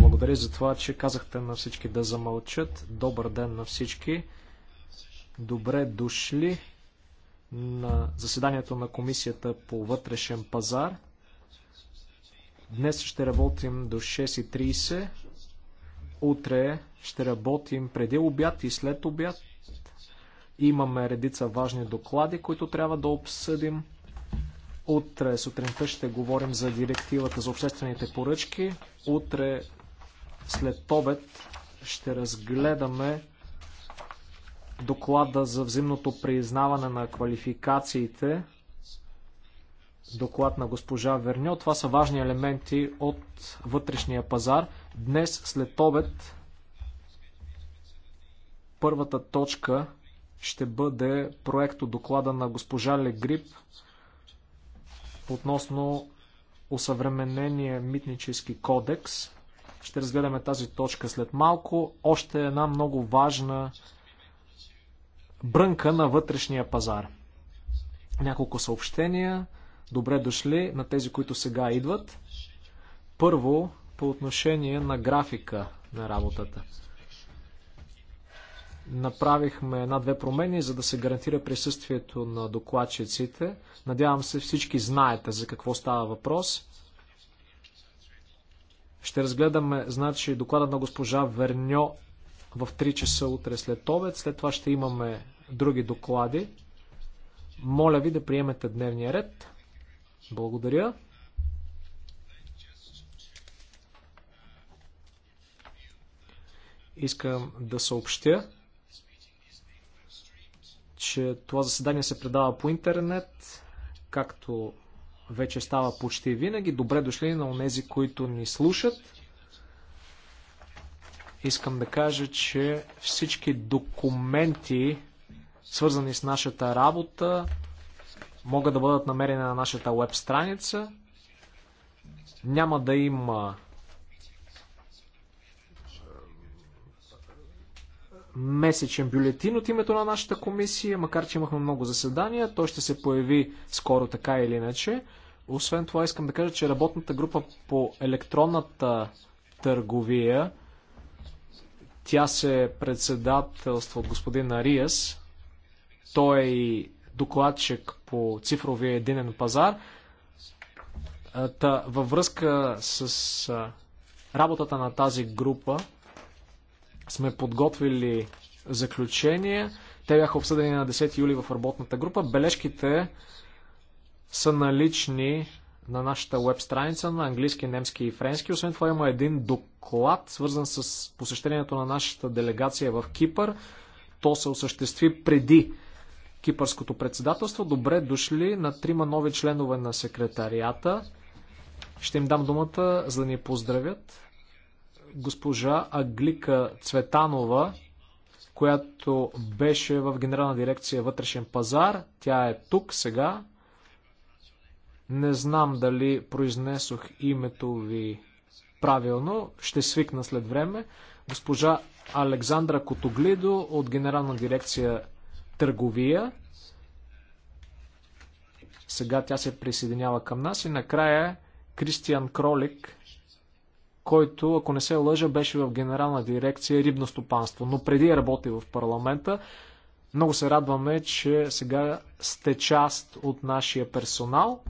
Благодаря за това, че казахте на всички да замълчат. Добър ден на всички. Добре дошли на заседанието на Комисията по вътрешен пазар. Днес ще работим до 6.30. Утре ще работим преди обяд и след обяд. Имаме редица важни доклади, които трябва да обсъдим. Утре сутринта ще говорим за директивата за обществените поръчки. Утре след обед ще разгледаме доклада за взаимното признаване на квалификациите. Доклад на госпожа Верньо. Това са важни елементи от вътрешния пазар. Днес след обед първата точка ще бъде проекто доклада на госпожа Легрип относно усъвременения митнически кодекс. Ще разгледаме тази точка след малко. Още една много важна брънка на вътрешния пазар. Няколко съобщения. Добре дошли на тези, които сега идват. Първо, по отношение на графика на работата направихме една-две промени, за да се гарантира присъствието на докладчиците. Надявам се всички знаете за какво става въпрос. Ще разгледаме, значи, доклада на госпожа Верньо в 3 часа утре след обед. След това ще имаме други доклади. Моля ви да приемете дневния ред. Благодаря. Искам да съобщя, че това заседание се предава по интернет, както вече става почти винаги. Добре дошли на онези, които ни слушат. Искам да кажа, че всички документи, свързани с нашата работа, могат да бъдат намерени на нашата веб страница. Няма да има месечен бюлетин от името на нашата комисия, макар че имахме много заседания, той ще се появи скоро така или иначе. Освен това искам да кажа, че работната група по електронната търговия, тя се председателства от господин Ариас, той е и докладчик по цифровия единен пазар. Та, във връзка с работата на тази група, сме подготвили заключения. Те бяха обсъдени на 10 юли в работната група. Бележките са налични на нашата веб страница на английски, немски и френски. Освен това има един доклад, свързан с посещението на нашата делегация в Кипър. То се осъществи преди кипърското председателство. Добре дошли на трима нови членове на секретарията. Ще им дам думата, за да ни поздравят госпожа Аглика Цветанова, която беше в Генерална дирекция Вътрешен пазар. Тя е тук сега. Не знам дали произнесох името ви правилно. Ще свикна след време. Госпожа Александра Котоглидо от Генерална дирекция Търговия. Сега тя се присъединява към нас и накрая Кристиан Кролик, който, ако не се лъжа, беше в Генерална дирекция Рибно стопанство, но преди е работил в парламента. Много се радваме, че сега сте част от нашия персонал.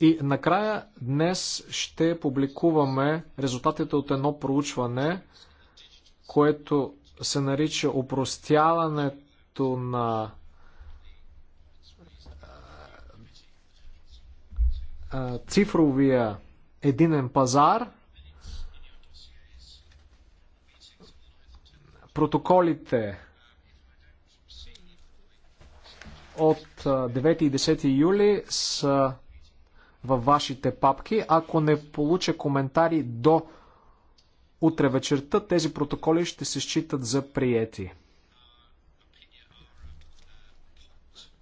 И накрая днес ще публикуваме резултатите от едно проучване, което се нарича Опростяването на цифровия единен пазар, протоколите от 9 и 10 юли са във вашите папки. Ако не получа коментари до утре вечерта, тези протоколи ще се считат за приети.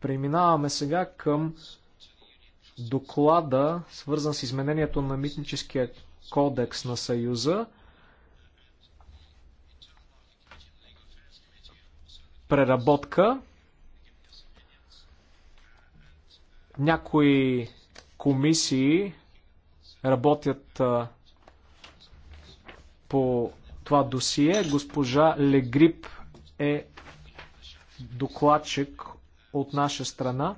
Преминаваме сега към доклада, свързан с изменението на митническия кодекс на Съюза, преработка. Някои комисии работят по това досие. Госпожа Легрип е докладчик от наша страна.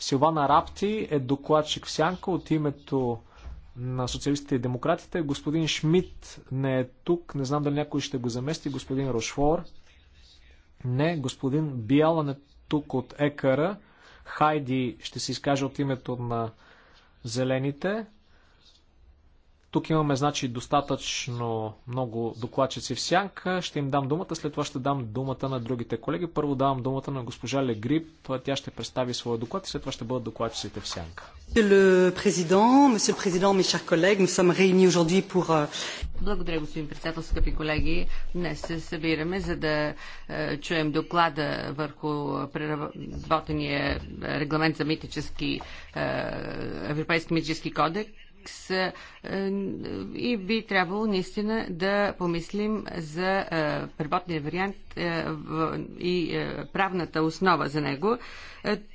Силвана Рапти е докладчик в Сянка от името на социалистите и демократите. Господин Шмидт не е тук. Не знам дали някой ще го замести. Господин Рошфор. Не. Господин Биялан е тук от ЕКР. Хайди ще се изкаже от името на зелените. Тук имаме, значи, достатъчно много докладчици в сянка. Ще им дам думата, след това ще дам думата на другите колеги. Първо давам думата на госпожа Легрип. Тя ще представи своя доклад и след това ще бъдат докладчиците в сянка. Euh, Благодаря, господин председател, скъпи колеги. Днес се събираме, за да е, чуем доклада върху преработения регламент за митически, е, Европейски митически кодекс Фронтекс е, е, и би трябвало наистина да помислим за е, преботния вариант и правната основа за него.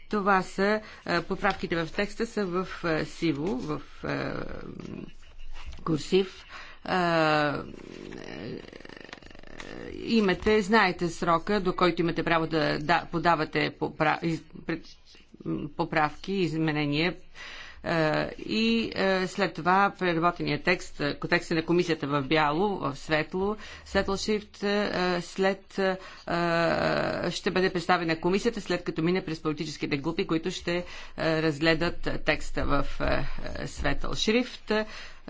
Това са поправките в текста са в сиво, в курсив имате, знаете срока, до който имате право да, подавате поправки, изменения е, и е, след това преработения текст, е, текста на комисията в бяло, в светло, светло шрифт, след ще бъде представена комисията, след като мине през политическите групи, които ще разгледат текста в светъл шрифт.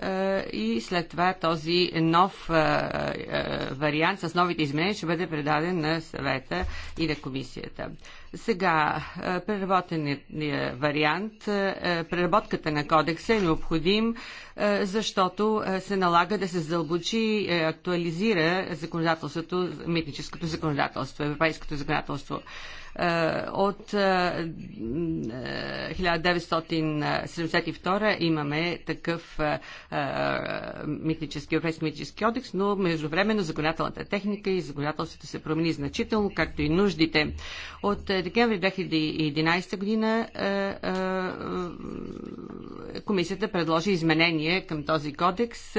Е, и след това този нов е, е, вариант с новите изменения ще бъде предаден на съвета и на комисията. Сега, преработеният вариант, преработката на кодекса е необходим, защото се налага да се задълбочи, актуализира законодателството, митническото законодателство, европейското законодателство. Е, от 1972 е, е, имаме такъв митнически, европейски митнически кодекс, но междувременно законодателната техника и законодателството се промени значително, както и нуждите. От декември 2011 година комисията предложи изменение към този кодекс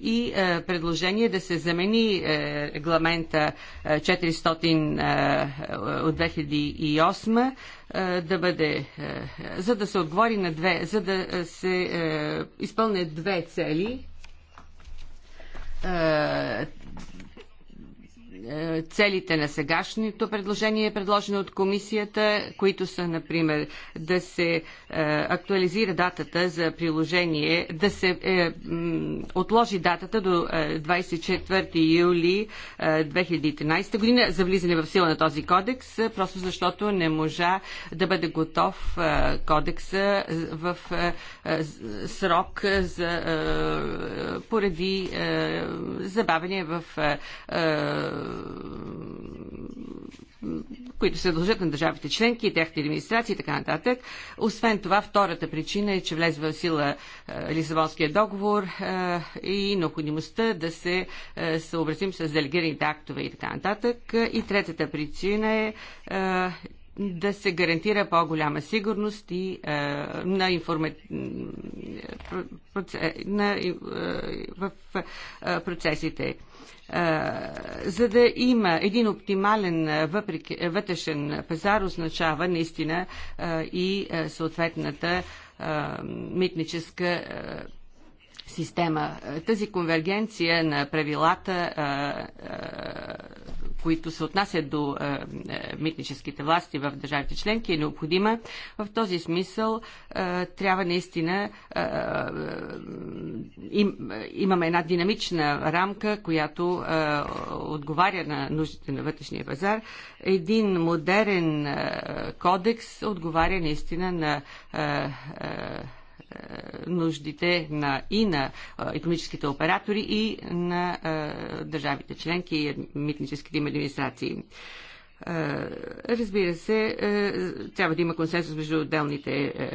и предложение да се замени регламента 400 от 2000 2008 е, да бъде, е, за да се отговори на две, за да се е, изпълне две цели целите на сегашното предложение, предложено от комисията, които са, например, да се е, актуализира датата за приложение, да се е, отложи датата до 24 е, юли 2013 година за влизане в сила на този кодекс, просто защото не можа да бъде готов кодекса в срок за, поради забавяне в които се дължат на държавите членки, и техните администрации и така нататък. Освен това, втората причина е, че влезва в сила е, Лисабонския договор е, и необходимостта да се е, съобразим с делегираните актове и така нататък. И третата причина е, да се гарантира по-голяма сигурност и е, на, информа... на е, в е, процесите. Е, за да има един оптимален е, въпреки, е, вътрешен пазар, означава наистина и съответната митническа система. Тази конвергенция на правилата които се отнасят до е, е, митническите власти в държавите членки, е необходима. В този смисъл е, трябва наистина им, имаме една динамична рамка, която отговаря на нуждите на вътрешния пазар. Един модерен кодекс отговаря наистина на нуждите на, и на економическите оператори и на държавите членки и митническите им администрации. Е, разбира се, е, трябва да има консенсус между отделните е,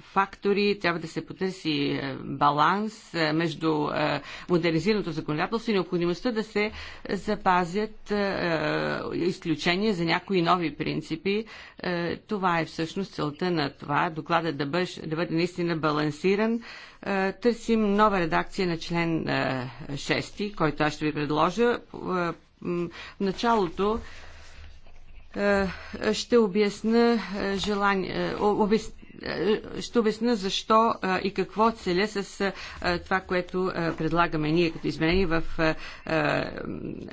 фактори, трябва да се потърси баланс между модернизираното законодателство и необходимостта да се запазят изключения за някои нови принципи. Това е всъщност целта на това, доклада да бъде, да бъде наистина балансиран. Търсим нова редакция на член 6, който аз ще ви предложа. В началото е, ще обясна е, желание, е, обяс, ще обясна защо и какво целя с това, което предлагаме ние като изменение в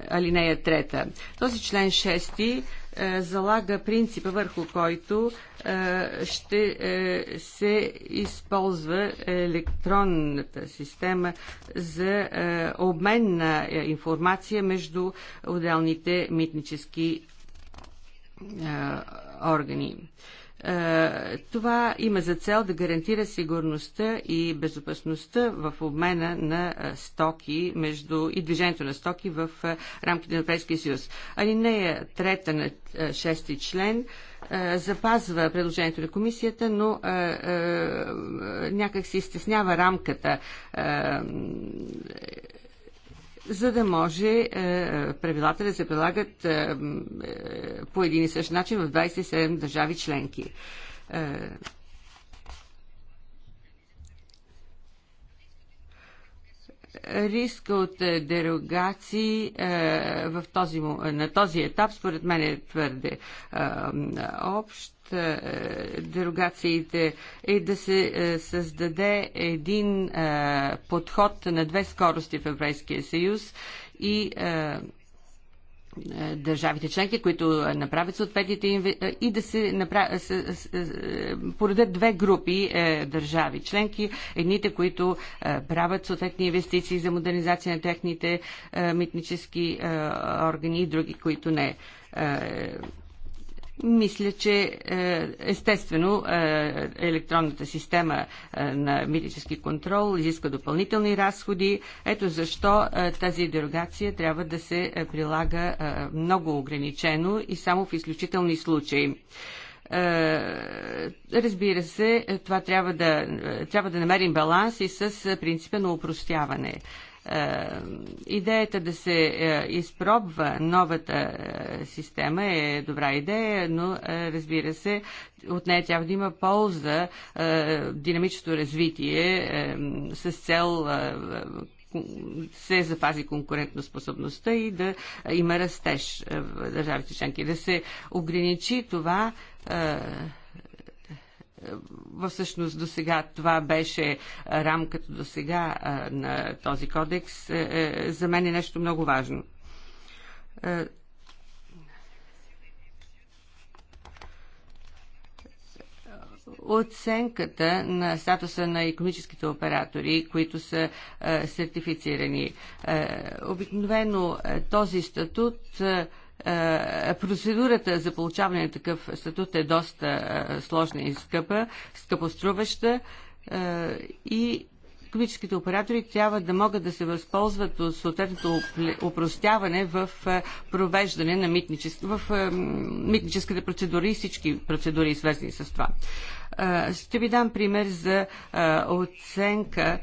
алинея 3. Този член 6 залага принципа върху който ще се използва електронната система за обмен на информация между отделните митнически органи. Това има за цел да гарантира сигурността и безопасността в обмена на стоки между и движението на стоки в рамките на Европейския съюз. Алинея трета на шести член запазва предложението на комисията, но а, а, някак се изтеснява рамката. А, за да може е, правилата да се прилагат е, е, по един и същ начин в 27 държави членки. Риск от дерогации в този, на този етап, според мен е твърде общ от е, дерогациите е да се е, създаде един е, подход на две скорости в Европейския съюз и държавите членки, които направят съответните и да се поредят поредат две групи държави членки. Едните, които правят съответни инвестиции за модернизация на техните митнически органи и други, които не мисля, че е, естествено е, електронната система е, на митически контрол изисква допълнителни разходи. Ето защо тази дерогация трябва да се прилага много ограничено и само в изключителни случаи разбира се, това трябва да, трябва да намерим баланс и с принципа на упростяване. Е, идеята да се е, изпробва новата е, система е добра идея, но разбира се, от нея трябва да има полза динамичното развитие с цел се запази конкурентоспособността и да има растеж в държавите членки. Да се ограничи това всъщност до сега това беше рамката до сега на този кодекс, е, е, за мен е нещо много важно. Е, оценката на статуса на економическите оператори, които са сертифицирани. Обикновено този статут е, процедурата за получаване на такъв статут е доста е, сложна и скъпа, скъпоструваща е, и Комическите оператори трябва да могат да се възползват от съответното упростяване в провеждане на митнически, в митническата процедури и всички процедури, свързани с това. Ще ви дам пример за оценка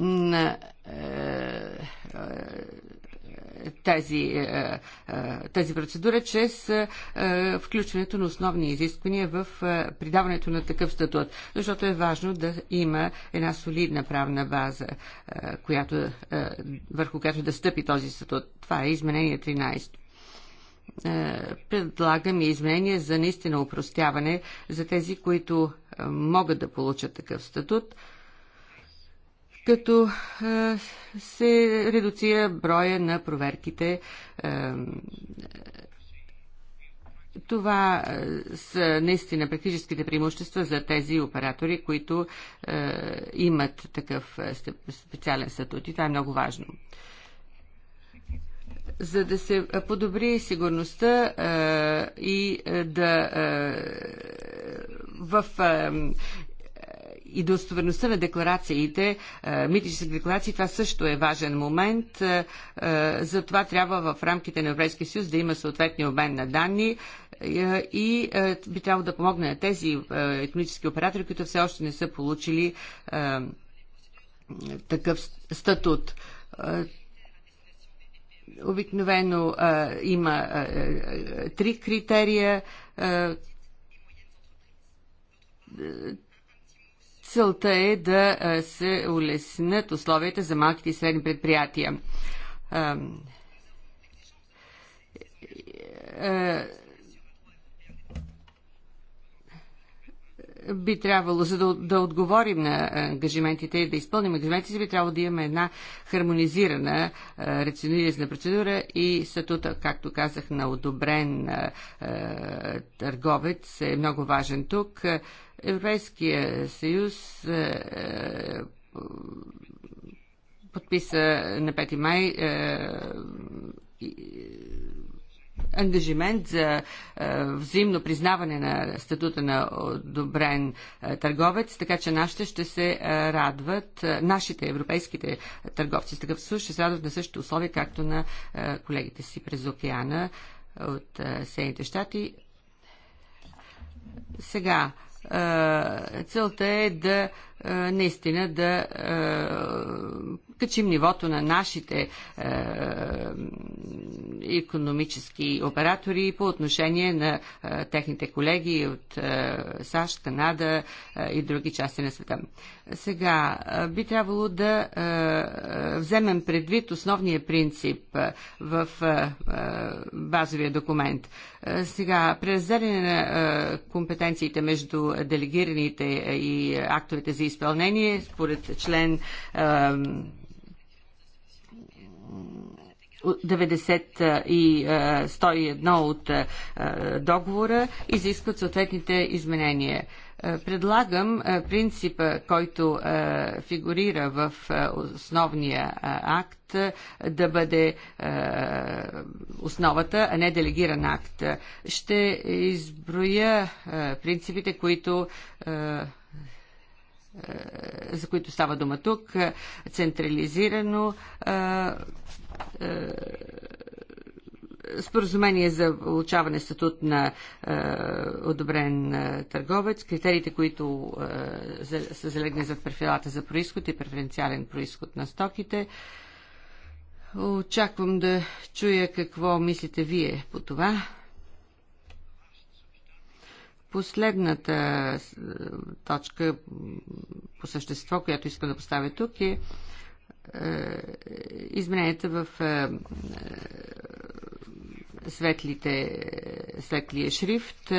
на тази, е, е, тази процедура чрез е, включването на основни изисквания в придаването на такъв статут, защото е важно да има една солидна правна база, която, върху която да стъпи този статут. Това е изменение 13 предлагам и изменения за наистина упростяване за тези, които могат да получат такъв статут – като се редуцира броя на проверките. Това са наистина практическите преимущества за тези оператори, които имат такъв специален статут и това е много важно за да се подобри сигурността и да в и достоверността на декларациите, е, митническите декларации, това също е важен момент. Е, е, Затова трябва в рамките на Европейския съюз да има съответния обмен на данни и би трябвало да помогне на тези економически оператори, които все още не са получили такъв статут обикновено а, има а, три критерия. А, Целта е да се улеснат условията за малките и средни предприятия. би трябвало, за да, да отговорим на ангажиментите и да изпълним ангажиментите си, би трябвало да имаме една хармонизирана рационализна процедура и статута, както казах, на одобрен търговец е много важен тук. Европейския съюз е, е подписа на 5 май е, е, ангажимент за е, взаимно признаване на статута на одобрен търговец, така че нашите ще се радват, нашите европейските търговци с такъв случай ще се радват на същите условия, както на колегите си през океана от Съединените щати. Сега, Целта е да наистина да качим нивото на нашите е, економически оператори по отношение на е, техните колеги от е, САЩ, Канада е, и други части на света. Сега е, би трябвало да е, е вземем предвид основния принцип е, в е, е, базовия документ. Е, сега, преразделение на е, компетенциите между делегираните е, и актовете за изпълнение според член е, 90 и 101 от договора изискват съответните изменения. Предлагам принципа, който фигурира в основния акт, да бъде основата, а не делегиран акт. Ще изброя принципите, които е, за които става дума тук, е, централизирано е, споразумение за получаване статут на е, одобрен е, търговец, критериите, които е, за, са залегни за префилата за происход и преференциален происход на стоките. Очаквам да чуя какво мислите вие по това. Последната е, точка по същество, която искам да поставя тук е, е измененията в е, светлите, светлия шрифт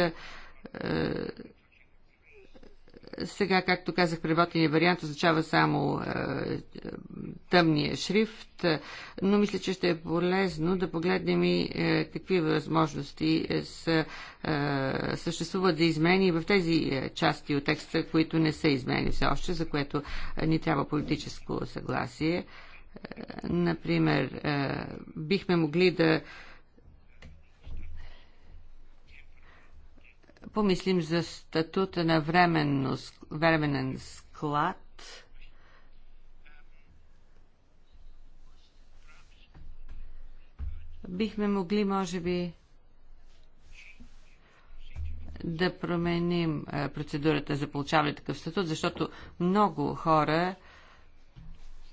сега, както казах, преработения вариант означава само е, е тъмния шрифт, е, но мисля, че ще е полезно да погледнем и е, какви възможности е, са, е, съществуват за измени в тези части от текста, които не са измени все още, за което ни трябва политическо съгласие. Например, бихме могли да помислим за статута на временно, временен склад бихме могли, може би, да променим е, процедурата за получаване такъв статут, защото много хора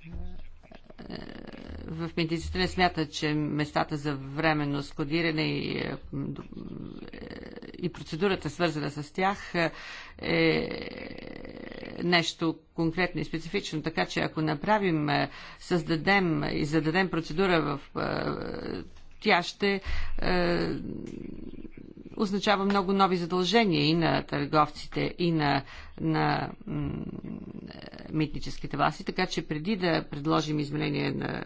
е, е, в медицината не смятат, че местата за временно складиране и и процедурата свързана с тях е, е нещо конкретно и специфично, така че ако направим, е, създадем и зададем процедура в е, тя ще е, означава много нови задължения и на търговците, и на, на митническите власти. Така че преди да предложим изменение на,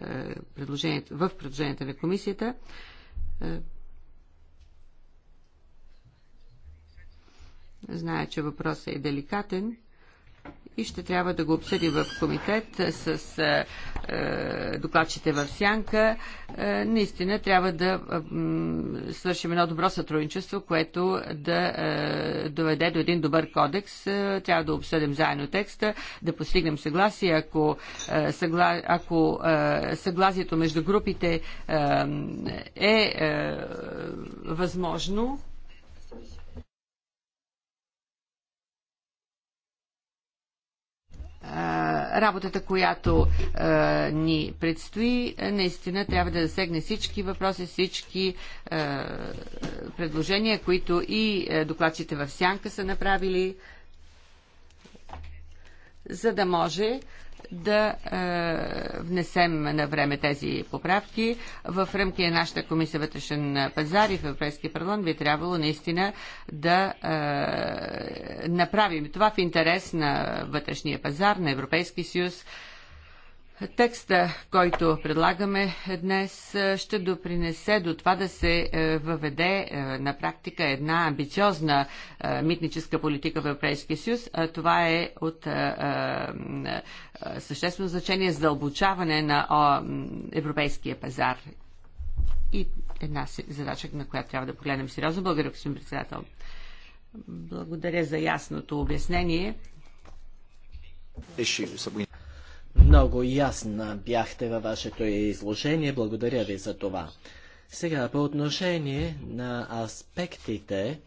предложението, в предложението на комисията, е, Зная, че въпросът е деликатен и ще трябва да го обсъди в комитет с е, е докладчите в Сянка. Е, наистина трябва да е, свършим едно добро сътрудничество, което да е, доведе до един добър кодекс. Е, трябва да обсъдим заедно текста, да постигнем съгласие. Ако, е, съгла, ако е, съгласието между групите е, е, е възможно, работата, която ни предстои, е, наистина трябва да засегне всички въпроси, всички предложения, които и е, докладчите в Сянка са направили, за да може да е, внесем на време тези поправки. В рамки на нашата комисия вътрешен пазар и в Европейския парламент би трябвало наистина да е, направим това в интерес на вътрешния пазар, на Европейски съюз, Текста, който предлагаме днес, е, ще допринесе до това да се е, въведе е, на практика една амбициозна митническа политика в Европейския съюз. Това е от съществено значение задълбочаване на европейския пазар. И една задача, на която трябва да погледнем сериозно. Благодаря, господин председател. Благодаря за ясното обяснение. Много ясна бяхте във вашето изложение. Благодаря ви за това. Сега, по отношение на аспектите,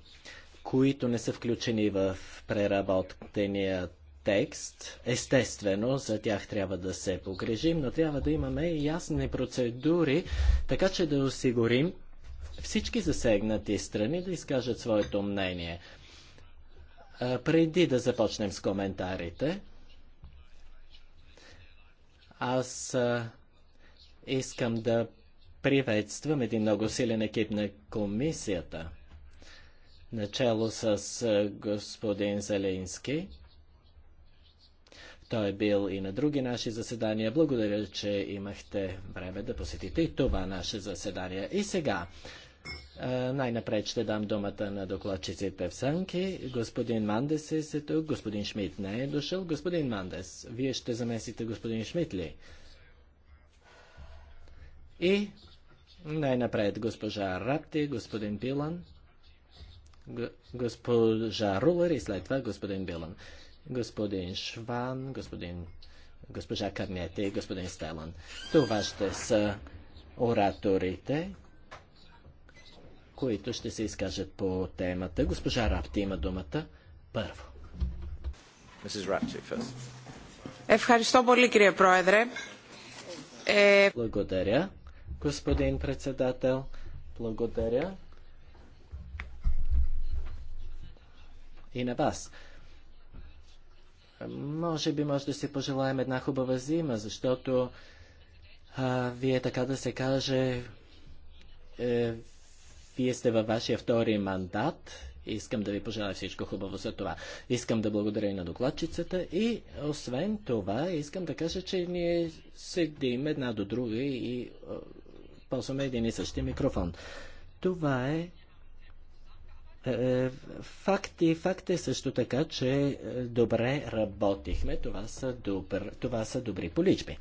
които не са включени в преработения текст. Естествено, за тях трябва да се погрежим, но трябва да имаме ясни процедури, така че да осигурим всички засегнати страни да изкажат своето мнение. преди да започнем с коментарите, аз а, искам да приветствам един много силен екип на комисията, начало с а, господин Зеленски. Той е бил и на други наши заседания. Благодаря, че имахте време да посетите и това наше заседание. И сега най-напред ще дам думата на докладчиците в Санки. Господин Мандес е тук, господин Шмидт не е дошъл. Господин Мандес, вие ще замесите господин Шмидт ли? И най-напред госпожа Рапти, господин Билан, госпожа Рулър и след това господин Билан. Господин Шван, господин, госпожа Карнети, и господин Стелан. Това ще са ораторите които ще се изкажат по темата. Госпожа Рапти има думата първо. Е, Благодаря, господин председател. Благодаря. И на вас. Може би може да си пожелаем една хубава зима, защото а, вие така да се каже, е, вие сте във вашия втори мандат. Искам да ви пожелая всичко хубаво за това. Искам да благодаря и на докладчицата и освен това искам да кажа, че ние седим една до друга и ползваме един и същи микрофон. Това е, е Факт и факт е също така, че е, добре работихме. Това са, добър, това са добри поличби.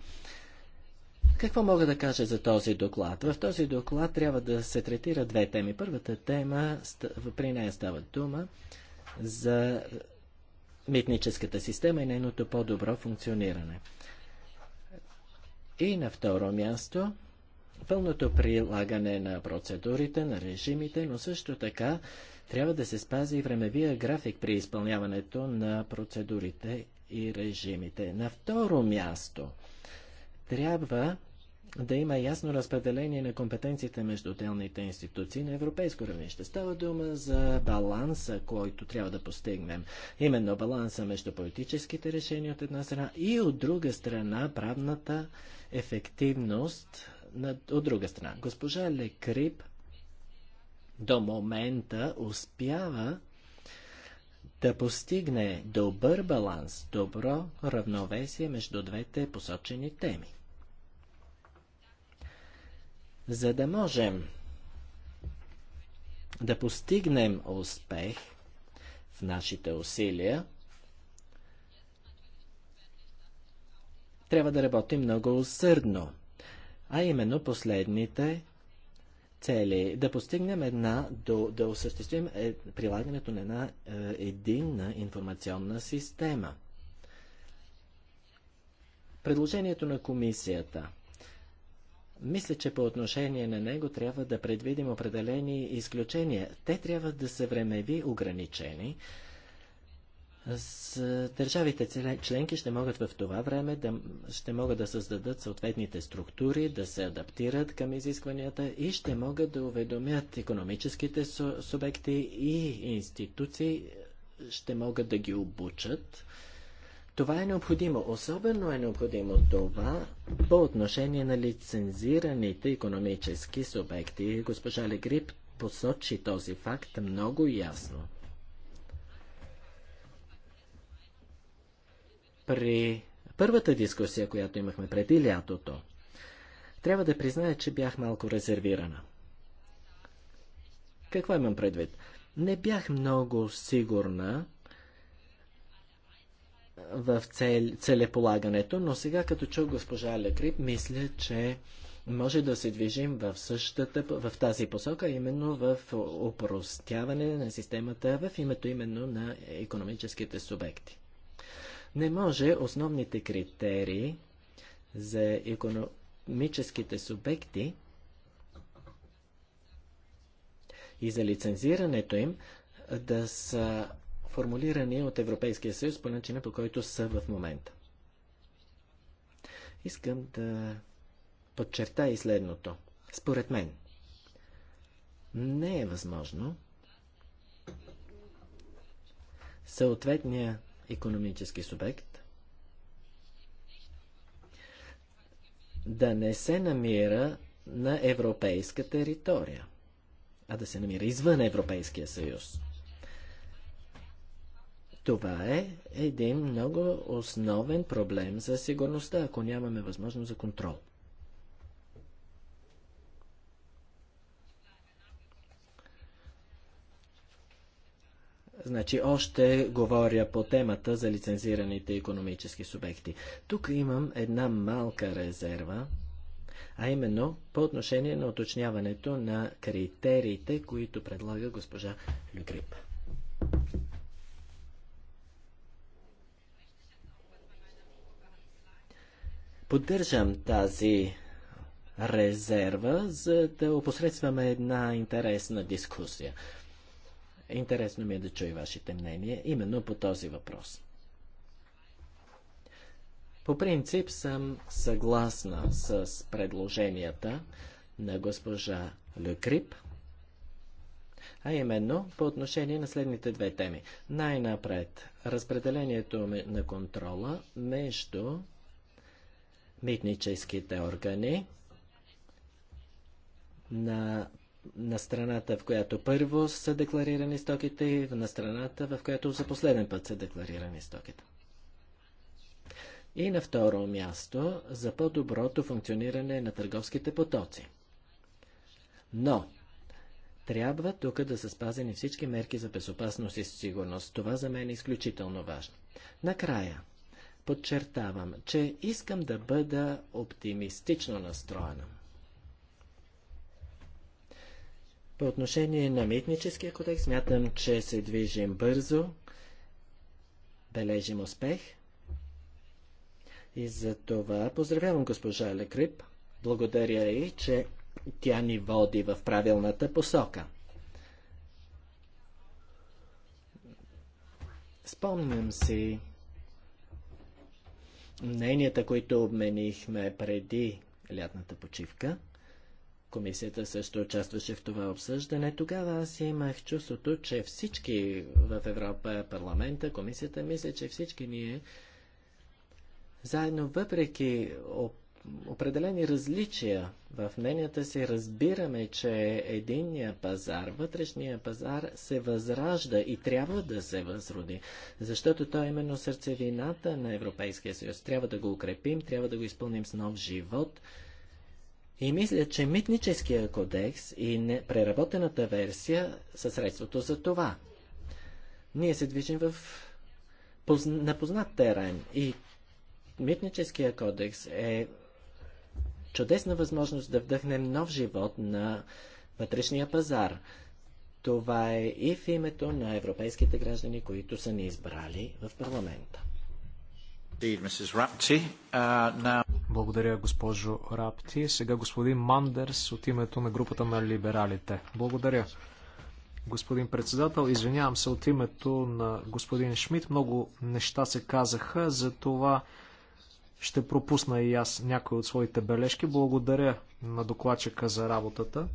Какво мога да кажа за този доклад? В този доклад трябва да се третира две теми. Първата тема, при нея става дума за митническата система и нейното по-добро функциониране. И на второ място, пълното прилагане на процедурите, на режимите, но също така трябва да се спази и времевия график при изпълняването на процедурите и режимите. На второ място, трябва да има ясно разпределение на компетенциите между отделните институции на европейско равнище. Става дума за баланса, който трябва да постигнем. Именно баланса между политическите решения от една страна и от друга страна правната ефективност от друга страна. Госпожа Лекрип до момента успява да постигне добър баланс, добро равновесие между двете посочени теми. За да можем да постигнем успех в нашите усилия, трябва да работим много усърдно, а именно последните цели. Да постигнем една, да, да осъществим е, прилагането на една е, единна информационна система. Предложението на комисията – мисля, че по отношение на него трябва да предвидим определени изключения. Те трябва да са времеви ограничени. С държавите членки ще могат в това време да, ще могат да създадат съответните структури, да се адаптират към изискванията и ще могат да уведомят економическите субекти и институции, ще могат да ги обучат това е необходимо. Особено е необходимо това по отношение на лицензираните економически субекти. Госпожа Легрип посочи този факт много ясно. При първата дискусия, която имахме преди лятото, трябва да призная, че бях малко резервирана. Какво имам предвид? Не бях много сигурна, в цел, целеполагането, но сега като чух госпожа Лекрип, мисля, че може да се движим в същата, в тази посока, именно в упростяване на системата в името именно на економическите субекти. Не може основните критерии за економическите субекти и за лицензирането им да са формулирани от Европейския съюз по начина по който са в момента. Искам да подчертая и следното. Според мен, не е възможно съответния економически субект да не се намира на европейска територия, а да се намира извън Европейския съюз. Това е един много основен проблем за сигурността, ако нямаме възможност за контрол. Значи още говоря по темата за лицензираните економически субекти. Тук имам една малка резерва, а именно по отношение на уточняването на критериите, които предлага госпожа Люгрип. Поддържам тази резерва, за да опосредстваме една интересна дискусия. Интересно ми е да чуя вашите мнения именно по този въпрос. По принцип съм съгласна с предложенията на госпожа Люкрип, а именно по отношение на следните две теми. Най-напред разпределението на контрола между митническите органи на, на страната, в която първо са декларирани стоките и на страната, в която за последен път са декларирани стоките. И на второ място за по-доброто функциониране на търговските потоци. Но трябва тук да са спазени всички мерки за безопасност и сигурност. Това за мен е изключително важно. Накрая – подчертавам, че искам да бъда оптимистично настроена. По отношение на митническия кодекс, смятам, че се движим бързо, бележим успех и за това поздравявам госпожа Лекрип. Благодаря и, че тя ни води в правилната посока. Спомням си мненията, които обменихме преди лятната почивка. Комисията също участваше в това обсъждане. Тогава аз имах чувството, че всички в Европа, парламента, комисията, мисля, че всички ние заедно, въпреки определени различия в мненията си. Разбираме, че единния пазар, вътрешния пазар се възражда и трябва да се възроди, защото той е именно сърцевината на Европейския съюз. Трябва да го укрепим, трябва да го изпълним с нов живот. И мисля, че митническия кодекс и преработената версия са средството за това. Ние се движим в непознат терен и Митническия кодекс е чудесна възможност да вдъхнем нов живот на вътрешния пазар. Това е и в името на европейските граждани, които са ни избрали в парламента. Uh, Благодаря, госпожо Рапти. Сега господин Мандерс от името на групата на либералите. Благодаря. Господин председател, извинявам се от името на господин Шмидт. Много неща се казаха, за това ще пропусна и аз някои от своите бележки. Благодаря на докладчика за работата.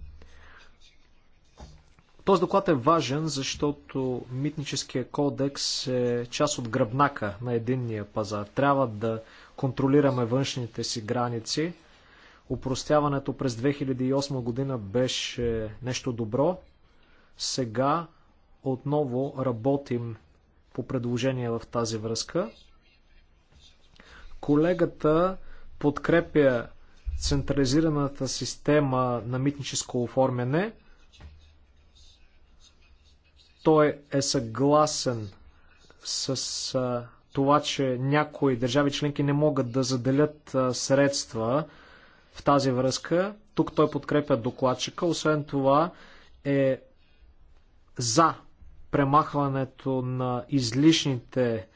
Този доклад е важен, защото митническия кодекс е част от гръбнака на единния пазар. Трябва да контролираме външните си граници. Упростяването през 2008 година беше нещо добро. Сега отново работим по предложение в тази връзка. Колегата подкрепя централизираната система на митническо оформяне. Той е съгласен с а, това, че някои държави членки не могат да заделят а, средства в тази връзка. Тук той подкрепя докладчика. Освен това е за премахването на излишните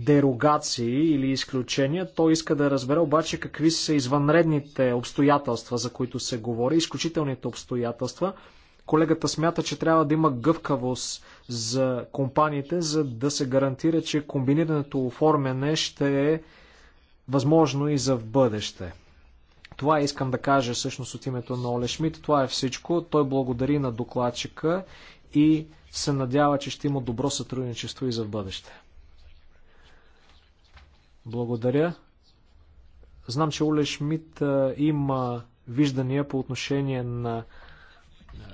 дерогации или изключения. Той иска да разбере обаче какви са извънредните обстоятелства, за които се говори, изключителните обстоятелства. Колегата смята, че трябва да има гъвкавост за компаниите, за да се гарантира, че комбинираното оформяне ще е възможно и за в бъдеще. Това искам да кажа всъщност от името на Оле Шмидт. Това е всичко. Той благодари на докладчика и се надява, че ще има добро сътрудничество и за в бъдеще. Благодаря. Знам, че Оле Шмидт има виждания по отношение на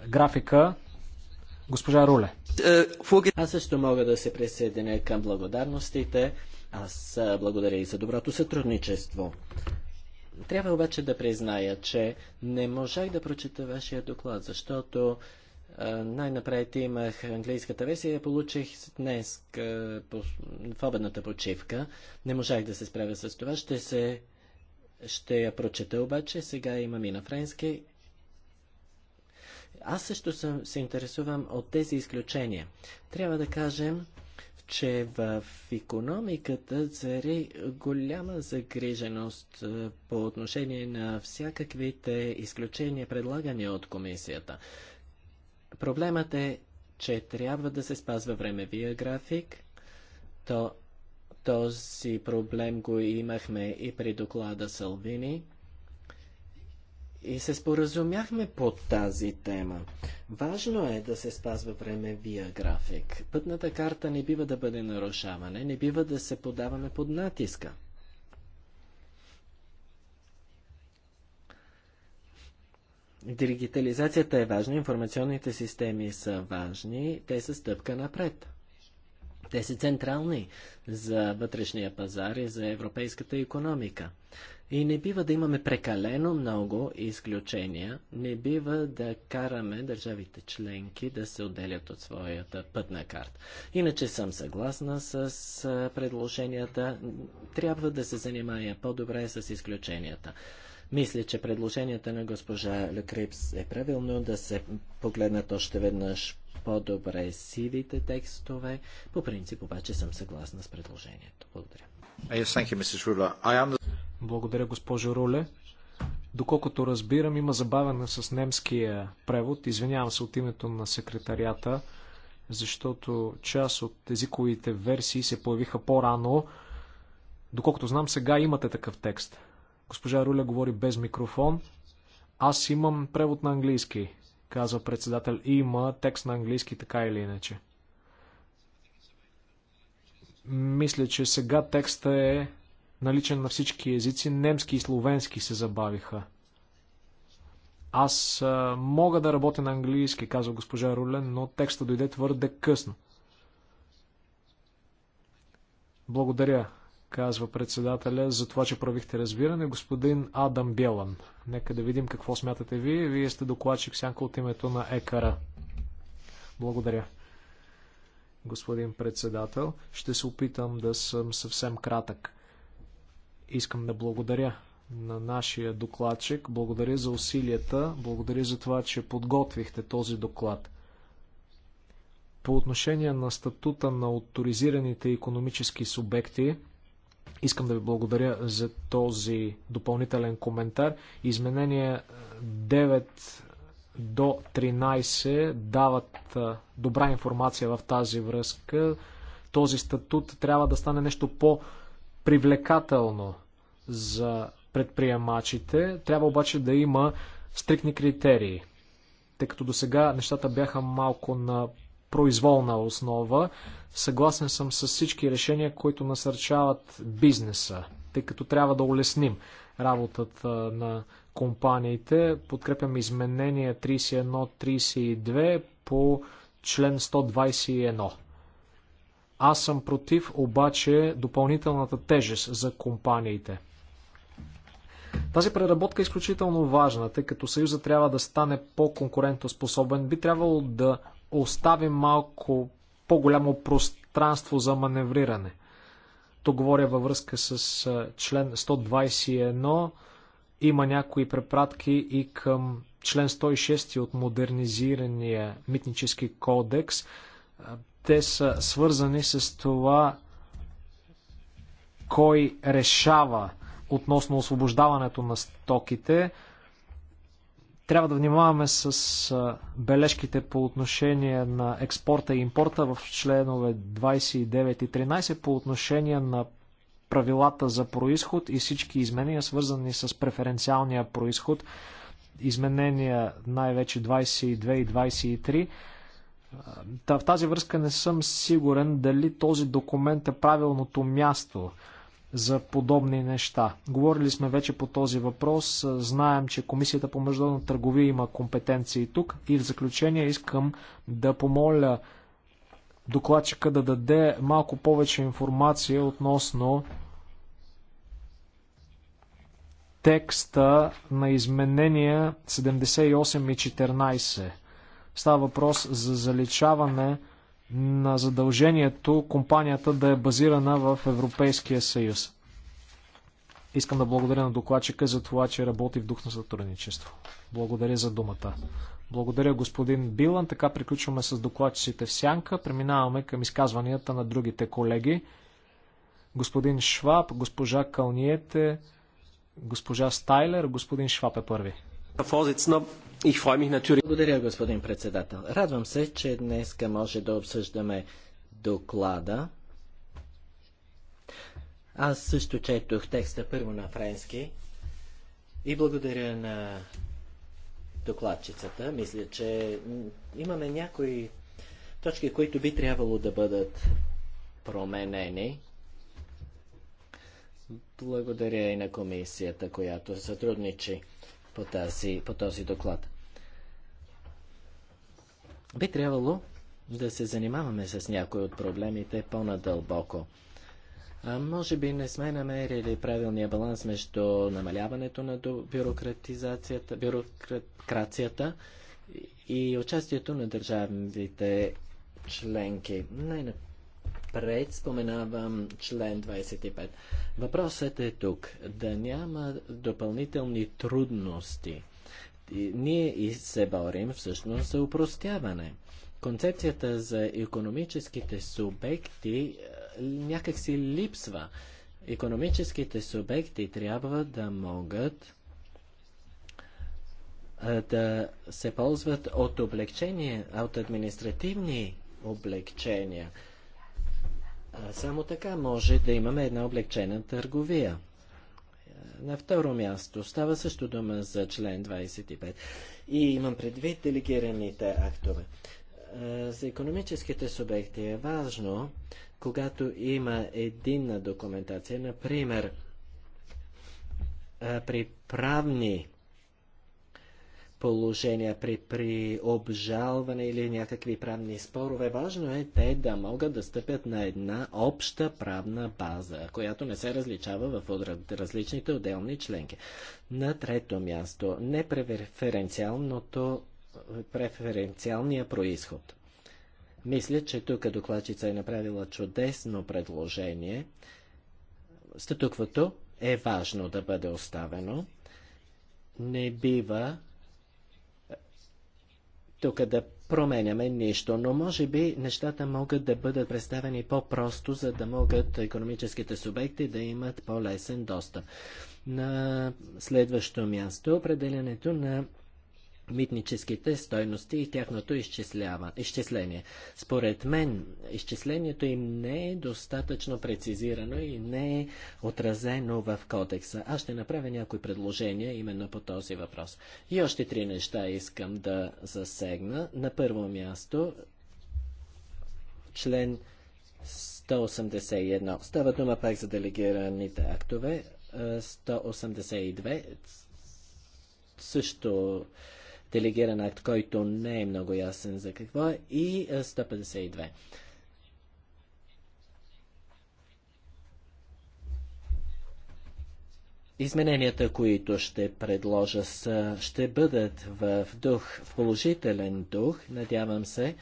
графика. Госпожа Руле. Аз също мога да се присъединя към благодарностите. Аз благодаря и за доброто сътрудничество. Трябва обаче да призная, че не можах да прочета вашия доклад, защото най-напред имах английската версия, я получих днес в обедната почивка. Не можах да се справя с това. Ще, се, ще я прочета обаче. Сега имам и на френски. Аз също съм, се интересувам от тези изключения. Трябва да кажем, че в економиката цари голяма загриженост по отношение на всякаквите изключения, предлагани от комисията. Проблемът е, че трябва да се спазва времевия график. То, този проблем го имахме и при доклада Салвини. И се споразумяхме по тази тема. Важно е да се спазва времевия график. Пътната карта не бива да бъде нарушаване, не бива да се подаваме под натиска. Дигитализацията е важна, информационните системи са важни, те са стъпка напред. Те са централни за вътрешния пазар и за европейската економика. И не бива да имаме прекалено много изключения, не бива да караме държавите членки да се отделят от своята пътна карта. Иначе съм съгласна с предложенията, трябва да се занимая по-добре с изключенията. Мисля, че предложенията на госпожа Лекрипс е правилно да се погледнат още веднъж по-добре сивите текстове. По принцип обаче съм съгласна с предложението. Благодаря. Благодаря, госпожо Руле. Доколкото разбирам, има забавяне с немския превод. Извинявам се от името на секретарията, защото част от езиковите версии се появиха по-рано. Доколкото знам, сега имате такъв текст. Госпожа Руля говори без микрофон. Аз имам превод на английски, казва председател. И има текст на английски, така или иначе. Мисля, че сега текста е наличен на всички езици. Немски и словенски се забавиха. Аз а, мога да работя на английски, казва госпожа Руля, но текста дойде твърде късно. Благодаря, казва председателя, за това, че правихте разбиране. Господин Адам Белан, нека да видим какво смятате вие. Вие сте докладчик сянка от името на ЕКАРА. Благодаря, господин председател. Ще се опитам да съм съвсем кратък. Искам да благодаря на нашия докладчик. Благодаря за усилията. Благодаря за това, че подготвихте този доклад. По отношение на статута на авторизираните економически субекти, Искам да ви благодаря за този допълнителен коментар. Изменения 9 до 13 дават добра информация в тази връзка. Този статут трябва да стане нещо по-привлекателно за предприемачите. Трябва обаче да има стрикни критерии, тъй като до сега нещата бяха малко на произволна основа. Съгласен съм с всички решения, които насърчават бизнеса, тъй като трябва да улесним работата на компаниите. Подкрепям изменения 31-32 по член 121. Аз съм против обаче допълнителната тежест за компаниите. Тази преработка е изключително важна, тъй като Съюза трябва да стане по-конкурентоспособен. Би трябвало да Остави малко по-голямо пространство за маневриране. То говоря във връзка с член 121. Има някои препратки и към член 106 от модернизирания митнически кодекс. Те са свързани с това кой решава относно освобождаването на стоките. Трябва да внимаваме с бележките по отношение на експорта и импорта в членове 29 и 13 по отношение на правилата за происход и всички изменения, свързани с преференциалния происход, изменения най-вече 22 и 23. Та в тази връзка не съм сигурен дали този документ е правилното място за подобни неща. Говорили сме вече по този въпрос. Знаем, че Комисията по международна търговия има компетенции тук. И в заключение искам да помоля докладчика да даде малко повече информация относно текста на изменения 78 и 14. Става въпрос за заличаване на задължението компанията да е базирана в Европейския съюз. Искам да благодаря на докладчика за това, че работи в дух на сътрудничество. Благодаря за думата. Благодаря господин Билан. Така приключваме с докладчиците в сянка. Преминаваме към изказванията на другите колеги. Господин Шваб, госпожа Калниете, госпожа Стайлер, господин Шваб е първи. Благодаря, господин председател. Радвам се, че днес може да обсъждаме доклада. Аз също четох текста първо на френски и благодаря на докладчицата. Мисля, че имаме някои точки, които би трябвало да бъдат променени. Благодаря и на комисията, която сътрудничи по, тази, по този доклад. Би трябвало да се занимаваме с някои от проблемите по-надълбоко. Може би не сме намерили правилния баланс между намаляването на бюрократизацията, бюрокрацията и участието на държавните членки. Най-напред споменавам член 25. Въпросът е тук да няма допълнителни трудности – ние и се борим всъщност за упростяване. Концепцията за економическите субекти е, някак си липсва. Економическите субекти трябва да могат е, да се ползват от облегчения, от административни облегчения. Само така може да имаме една облегчена търговия. На второ място става също дума за член 25 и имам предвид делегираните актове. Е, за економическите субекти е важно, когато има единна документация, например, е, при правни положения при, при обжалване или някакви правни спорове. Важно е те да могат да стъпят на една обща правна база, която не се различава в различните отделни членки. На трето място, непреференциалното преференциалния происход. Мисля, че тук докладчица е направила чудесно предложение. Статуквото е важно да бъде оставено. Не бива тук да променяме нищо, но може би нещата могат да бъдат представени по-просто, за да могат економическите субекти да имат по-лесен достъп. На следващо място определенето на митническите стойности и тяхното изчисление. Според мен, изчислението им не е достатъчно прецизирано и не е отразено в кодекса. Аз ще направя някои предложения именно по този въпрос. И още три неща искам да засегна. На първо място, член 181. Става дума пак за делегираните актове. 182 също делегиран акт, който не е много ясен за какво е, и 152. Измененията, които ще предложа, са, ще бъдат в дух, в положителен дух, надявам се,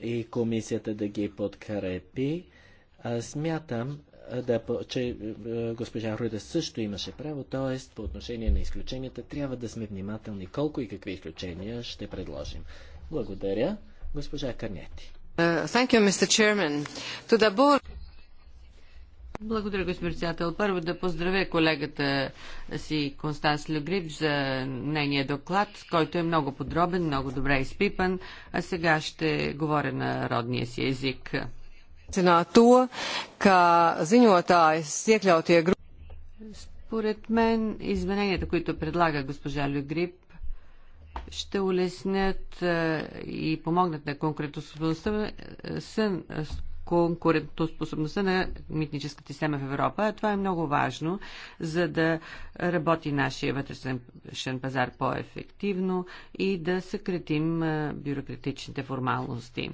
и комисията да ги подкрепи. Смятам, да, че е, е, госпожа Руда също имаше право, т.е. по отношение на изключенията трябва да сме внимателни колко и какви изключения ще предложим. Благодаря, госпожа Карнети. Uh, благодаря, господин председател. Първо да поздравя колегата си Констанс Люгрип за нейния доклад, който е много подробен, много добре изпипан, а сега ще говоря на родния си език. Zināt to, ka ziņotājas iekļautie grupi. Според мен измененията, които предлага госпожа Люгрип, ще улеснят е, и помогнат на е, е, конкурентоспособността на митническата система в Европа. Това е много важно, за да работи нашия вътрешен пазар по-ефективно и да съкретим бюрократичните формалности.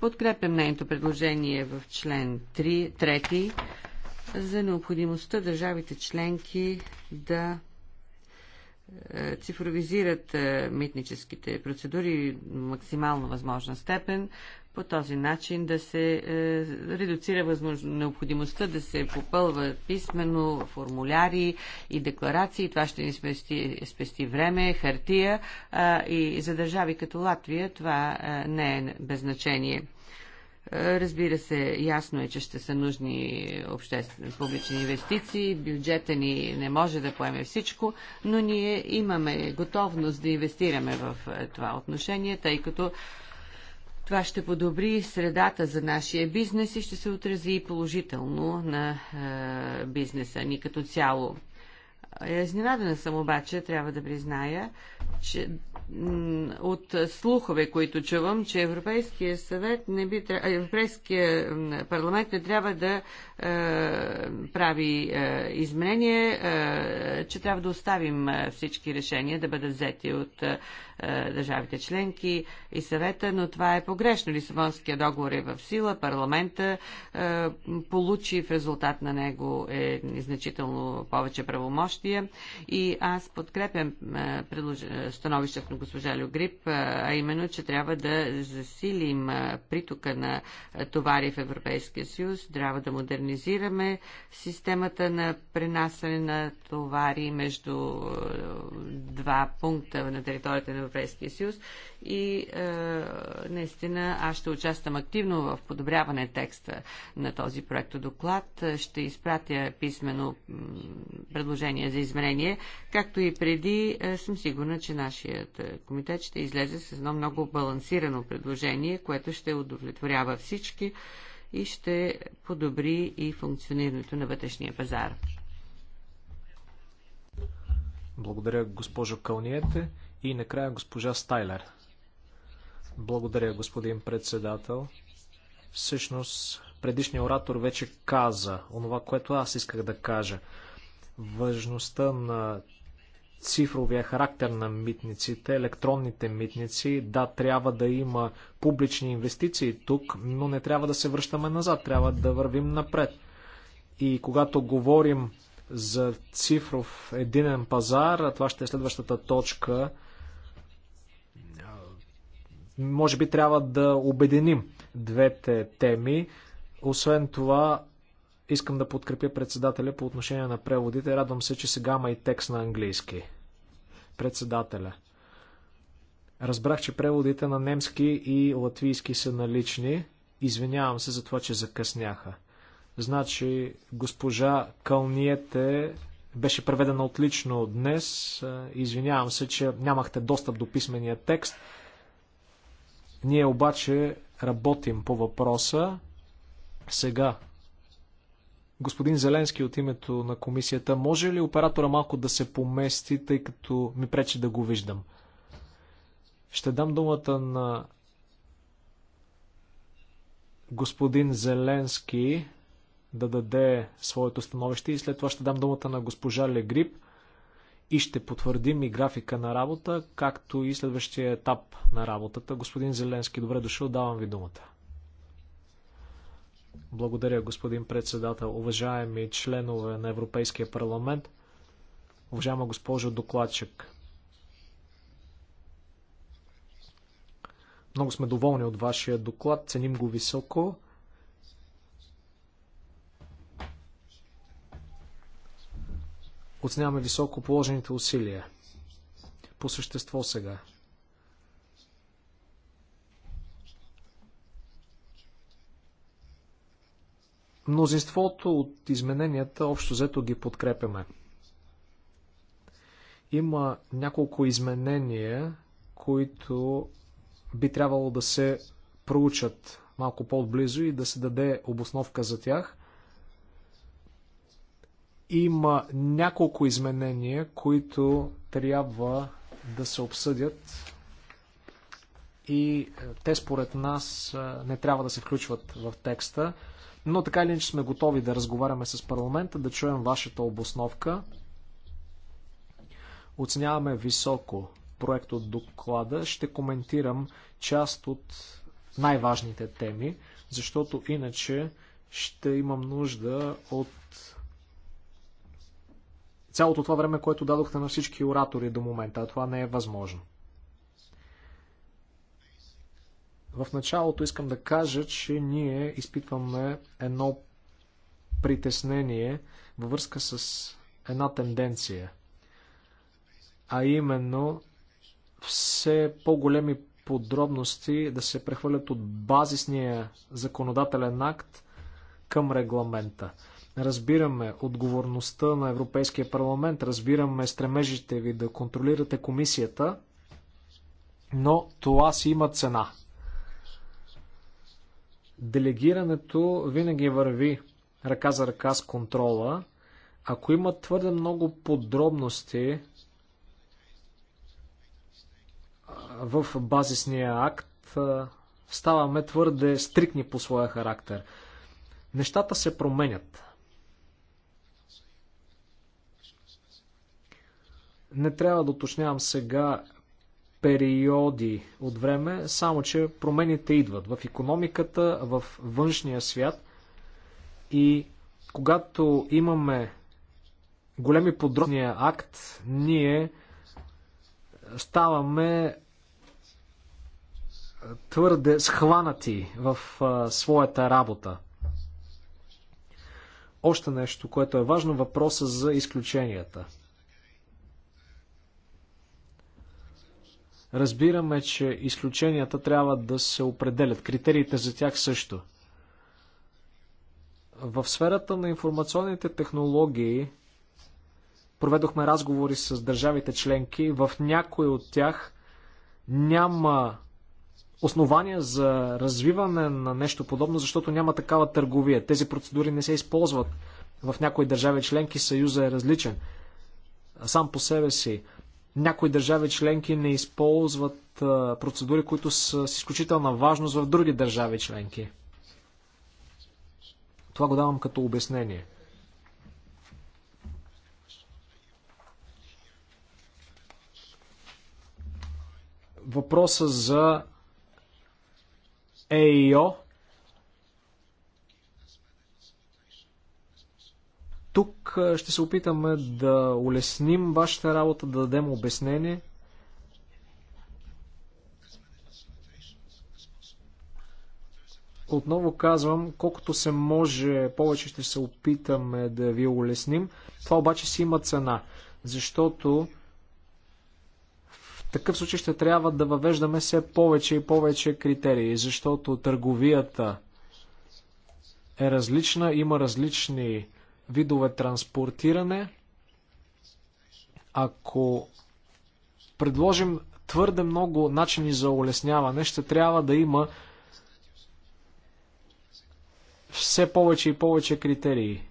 Подкрепям нейното предложение в член 3, 3 за необходимостта държавите членки да е, цифровизират е, митническите процедури максимално възможна степен, по този начин да се е, редуцира възможно, необходимостта да се попълва писменно формуляри и декларации. Това ще ни спести, спести време, хартия е, и за държави като Латвия това е, не е без значение. Е, разбира се, ясно е, че ще са нужни обществени публични инвестиции, бюджета ни не може да поеме всичко, но ние имаме готовност да инвестираме в е, това отношение, тъй като това ще подобри средата за нашия бизнес и ще се отрази положително на е, бизнеса ни като цяло. Е, изненадана съм обаче, трябва да призная, че от слухове, които чувам, че Европейския съвет не би, е, Европейския парламент не трябва да е, прави е, изменение, е, че трябва да оставим е, всички решения да бъдат взети от е, е, държавите членки и съвета, но това е погрешно. Лисабонския договор е в сила, парламента е, получи в резултат на него е значително повече правомощия и аз подкрепям е, становището на госпожа Люгрип, а именно, че трябва да засилим притока на товари в Европейския съюз, трябва да модернизираме системата на пренасене на товари между два пункта на територията на Европейския съюз и е, наистина аз ще участвам активно в подобряване текста на този проект доклад. Ще изпратя писмено предложение за изменение. Както и преди, е, съм сигурна, че нашият е, комитет ще излезе с едно много балансирано предложение, което ще удовлетворява всички и ще подобри и функционирането на вътрешния пазар. Благодаря, госпожо Калниете. И накрая госпожа Стайлер. Благодаря, господин председател. Всъщност, предишният оратор вече каза онова, което аз исках да кажа. Важността на цифровия характер на митниците, електронните митници. Да, трябва да има публични инвестиции тук, но не трябва да се връщаме назад, трябва да вървим напред. И когато говорим за цифров единен пазар, това ще е следващата точка, може би трябва да обединим двете теми. Освен това, искам да подкрепя председателя по отношение на преводите. Радвам се, че сега има и текст на английски. Председателя. Разбрах, че преводите на немски и латвийски са налични. Извинявам се за това, че закъсняха. Значи, госпожа Кълниете беше преведена отлично днес. Извинявам се, че нямахте достъп до писмения текст. Ние обаче работим по въпроса сега. Господин Зеленски от името на комисията, може ли оператора малко да се помести, тъй като ми пречи да го виждам? Ще дам думата на господин Зеленски да даде своето становище и след това ще дам думата на госпожа Легрип – и ще потвърдим и графика на работа, както и следващия етап на работата. Господин Зеленски, добре дошъл, давам ви думата. Благодаря, господин председател, уважаеми членове на Европейския парламент, уважаема госпожо докладчик. Много сме доволни от вашия доклад, ценим го високо. оценяваме високо положените усилия. По същество сега. Мнозинството от измененията общо взето ги подкрепяме. Има няколко изменения, които би трябвало да се проучат малко по-отблизо и да се даде обосновка за тях. Има няколко изменения, които трябва да се обсъдят и е, те според нас е, не трябва да се включват в текста. Но така или иначе сме готови да разговаряме с парламента, да чуем вашата обосновка. Оценяваме високо проект от доклада. Ще коментирам част от най-важните теми, защото иначе ще имам нужда от цялото това време, което дадохте на всички оратори до момента, а това не е възможно. В началото искам да кажа, че ние изпитваме едно притеснение във връзка с една тенденция, а именно все по-големи подробности да се прехвърлят от базисния законодателен акт към регламента. Разбираме отговорността на Европейския парламент, разбираме стремежите ви да контролирате комисията, но това си има цена. Делегирането винаги върви ръка за ръка с контрола. Ако има твърде много подробности в базисния акт, ставаме твърде стрикни по своя характер. Нещата се променят. Не трябва да уточнявам сега периоди от време, само че промените идват в економиката, в външния свят и когато имаме големи подробния акт, ние ставаме твърде схванати в а, своята работа. Още нещо, което е важно, въпроса за изключенията – Разбираме, че изключенията трябва да се определят. Критериите за тях също. В сферата на информационните технологии проведохме разговори с държавите членки. В някои от тях няма основания за развиване на нещо подобно, защото няма такава търговия. Тези процедури не се използват. В някои държави членки съюза е различен сам по себе си. Някои държави членки не използват процедури, които са с изключителна важност в други държави членки. Това го давам като обяснение. Въпроса за ЕИО Тук ще се опитаме да улесним вашата работа, да дадем обяснение. Отново казвам, колкото се може, повече ще се опитаме да ви улесним. Това обаче си има цена, защото в такъв случай ще трябва да въвеждаме все повече и повече критерии, защото търговията е различна, има различни видове транспортиране. Ако предложим твърде много начини за улесняване, ще трябва да има все повече и повече критерии.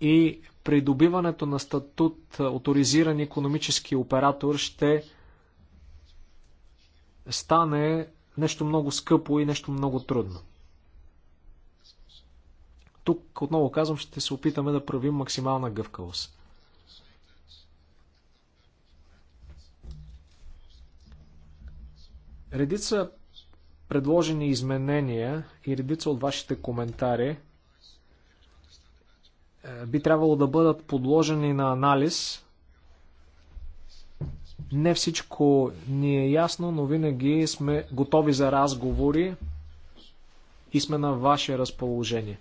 И придобиването на статут авторизиран економически оператор ще стане нещо много скъпо и нещо много трудно. Тук отново казвам, ще се опитаме да правим максимална гъвкавост. Редица предложени изменения и редица от вашите коментари е, би трябвало да бъдат подложени на анализ. Не всичко ни е ясно, но винаги сме готови за разговори и сме на ваше разположение.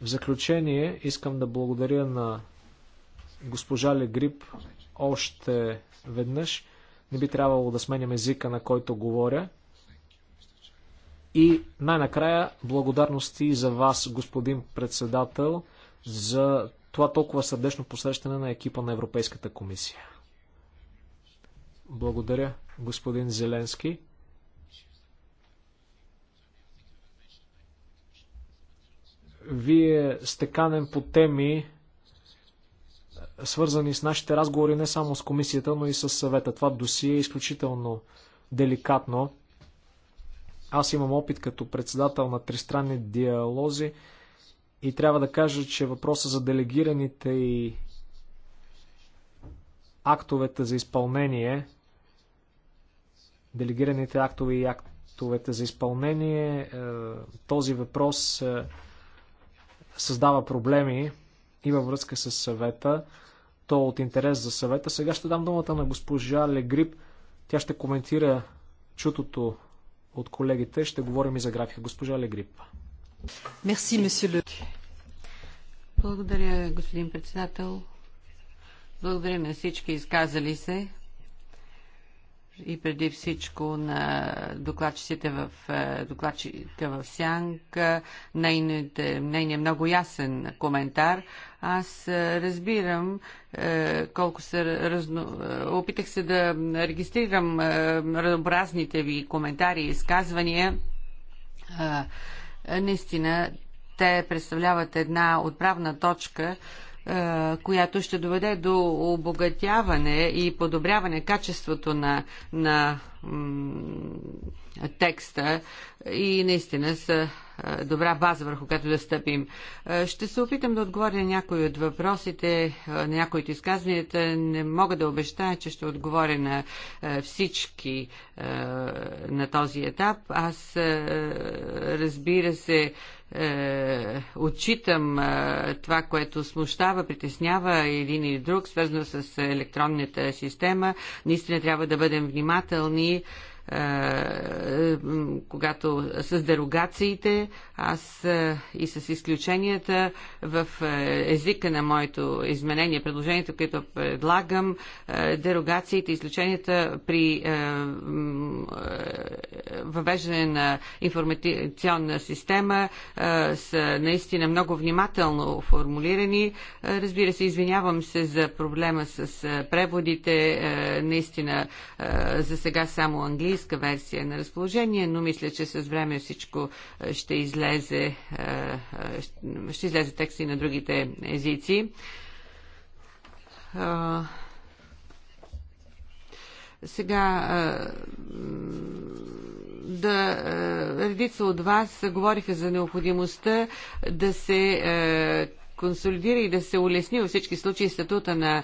В заключение искам да благодаря на госпожа Легрип още веднъж. Не би трябвало да сменям езика, на който говоря. И най-накрая благодарности за вас, господин председател, за това толкова сърдечно посрещане на екипа на Европейската комисия. Благодаря, господин Зеленски. Вие сте канен по теми, свързани с нашите разговори не само с комисията, но и с съвета. Това досие е изключително деликатно. Аз имам опит като председател на тристранни диалози и трябва да кажа, че въпроса за делегираните и актовете за изпълнение, делегираните актове и актовете за изпълнение, е, този въпрос е създава проблеми и във връзка с съвета. То от интерес за съвета. Сега ще дам думата на госпожа Легрип. Тя ще коментира чутото от колегите. Ще говорим и за графика. Госпожа Легрип. Мерси, месье Благодаря, господин председател. Благодаря на всички изказали се и преди всичко на докладчиците в, е, докладчика в Сянка, нейните, нейния е много ясен коментар. Аз е, разбирам колко са разно... Опитах се да регистрирам разнообразните ви коментари и изказвания. наистина, те представляват една отправна точка, е, която ще доведе до обогатяване и подобряване качеството на, на текста и наистина са е, добра база, върху която да стъпим. Е, ще се опитам да отговоря на някои от въпросите, на някои от изказванията. Не мога да обещая, че ще отговоря на всички на този етап. Аз, разбира се, е, отчитам е, това, което смущава, притеснява един или друг, свързано с електронната система. Наистина трябва да бъдем внимателни е, е, когато с дерогациите, аз е, и с изключенията в е, езика на моето изменение, предложението, което предлагам, е, дерогациите, изключенията при е, въвеждане на информационна система са наистина много внимателно формулирани. Разбира се, извинявам се за проблема с преводите. Наистина за сега само английска версия е на разположение, но мисля, че с време всичко ще излезе, ще излезе текст и на другите езици. Сега да редица от вас говориха за необходимостта да се консолидира и да се улесни във всички случаи статута на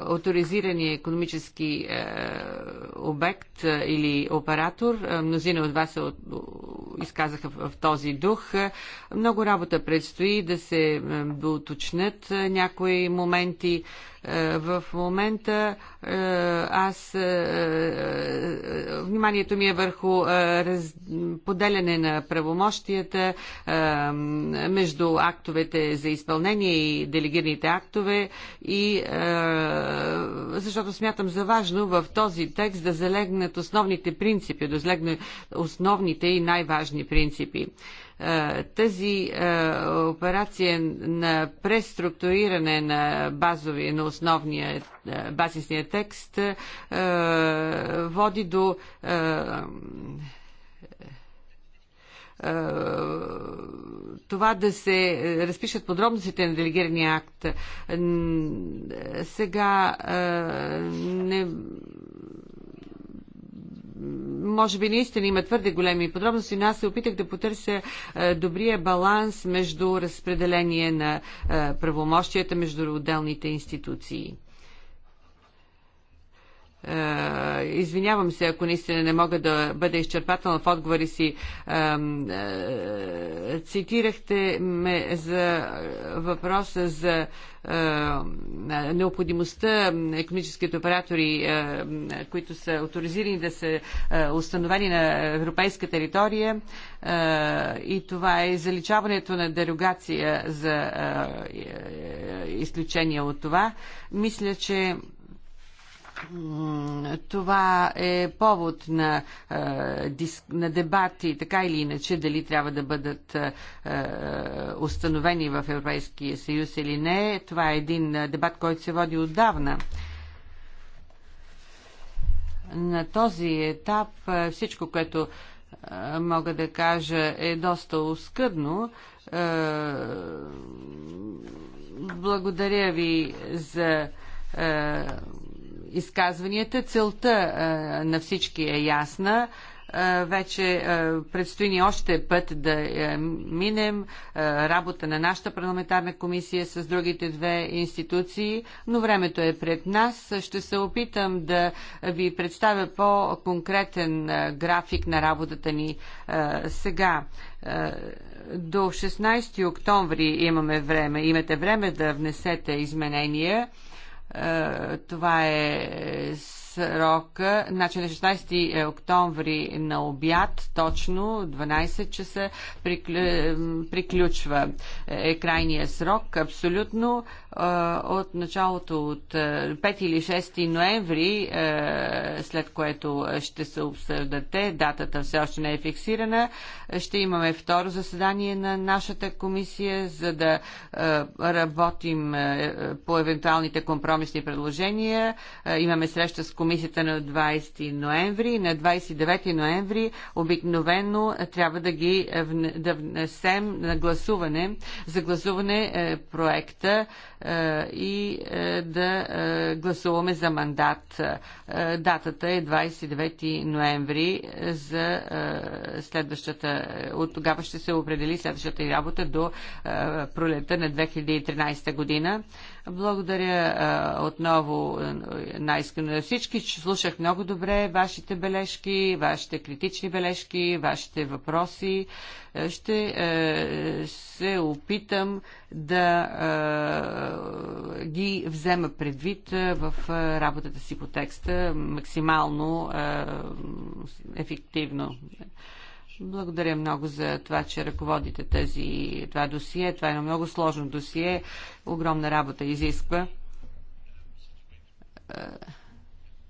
авторизирания економически а, обект а, или оператор. А, мнозина от вас се от, изказаха в, в този дух. Много работа предстои да се доточнат някои моменти. А, в момента е, аз е, е, вниманието ми е върху раз... поделяне на правомощията между актовете за изпълнение и делегираните актове и защото смятам за важно в този текст да залегнат основните принципи, да залегнат основните и най-важни принципи. Тази операция на преструктуриране на базови, на основния базисния текст води до това да се разпишат подробностите на делегирания акт. Сега не може би наистина има твърде големи подробности, но аз се опитах да потърся е, добрия баланс между разпределение на е, правомощията между отделните институции. Е, извинявам се, ако наистина не мога да бъда изчерпателна в отговори си. Е, цитирахте ме за въпроса за е, необходимостта економическите оператори, които са авторизирани да са установени на европейска територия и това е заличаването на дерогация за изключение от това. Мисля, че това е повод на, е, на дебати, така или иначе, дали трябва да бъдат е, е, установени в Европейския съюз или не. Това е един дебат, който се води отдавна. На този етап всичко, което мога да кажа, е доста оскъдно. Благодаря ви за изказванията. Целта е, на всички е ясна е, вече е, предстои ни още път да минем работа на нашата парламентарна комисия с другите две институции, но времето е пред нас. Ще се опитам да ви представя по-конкретен график на работата ни сега. До 16 октомври имаме време. Имате време да внесете изменения е, това е срока, значи на 16 е, октомври на обяд, точно 12 часа, приключва е крайния срок. Абсолютно от началото от 5 или 6 ноември, след което ще се обсъждате, датата все още не е фиксирана, ще имаме второ заседание на нашата комисия, за да работим по евентуалните компромисни предложения. Имаме среща с комисията на 20 ноември. На 29 ноември обикновено трябва да ги да внесем на гласуване, за гласуване е, проекта е, и е, да е, гласуваме за мандат. Датата е 29 ноември за следващата. От тогава ще се определи следващата работа до пролета на 2013 година. Благодаря а, отново най-искрено на всички. Слушах много добре вашите бележки, вашите критични бележки, вашите въпроси. Ще а, се опитам да а, ги взема предвид в работата си по текста максимално а, ефективно. Благодаря много за това, че ръководите тези, това досие. Това е едно много сложно досие. Огромна работа изисква. Е,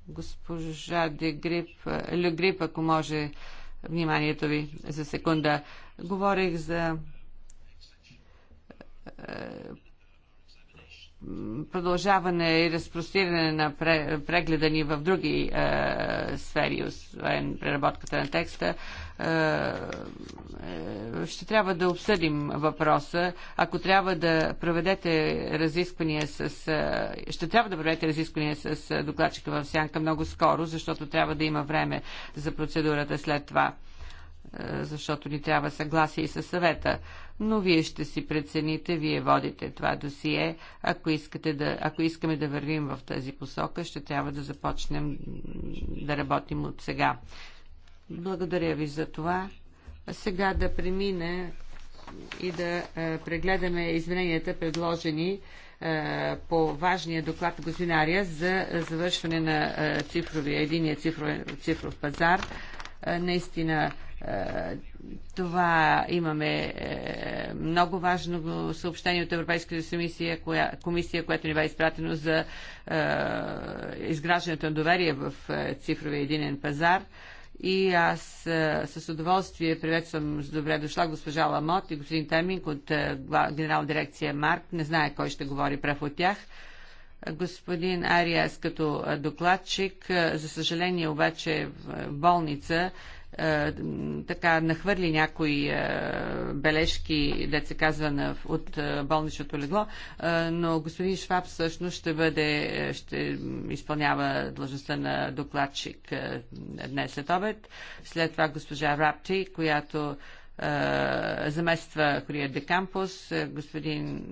госпожа Дегрип, Легрип, ако може вниманието ви за секунда. Говорих за е, продължаване и разпростиране на прегледа ни в други е, сфери, освен преработката на текста, е, е, ще трябва да обсъдим въпроса. Ако трябва да проведете разисквания с... Е, ще трябва да проведете разисквания с е, докладчика в Сянка много скоро, защото трябва да има време за процедурата след това. Е, защото ни трябва съгласие и със съвета. Но вие ще си прецените, вие водите това досие. Ако, искате да, ако искаме да вървим в тази посока, ще трябва да започнем да работим от сега. Благодаря ви за това. А сега да премине и да е, прегледаме измененията, предложени е, по важния доклад Гозинария за завършване на цифровия, единия цифров, цифров пазар. Наистина е, това имаме е, много важно съобщение от Европейската комисия, коя, комисия което ни бе изпратено за е, изграждането на доверие в цифровия единен пазар. И аз е, с удоволствие приветствам с добре дошла госпожа Ламот и господин Теминг от е, генерал дирекция Марк. Не знае кой ще говори прав от тях. Господин Ариас като докладчик, за съжаление обаче в болница е, така нахвърли някои е, бележки, да се казва, на, от е, болничното легло, но господин Шваб всъщност ще бъде, ще изпълнява длъжността на докладчик днес след обед. След това госпожа Рапти, която замества Хория де Кампус. Господин,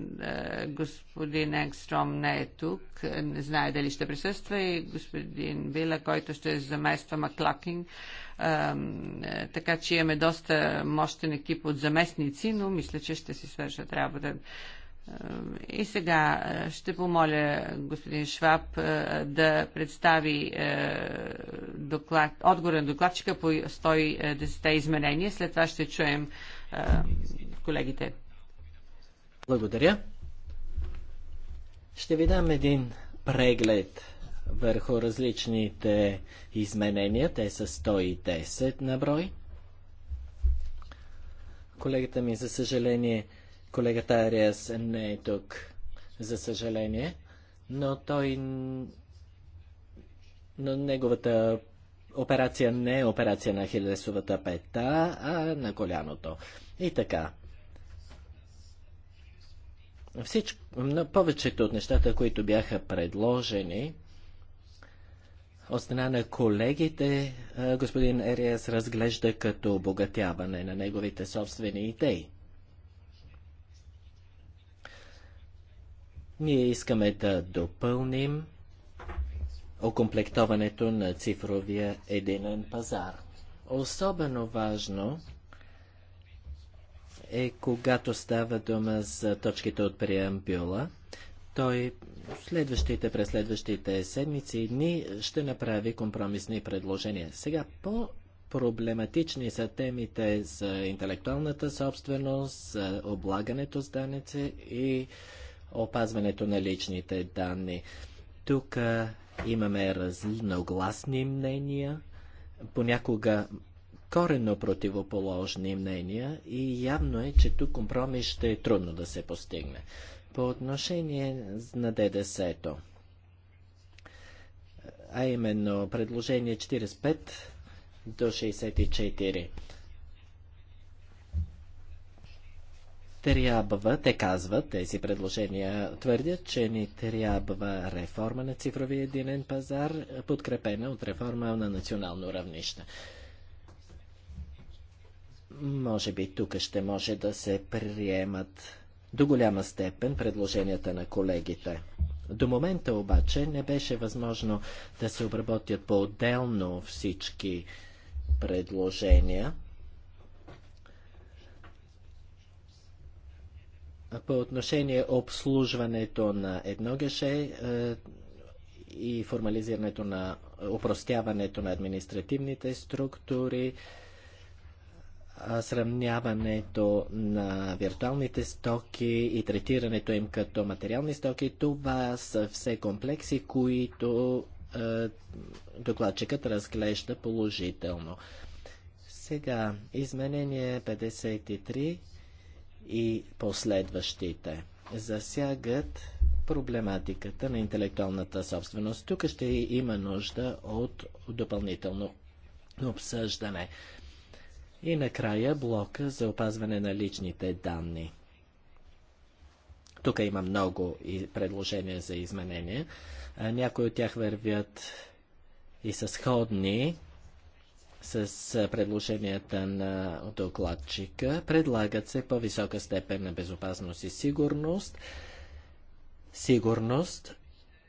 господин Енгстром не е тук, не знае дали ще присъства и господин Била, който ще замества Маклакинг. Е, така че имаме доста мощен екип от заместници, но мисля, че ще си свършат работа. И сега е, ще помоля господин Шваб е, да представи доклад, отговор на докладчика по 110 изменения. След това ще чуем колегите. Благодаря. Ще ви дам един преглед върху различните изменения. Те са 110 на брой. Колегата ми, за съжаление, колегата Ариас не е тук, за съжаление, но той... Но неговата операция не е операция на хилесовата пета, а на коляното. И така. Всичко, повечето от нещата, които бяха предложени, от страна на колегите е, господин Ериас разглежда като обогатяване на неговите собствени идеи. Ние искаме да допълним окомплектоването на цифровия единен пазар. Особено важно е когато става дума за точките от преамбюла. Той следващите, през следващите седмици и дни ще направи компромисни предложения. Сега по проблематични са темите за интелектуалната собственост, за облагането с данъци и опазването на личните данни. Тук имаме разногласни мнения, понякога коренно противоположни мнения и явно е, че тук компромис ще е трудно да се постигне. По отношение на ДДС, -то, а именно предложение 45 до 64. трябва, те казват, тези предложения твърдят, че ни трябва реформа на цифровия единен пазар, подкрепена от реформа на национално равнище. Може би тук ще може да се приемат до голяма степен предложенията на колегите. До момента обаче не беше възможно да се обработят по-отделно всички предложения. По отношение обслужването на едно геше е, и формализирането на упростяването на административните структури, сравняването на виртуалните стоки и третирането им като материални стоки. Това са все комплекси, които е, докладчикът разглежда положително. Сега, изменение 53 и последващите засягат проблематиката на интелектуалната собственост. Тук ще има нужда от допълнително обсъждане. И накрая блока за опазване на личните данни. Тук има много предложения за изменения. Някои от тях вървят и са сходни с предложенията на докладчика. Предлагат се по-висока степен на безопасност и сигурност. Сигурност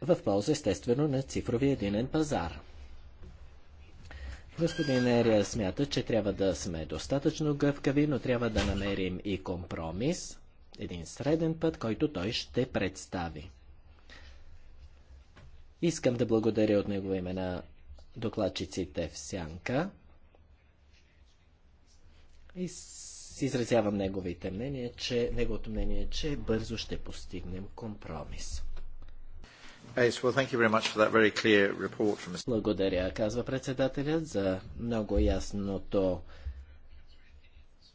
в полза естествено на цифровия единен пазар. Господин Ерия смята, че трябва да сме достатъчно гъвкави, но трябва да намерим и компромис, един среден път, който той ще представи. Искам да благодаря от него име на докладчиците в Сянка и изразявам неговите мнения, че, неговото мнение, че бързо ще постигнем компромис. Благодаря, казва председателят, за много ясното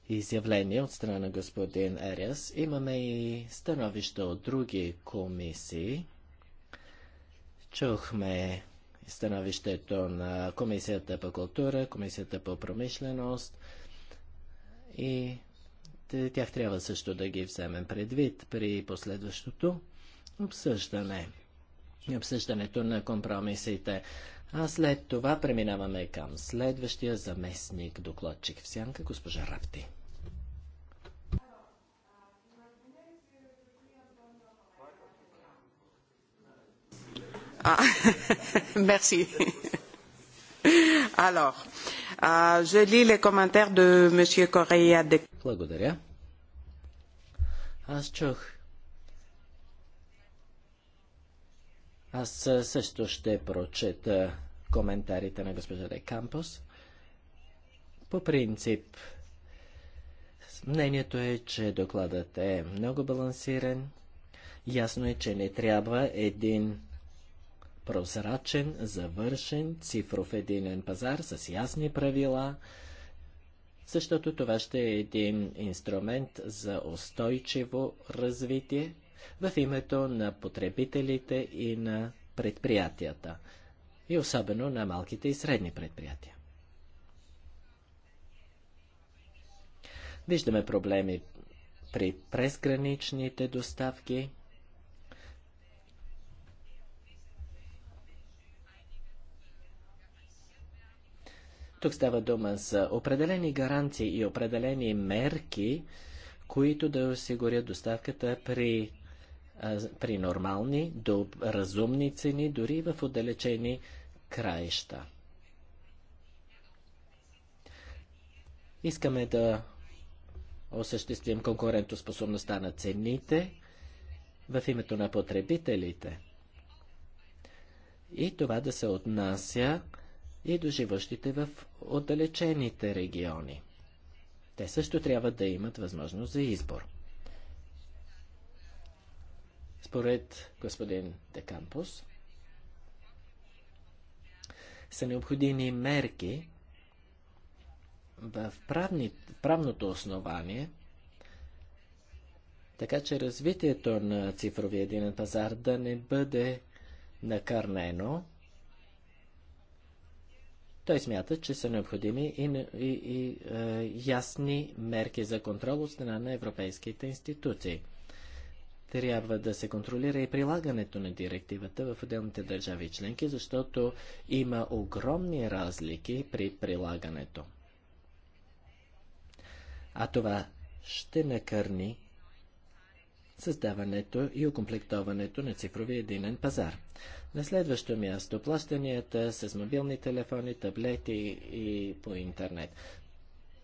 изявление от страна на господин Ериас. Имаме и становища от други комисии. Чухме становището на Комисията по култура, Комисията по промишленост и тях трябва също да ги вземем предвид при последващото обсъждане и обсъждането на компромисите. А след това преминаваме към следващия заместник докладчик в сянка, госпожа Рапти. мерси. Alors, euh, je lis les commentaires de M. Correa de... Благодаря. Аз чух Аз също ще прочета коментарите на госпожа Де Кампус. По принцип, мнението е, че докладът е много балансиран. Ясно е, че не трябва един прозрачен, завършен цифров единен пазар с ясни правила, защото това ще е един инструмент за устойчиво развитие – в името на потребителите и на предприятията, и особено на малките и средни предприятия. Виждаме проблеми при презграничните доставки. Тук става дума за определени гаранции и определени мерки, които да осигурят доставката при при нормални, до разумни цени, дори в отдалечени краища. Искаме да осъществим конкурентоспособността на цените в името на потребителите. И това да се отнася и до живущите в отдалечените региони. Те също трябва да имат възможност за избор. Според господин Декампус, са необходими мерки в правни, правното основание, така че развитието на цифровия един пазар да не бъде накърнено. Той смята, че са необходими и, и, и е, ясни мерки за контрол от страна на европейските институции трябва да се контролира и прилагането на директивата в отделните държави и членки, защото има огромни разлики при прилагането. А това ще накърни създаването и окомплектоването на цифрови единен пазар. На следващо място плащанията с мобилни телефони, таблети и по интернет.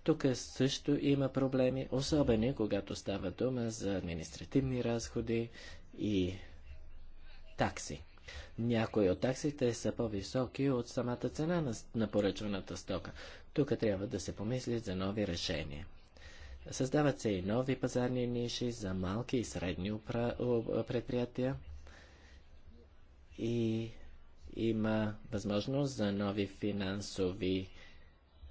Тук също има проблеми, особено когато става дума за административни разходи и такси. Някои от таксите са по-високи от самата цена на, на поръчваната стока. Тук трябва да се помисли за нови решения. Създават се и нови пазарни ниши за малки и средни упра... предприятия и има възможност за нови финансови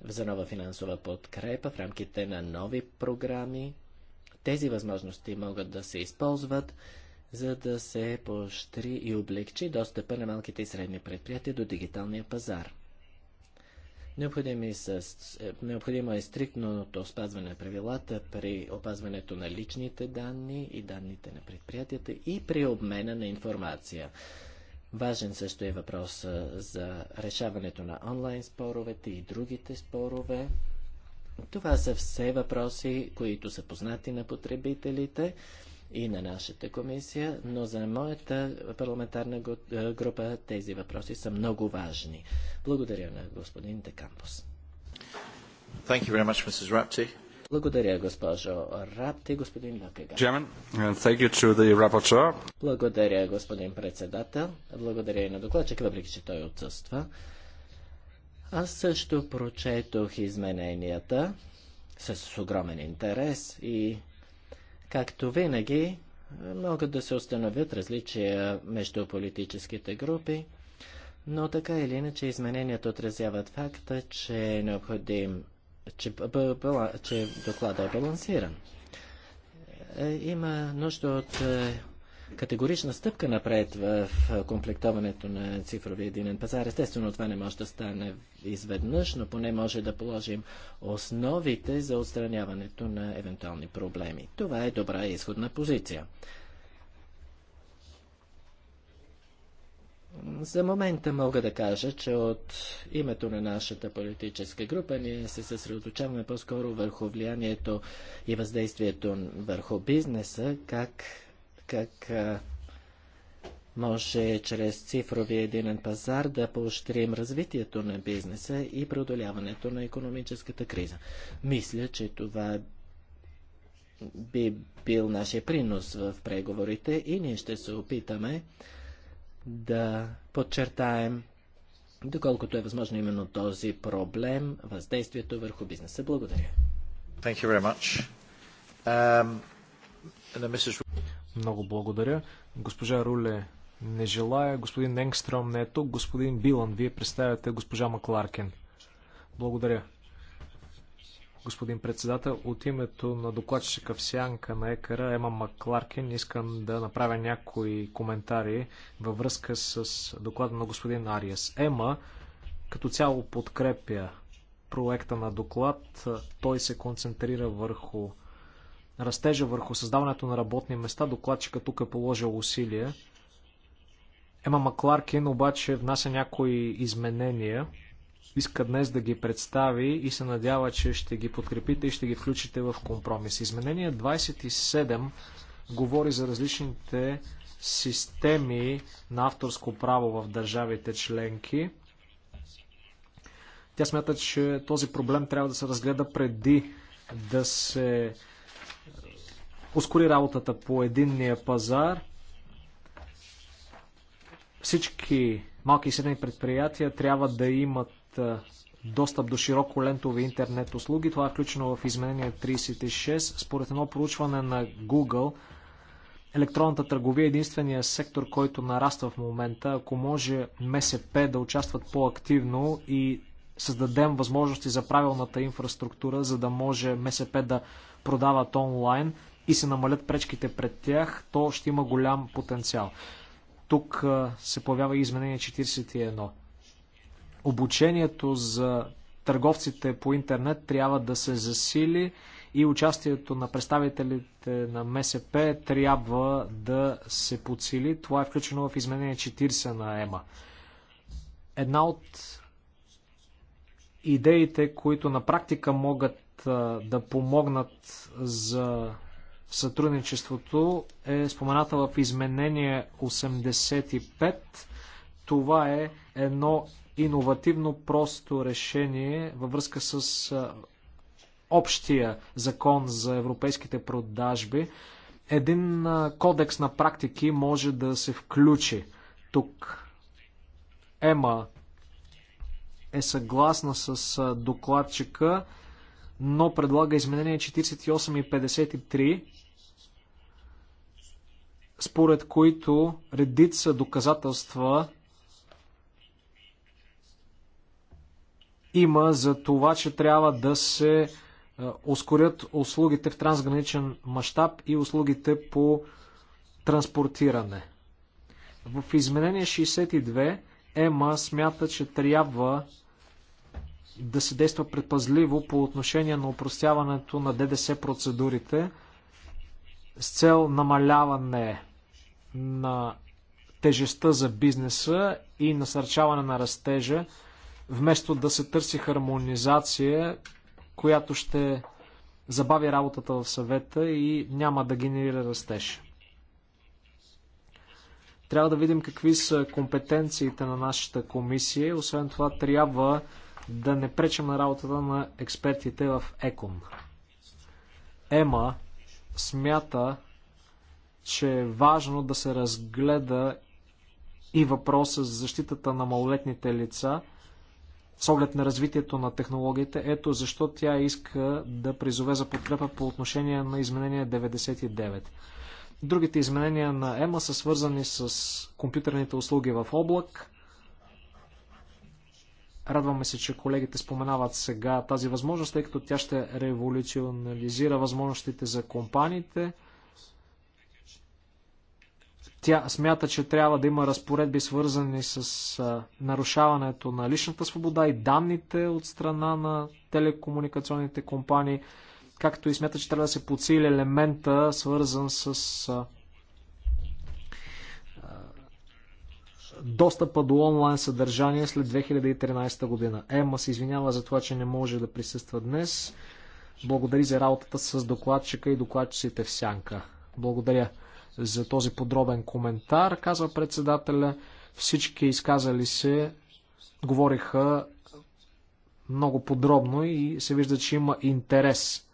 за нова финансова подкрепа в рамките на нови програми. Тези възможности могат да се използват, за да се поощри и облегчи достъпа на малките и средни предприятия до дигиталния пазар. Е, необходимо е стриктното спазване на правилата при опазването на личните данни и данните на предприятията и при обмена на информация. Важен също е въпрос за решаването на онлайн споровете и другите спорове. Това са все въпроси, които са познати на потребителите и на нашата комисия, но за моята парламентарна група тези въпроси са много важни. Благодаря на господин Декампус. Thank you very much, Mrs. Rapti. Благодаря, госпожо Рапте, господин Лакега. Благодаря, господин председател. Благодаря и на докладчика, въпреки че той отсъства. Аз също прочетох измененията с огромен интерес и, както винаги, могат да се установят различия между политическите групи, но така или иначе измененията отразяват факта, че е необходим че, бъла, че доклада е балансиран. Е, има нужда от е, категорична стъпка напред в комплектоването на цифровия единен пазар. Естествено, това не може да стане изведнъж, но поне може да положим основите за отстраняването на евентуални проблеми. Това е добра изходна позиция. За момента мога да кажа, че от името на нашата политическа група ние се съсредоточаваме по-скоро върху влиянието и въздействието върху бизнеса, как, как може чрез цифровия единен пазар да поощрим развитието на бизнеса и преодоляването на економическата криза. Мисля, че това би бил нашия принос в преговорите и ние ще се опитаме да подчертаем доколкото е възможно именно този проблем, въздействието върху бизнеса. Благодаря. Thank you very much. Um, and Mrs... Много благодаря. Госпожа Руле не желая, господин Енгстром не е тук, господин Билан, вие представяте госпожа Макларкен. Благодаря господин председател. От името на докладчика в сянка на екара Ема Макларкин искам да направя някои коментари във връзка с доклада на господин Ариес. Ема като цяло подкрепя проекта на доклад. Той се концентрира върху растежа, върху създаването на работни места. Докладчика тук е положил усилия. Ема Макларкин обаче внася някои изменения – иска днес да ги представи и се надява, че ще ги подкрепите и ще ги включите в компромис. Изменение 27 говори за различните системи на авторско право в държавите членки. Тя смята, че този проблем трябва да се разгледа преди да се ускори работата по единния пазар. Всички малки и средни предприятия трябва да имат достъп до широко лентови интернет услуги. Това е включено в изменение 36. Според едно проучване на Google, електронната търговия е единствения сектор, който нараства в момента. Ако може МСП да участват по-активно и създадем възможности за правилната инфраструктура, за да може МСП да продават онлайн и се намалят пречките пред тях, то ще има голям потенциал. Тук се появява и изменение 41 обучението за търговците по интернет трябва да се засили и участието на представителите на МСП трябва да се подсили. Това е включено в изменение 40 на ЕМА. Една от идеите, които на практика могат да помогнат за сътрудничеството е спомената в изменение 85. Това е едно иновативно просто решение във връзка с общия закон за европейските продажби. Един кодекс на практики може да се включи тук. Ема е съгласна с докладчика, но предлага изменение 48 и 53 според които редица доказателства има за това, че трябва да се е, ускорят услугите в трансграничен мащаб и услугите по транспортиране. В изменение 62 ЕМА смята, че трябва да се действа предпазливо по отношение на упростяването на ДДС процедурите с цел намаляване на тежестта за бизнеса и насърчаване на растежа вместо да се търси хармонизация, която ще забави работата в съвета и няма да генерира растеж. Трябва да видим какви са компетенциите на нашата комисия. Освен това, трябва да не пречим на работата на експертите в ЕКОН. Ема смята, че е важно да се разгледа и въпроса за защитата на малолетните лица – с оглед на развитието на технологиите. Ето защо тя иска да призове за подкрепа по отношение на изменение 99. Другите изменения на ЕМА са свързани с компютърните услуги в облак. Радваме се, че колегите споменават сега тази възможност, тъй като тя ще революционализира възможностите за компаниите. Тя смята, че трябва да има разпоредби свързани с нарушаването на личната свобода и данните от страна на телекомуникационните компании, както и смята, че трябва да се подсили елемента свързан с достъпа до онлайн съдържание след 2013 година. Ема се извинява за това, че не може да присъства днес. Благодари за работата с докладчика и докладчиците в Сянка. Благодаря за този подробен коментар, казва председателя. Всички изказали се говориха много подробно и се вижда, че има интерес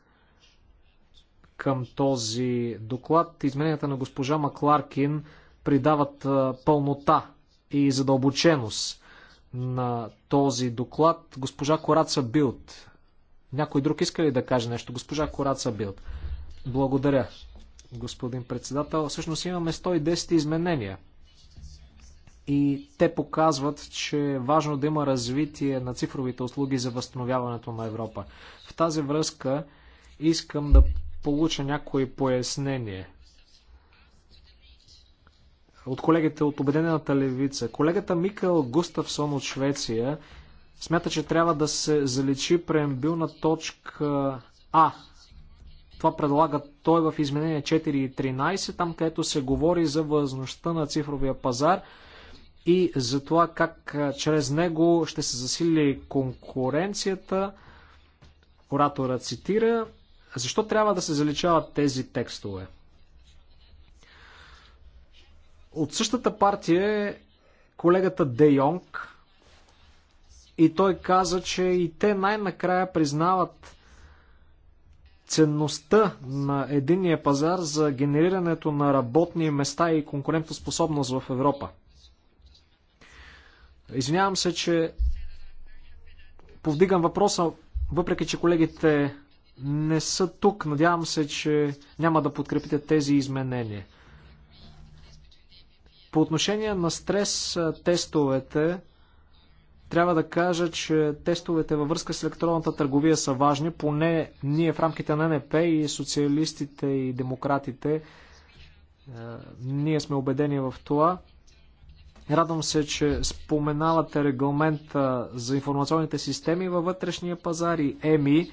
към този доклад. Измененията на госпожа Макларкин придават пълнота и задълбоченост на този доклад. Госпожа Кораца Билт. Някой друг иска ли да каже нещо? Госпожа Кораца Билт. Благодаря, господин председател. Всъщност имаме 110 изменения. И те показват, че е важно да има развитие на цифровите услуги за възстановяването на Европа. В тази връзка искам да получа някои пояснение от колегите от Обединената левица. Колегата Микъл Густавсон от Швеция смята, че трябва да се заличи преембилна точка А това предлага той в изменение 4.13, там където се говори за възможността на цифровия пазар и за това как чрез него ще се засили конкуренцията. Оратора цитира. Защо трябва да се заличават тези текстове? От същата партия е колегата Де Йонг и той каза, че и те най-накрая признават ценността на единния пазар за генерирането на работни места и конкурентоспособност в Европа. Извинявам се, че повдигам въпроса, въпреки че колегите не са тук. Надявам се, че няма да подкрепите тези изменения. По отношение на стрес тестовете, трябва да кажа, че тестовете във връзка с електронната търговия са важни, поне ние в рамките на НП и социалистите и демократите е, ние сме убедени в това. Радвам се, че споменавате регламента за информационните системи във вътрешния пазар и ЕМИ.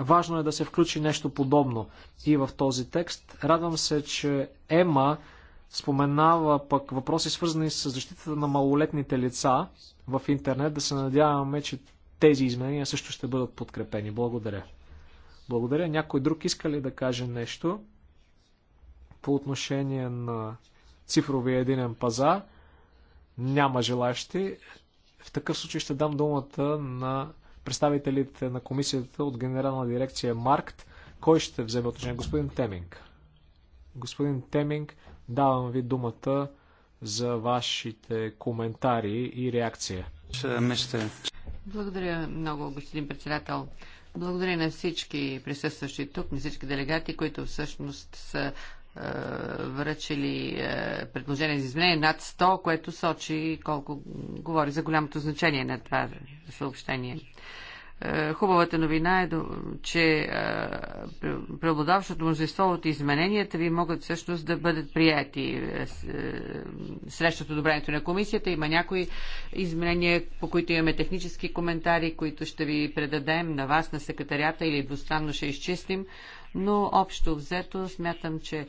Важно е да се включи нещо подобно и в този текст. Радвам се, че ЕМА споменава пък въпроси свързани с защитата на малолетните лица в интернет. Да се надяваме, че тези изменения също ще бъдат подкрепени. Благодаря. Благодаря. Някой друг иска ли да каже нещо по отношение на цифровия единен пазар? Няма желащи. В такъв случай ще дам думата на представителите на комисията от Генерална дирекция Маркт. Кой ще вземе отношение? Господин Теминг. Господин Теминг, Давам ви думата за вашите коментари и реакция. Благодаря много, господин председател. Благодаря на всички присъстващи тук, на всички делегати, които всъщност са е, връчили е, предложение за изменение над 100, което сочи колко говори за голямото значение на това съобщение. Е, хубавата новина е, че е, преобладаващото мнозинство от измененията ви могат всъщност да бъдат прияти е, срещато одобрението на комисията. Има някои изменения, по които имаме технически коментари, които ще ви предадем на вас, на секретарята или двустранно ще изчистим но общо взето смятам, че е,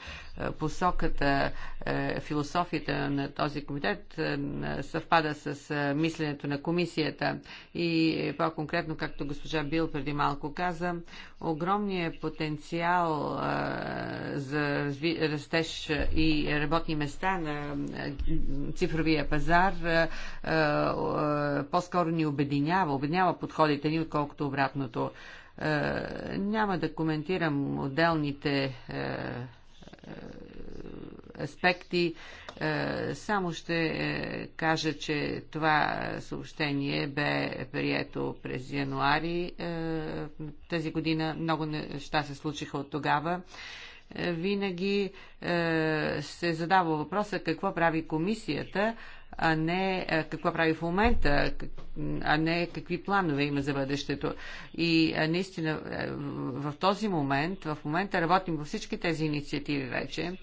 посоката, е, философията на този комитет е, съвпада с мисленето на комисията и по-конкретно, както госпожа Бил преди малко каза, огромният потенциал за растеж и работни места на цифровия пазар по-скоро ни обединява, обединява подходите ни, отколкото обратното. Е, няма да коментирам отделните е, е, аспекти. Само ще кажа, че това съобщение бе прието през януари тази година. Много неща се случиха от тогава. Винаги се задава въпроса какво прави комисията а не какво прави в момента, а не какви планове има за бъдещето. И наистина в този момент, в момента работим във всички тези инициативи вече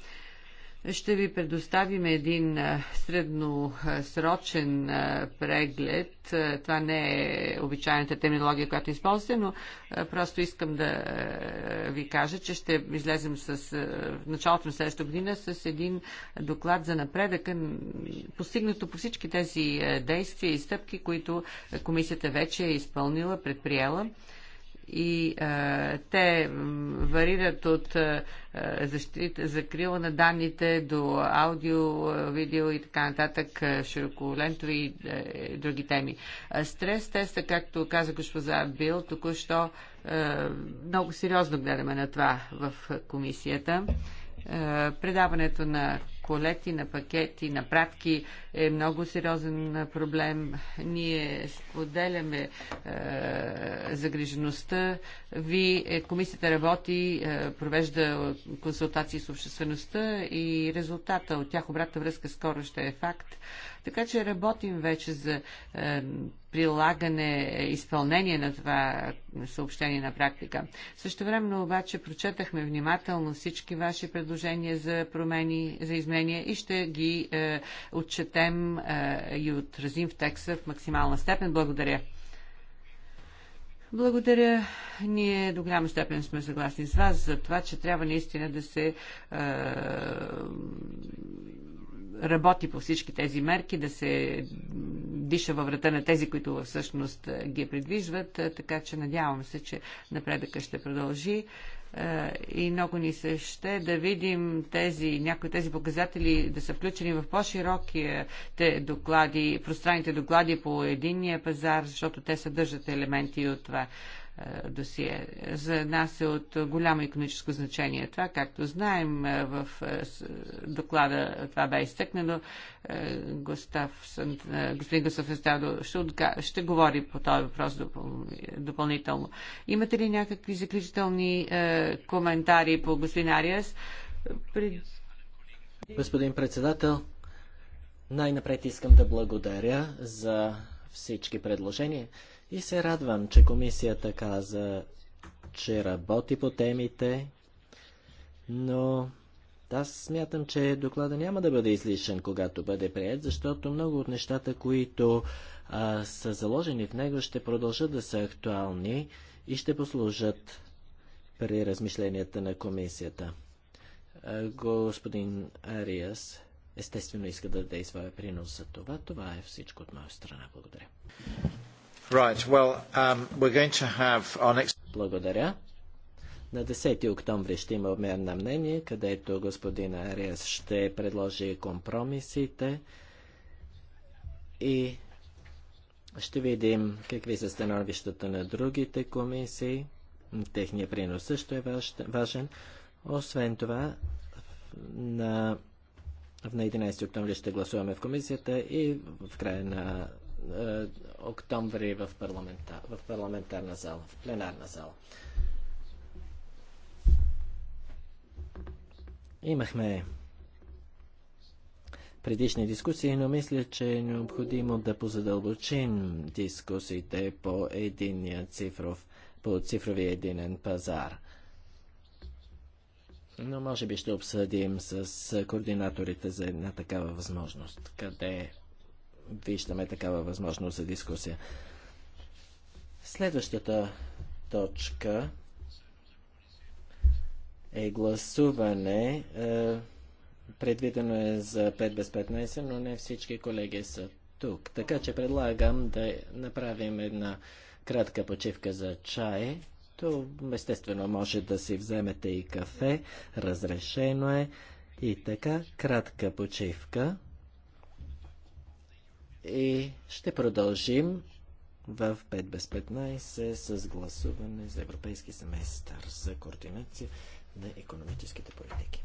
ще ви предоставим един средносрочен преглед. Това не е обичайната терминология, която използвате, но просто искам да ви кажа, че ще излезем с, началото на следващата година с един доклад за напредъка, постигнато по всички тези действия и стъпки, които комисията вече е изпълнила, предприела и а, те варират от а, защита, закрила на данните до аудио, видео и така нататък, широколентови и и други теми. Стрес теста, както каза госпоза, Бил, току-що много сериозно гледаме на това в комисията. Е, предаването на колети, на пакети, на пратки е много сериозен е, проблем. Ние споделяме е, загрижеността. Ви, е, комисията работи, е, провежда консултации с обществеността и резултата от тях обратна връзка скоро ще е факт. Е, така че работим вече за е, прилагане, изпълнение на това съобщение на практика. Също времено обаче прочетахме внимателно всички ваши предложения за промени, за изменения и ще ги е, отчетем е, и отразим в текста в максимална степен. Благодаря. Благодаря. Ние до голяма степен сме съгласни с вас за това, че трябва наистина да се е, работи по всички тези мерки, да се диша във врата на тези, които всъщност е, ги предвиждат, е, така че надявам се, че напредъка ще продължи е, и много ни се ще да видим тези, някои тези показатели да са включени в по-широките доклади, пространните доклади по единния пазар, защото те съдържат елементи от това. Е, досие. За нас е от голямо економическо значение това. Както знаем, е, в е, доклада това бе изтъкнено. господин Гостав Естадо ще, говори по този въпрос допълнително. Имате ли някакви заключителни коментари по господин Ариас? Господин председател, най-напред искам да благодаря за всички предложения. И се радвам, че комисията каза, че работи по темите, но аз смятам, че доклада няма да бъде излишен, когато бъде прият, защото много от нещата, които а, са заложени в него, ще продължат да са актуални и ще послужат при размишленията на комисията. А, господин Ариас естествено иска да даде своя принос за това. Това е всичко от моя страна. Благодаря. Right, well, um, we're going to have our next... Благодаря. На 10 октомври ще има обмен на мнение, където господин Ариас ще предложи компромисите и ще видим какви са становищата на другите комисии. Техният принос също е важен. Освен това, на, на 11 октомври ще гласуваме в комисията и в края на октомври в, в парламентарна зала, в пленарна зала. Имахме предишни дискусии, но мисля, че е необходимо да позадълбочим дискусиите по единия цифров, по цифровия единен пазар. Но може би ще обсъдим с координаторите за една такава възможност. Къде виждаме такава възможност за дискусия. Следващата точка е гласуване. Е, предвидено е за 5 без 15, но не всички колеги са тук. Така че предлагам да направим една кратка почивка за чай. То естествено може да си вземете и кафе, разрешено е. И така, кратка почивка и ще продължим в 5 без 15 с гласуване за европейски семестър за координация на економическите политики.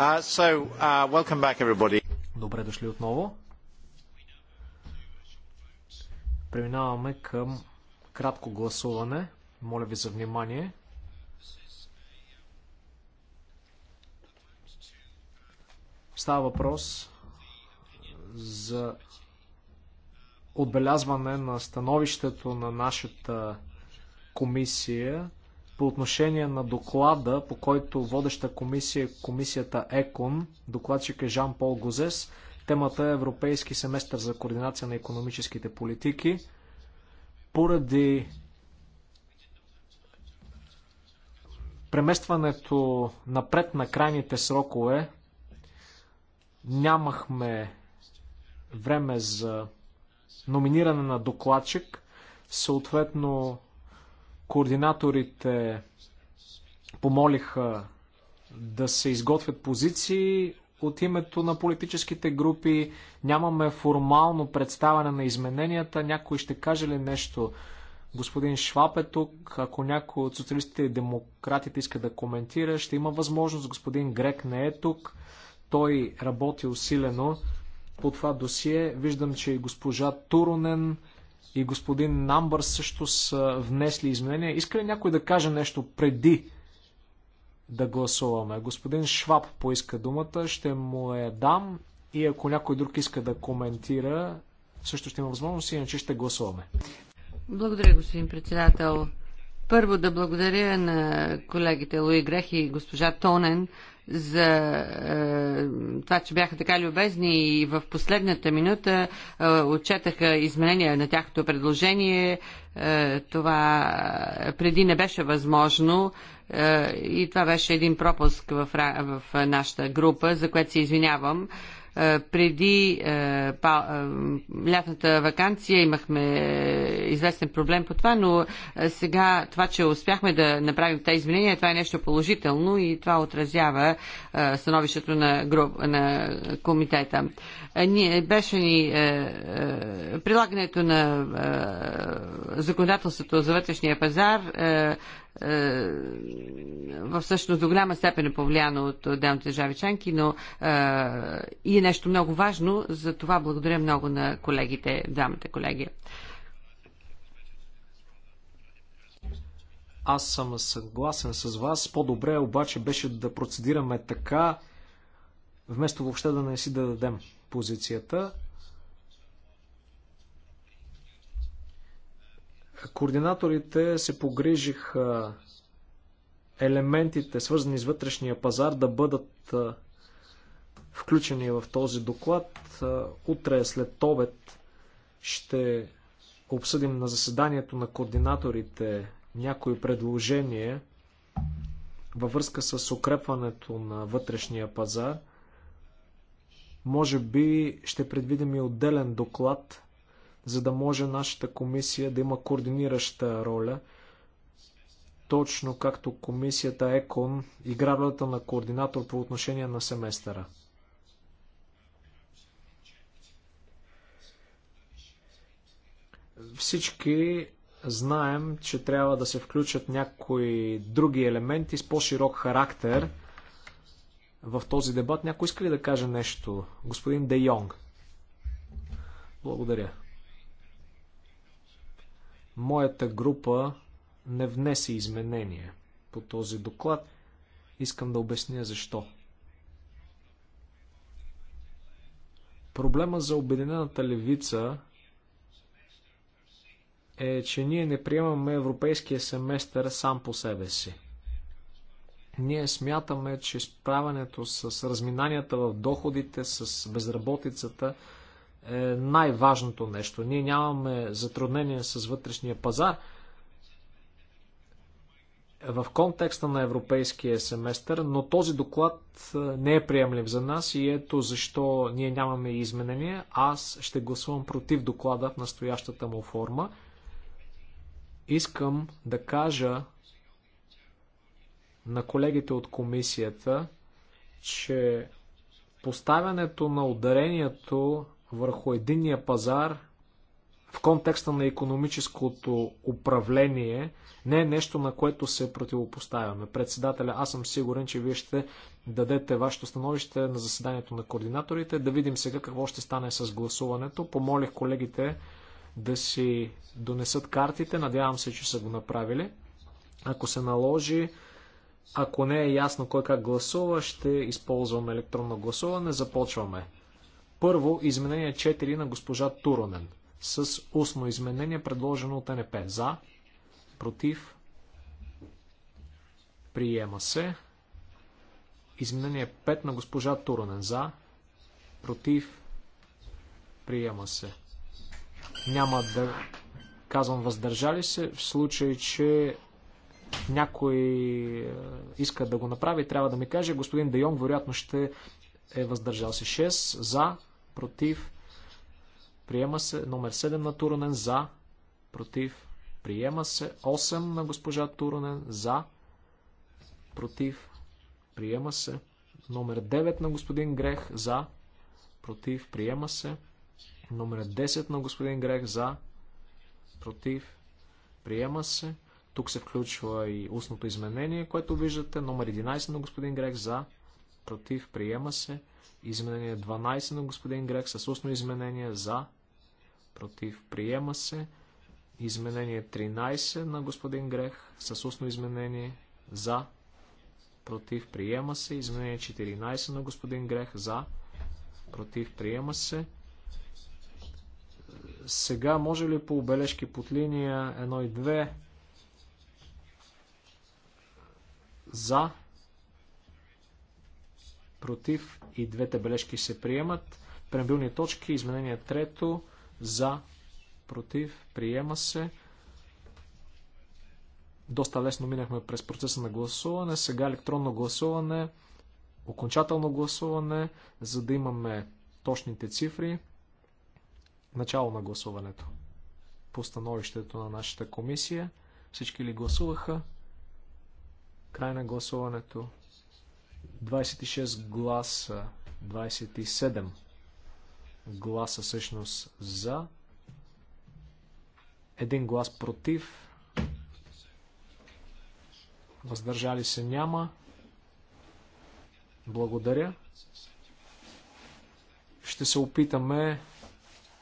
Uh, uh, welcome back everybody. Добре дошли отново. Преминаваме към кратко гласуване. Моля ви за внимание. Става въпрос за отбелязване на становището на нашата комисия по отношение на доклада, по който водеща комисия е комисията ЕКОН, докладчик е Жан-Пол Гозес. Темата е Европейски семестър за координация на економическите политики. Поради преместването напред на крайните срокове, нямахме време за номиниране на докладчик. Съответно, Координаторите помолиха да се изготвят позиции от името на политическите групи. Нямаме формално представяне на измененията. Някой ще каже ли нещо? Господин Шваб е тук. Ако някой от социалистите и демократите иска да коментира, ще има възможност. Господин Грек не е тук. Той работи усилено по това досие. Виждам, че и госпожа Туронен и господин Намбър също са внесли изменения. Иска ли някой да каже нещо преди да гласуваме? Господин Шваб поиска думата, ще му я дам и ако някой друг иска да коментира, също ще има възможност, иначе ще гласуваме. Благодаря, господин председател. Първо да благодаря на колегите Луи Грех и госпожа Тонен за е, това, че бяха така любезни и в последната минута е, отчетаха изменения на тяхното предложение. Е, това преди не беше възможно е, и това беше един пропуск в, в нашата група, за което се извинявам. Е, е, преди е, е, лятната вакансия имахме известен проблем по това, но сега това, че успяхме да направим тези изменения, това е нещо положително и това отразява становището на, груп, на комитета. Ние, беше ни прилагането на законодателството за вътрешния пазар е, всъщност до голяма степен е повлияно от отделните държави членки, но е, и е нещо много важно. За това благодаря много на колегите, дамата колеги. Аз съм съгласен с вас. По-добре обаче беше да процедираме така, вместо въобще да не си да дадем позицията. Координаторите се погрижиха елементите, свързани с вътрешния пазар, да бъдат включени в този доклад. Утре след обед ще обсъдим на заседанието на координаторите някои предложения във връзка с укрепването на вътрешния пазар. Може би ще предвидим и отделен доклад за да може нашата комисия да има координираща роля. Точно както комисията ЕКОН игра ролята на координатор по отношение на семестъра. Всички знаем, че трябва да се включат някои други елементи с по-широк характер в този дебат. Някой иска ли да каже нещо? Господин Де Йонг. Благодаря. Моята група не внесе изменение по този доклад. Искам да обясня защо. Проблема за Обединената левица е, че ние не приемаме европейския семестър сам по себе си. Ние смятаме, че справянето с разминанията в доходите, с безработицата е най-важното нещо. Ние нямаме затруднение с вътрешния пазар. В контекста на европейския семестър, но този доклад е, не е приемлив за нас и ето защо ние нямаме изменения. Аз ще гласувам против доклада в настоящата му форма. Искам да кажа на колегите от комисията, че поставянето на ударението върху единния пазар в контекста на економическото управление не е нещо, на което се противопоставяме. Председателя, аз съм сигурен, че вие ще дадете вашето становище на заседанието на координаторите. Да видим сега какво ще стане с гласуването. Помолих колегите да си донесат картите. Надявам се, че са го направили. Ако се наложи, ако не е ясно кой как гласува, ще използваме електронно гласуване. Започваме. Първо, изменение 4 на госпожа Туронен с устно изменение, предложено от НП. За, против, приема се. Изменение 5 на госпожа Туронен. За, против, приема се. Няма да казвам въздържали се, в случай, че някой е, иска да го направи, трябва да ми каже. Господин Дайон, вероятно ще е въздържал се 6 за, против, приема се номер 7 на Турунен за, против, приема се 8 на госпожа Турунен за, против, приема се номер 9 на господин Грех за, против, приема се номер 10 на господин Грех за, против, приема се тук се включва и устното изменение, което виждате. Номер 11 на господин Грех за, против, приема се. Изменение 12 на господин Грек с устно изменение за, против, приема се. Изменение 13 на господин Грех с устно изменение за, против, приема се. Изменение 14 на господин Грех за, против, приема се. Сега може ли по обележки под линия 1 и 2 за, против и двете бележки се приемат. Преамбилни точки, изменение трето, за, против, приема се. Доста лесно минахме през процеса на гласуване. Сега електронно гласуване, окончателно гласуване, за да имаме точните цифри. Начало на гласуването. По становището на нашата комисия. Всички ли гласуваха? Край на гласуването. 26 гласа, 27 гласа всъщност за, един глас против, въздържали се няма. Благодаря. Ще се опитаме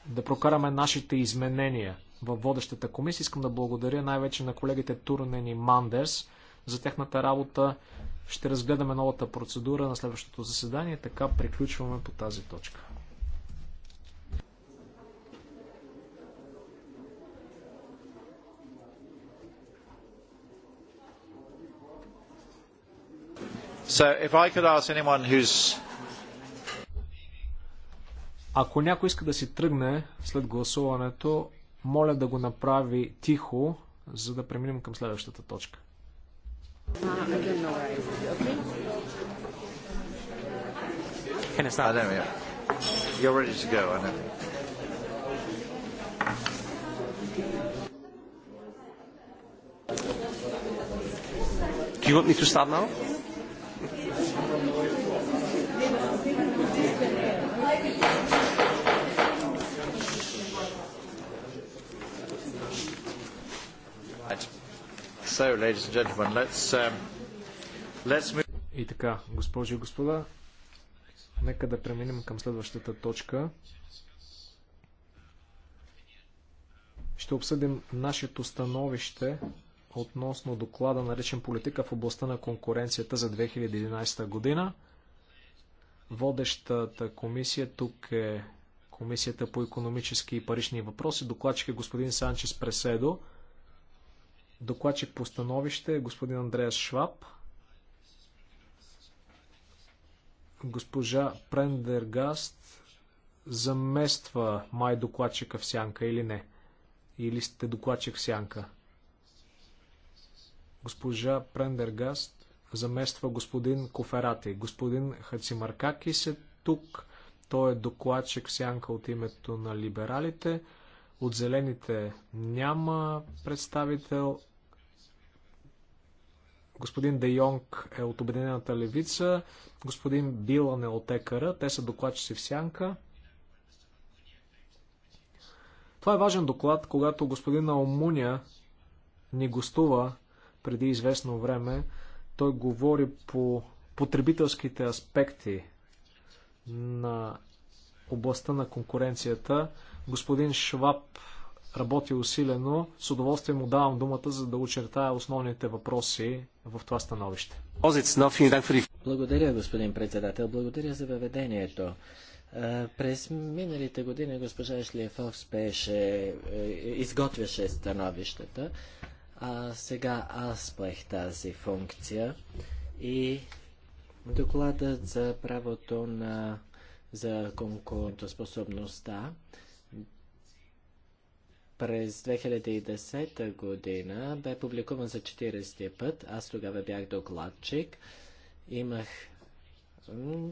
да прокараме нашите изменения във водещата комисия. Искам да благодаря най-вече на колегите Турнен и Мандерс за техната работа. Ще разгледаме новата процедура на следващото заседание. Така приключваме по тази точка. So if I could ask anyone who's ако някой иска да си тръгне след гласуването, моля да го направи тихо, за да преминем към следващата точка. Uh, it is. Okay. Can I start? I know, yeah. You're ready to go, I know. Do you want me to start now? Right. Um, и така, госпожи и господа, нека да преминем към следващата точка. Ще обсъдим нашето становище относно доклада наречен политика в областта на конкуренцията за 2011 година. Водещата комисия тук е Комисията по економически и парични въпроси. Докладчик е господин Санчес Преседо. Докладчик по становище е господин Андреас Шваб. Госпожа Прендергаст замества май докладчика в сянка или не? Или сте докладчик в сянка? Госпожа Прендергаст замества господин Коферати. Господин Хацимаркакис е тук. Той е докладчик в сянка от името на либералите. От зелените няма представител господин Де Йонг е от Обединената левица, господин Билан е от Екара, те са докладчици в Сянка. Това е важен доклад, когато господин Алмуня ни гостува преди известно време. Той говори по потребителските аспекти на областта на конкуренцията. Господин Шваб работи усилено. С удоволствие му давам думата, за да очертая основните въпроси в това становище. Благодаря, господин председател. Благодаря за въведението. През миналите години госпожа Шлиефов спеше, е, изготвяше становищата, а сега аз поех тази функция и докладът за правото на за конкурентоспособността през 2010 година бе публикуван за 40 път. Аз тогава бях докладчик. Имах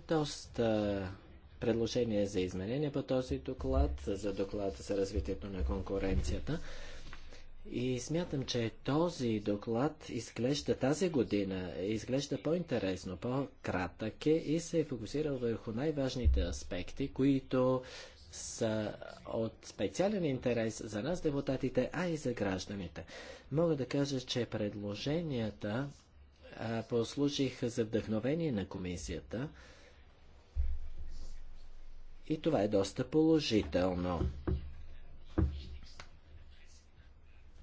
доста предложения за изменения по този доклад, за доклада за развитието на конкуренцията. И смятам, че този доклад изглежда тази година, изглежда по-интересно, по-кратък е и се е фокусирал върху най-важните аспекти, които са от специален интерес за нас, депутатите, а и за гражданите. Мога да кажа, че предложенията а, послужиха за вдъхновение на комисията и това е доста положително.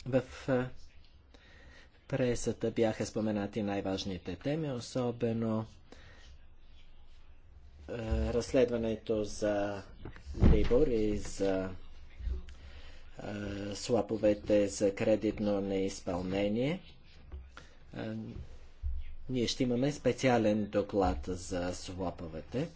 В а, пресата бяха споменати най-важните теми, особено разследването за Либор и за слаповете за кредитно неизпълнение. ние ще имаме специален доклад за слаповете.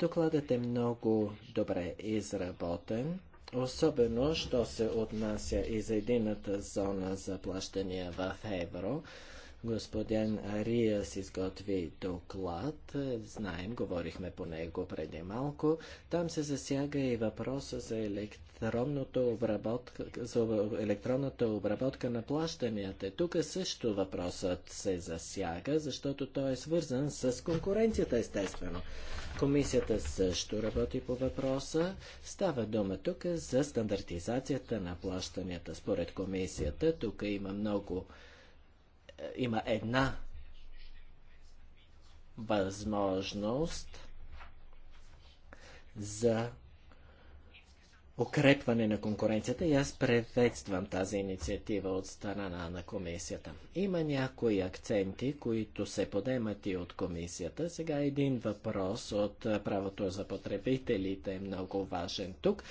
Докладът е много добре изработен, особено, що се отнася и за едината зона за плащания в евро. Господин Ариас изготви доклад, знаем, говорихме по него преди малко. Там се засяга и въпроса за, електронното обработка, за електронната обработка на плащанията. Тук също въпросът се засяга, защото той е свързан с конкуренцията, естествено. Комисията също работи по въпроса. Става дума тук за стандартизацията на плащанията. Според комисията тук има много има една възможност за укрепване на конкуренцията и аз приветствам тази инициатива от страна на комисията. Има някои акценти, които се подемат и от комисията. Сега един въпрос от правото за потребителите е много важен тук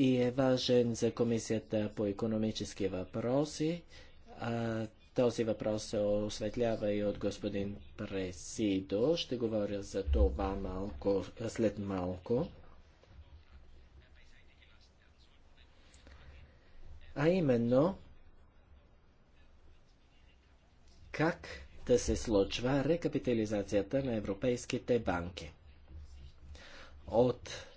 и е важен за Комисията по економически въпроси. А, този въпрос се осветлява и от господин Пресидо. Ще говоря за това малко, след малко. А именно, как да се случва рекапитализацията на европейските банки. От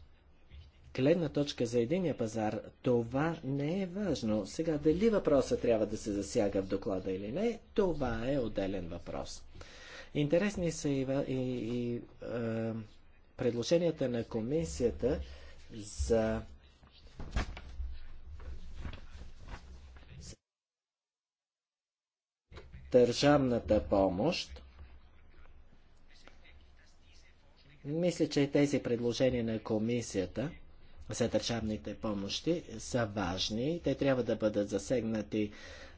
гледна точка за единия пазар, това не е важно. Сега, дали въпроса трябва да се засяга в доклада или не, това е отделен въпрос. Интересни са и, и, и е, предложенията на комисията за държавната помощ. Мисля, че тези предложения на комисията за държавните помощи са важни. Те трябва да бъдат засегнати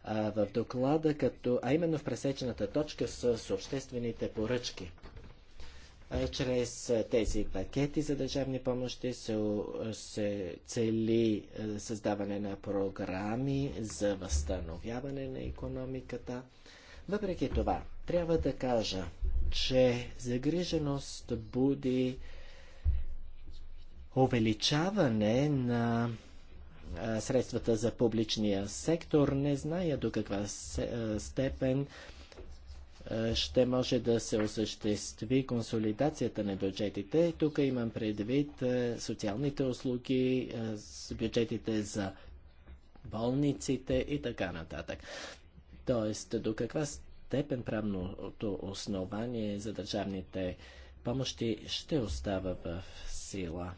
а, в доклада, като, а именно в пресечената точка с, обществените поръчки. А, чрез тези пакети за държавни помощи се, се цели създаване на програми за възстановяване на економиката. Въпреки това, трябва да кажа, че загриженост буди увеличаване на средствата за публичния сектор. Не зная до каква степен ще може да се осъществи консолидацията на бюджетите. Тук имам предвид социалните услуги, бюджетите за болниците и така нататък. Тоест, до каква степен правното основание за държавните помощи ще остава в сила.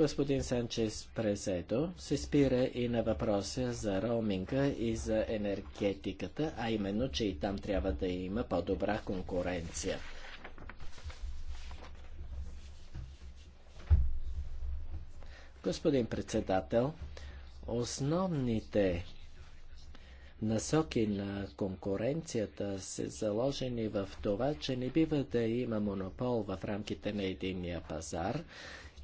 Господин Санчес Преседо се спира и на въпроса за роуминга и за енергетиката, а именно, че и там трябва да има по-добра конкуренция. Господин председател, основните насоки на конкуренцията са заложени в това, че не бива да има монопол в рамките на единния пазар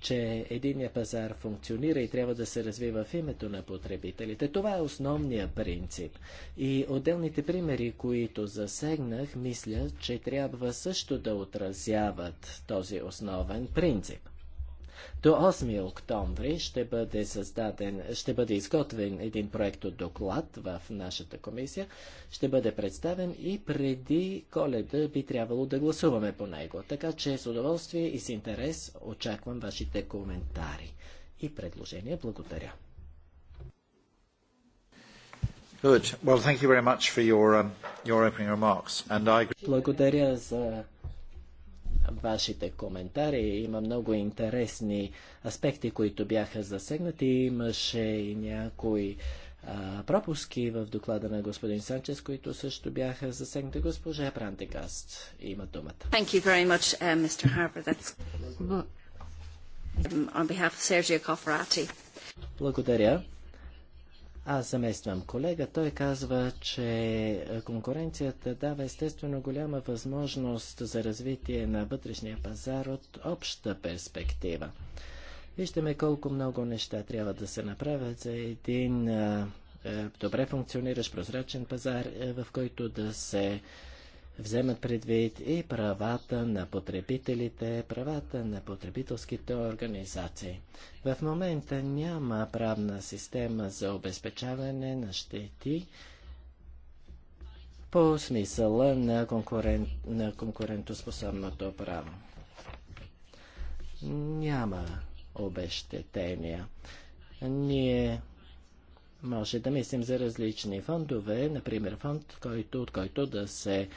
че единия пазар функционира и трябва да се развива в името на потребителите. Това е основния принцип. И отделните примери, които засегнах, мисля, че трябва също да отразяват този основен принцип. До 8 октомври ще бъде, създаден, ще бъде изготвен един проект от доклад в нашата комисия, ще бъде представен и преди коледа би трябвало да гласуваме по него. Така че с удоволствие и с интерес очаквам вашите коментари и предложения. Благодаря. Well, your, um, your I... Благодаря за вашите коментари. Има много интересни аспекти, които бяха засегнати. Имаше и някои а, пропуски в доклада на господин Санчес, които също бяха засегнати. Госпожа Прантегаст има думата. Thank you very much, uh, Mr. Harbour. That's... On behalf of Sergio Cofferati. Благодаря. Аз замествам колега. Той казва, че конкуренцията дава естествено голяма възможност за развитие на вътрешния пазар от обща перспектива. Виждаме колко много неща трябва да се направят за един е, добре функциониращ прозрачен пазар, е, в който да се вземат предвид и правата на потребителите, правата на потребителските организации. В момента няма правна система за обезпечаване на щети по смисъла на, конкурен... на конкурентоспособното право. Няма обещетения. Ние може да мислим за различни фондове, например фонд, който, от който да се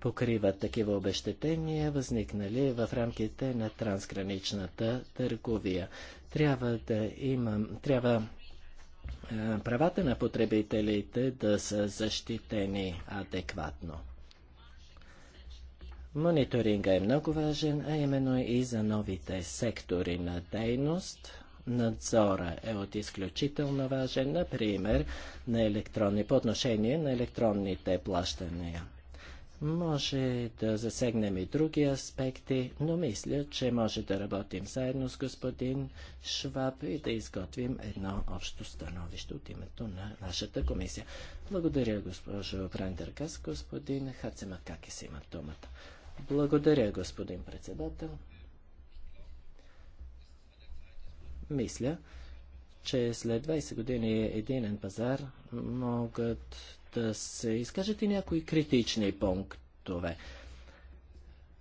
покриват такива обещетения, възникнали в рамките на трансграничната търговия. Трябва да имам, трябва е, правата на потребителите да са защитени адекватно. Мониторинга е много важен, а именно и за новите сектори на дейност. Надзора е от изключително важен, например, на електронни, по отношение на електронните плащания. Може да засегнем и други аспекти, но мисля, че може да работим заедно с господин Шваб и да изготвим едно общо становище от името на нашата комисия. Благодаря, госпожо Брандеркас. Господин Хацема, как си има думата. Благодаря, господин председател. Мисля, че след 20 години единен пазар могат да се изкажат и някои критични пунктове.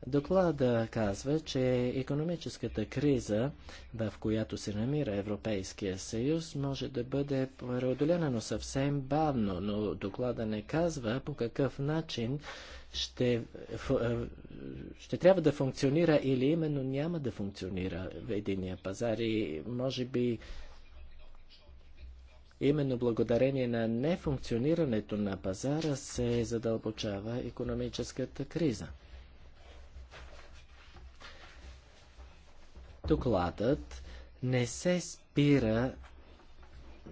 Доклада казва, че економическата криза, в която се намира Европейския съюз, може да бъде преодолена, но съвсем бавно. Но доклада не казва по какъв начин ще, ще трябва да функционира или именно няма да функционира в единия пазар. И може би Именно благодарение на нефункционирането на пазара се задълбочава економическата криза. Докладът не се спира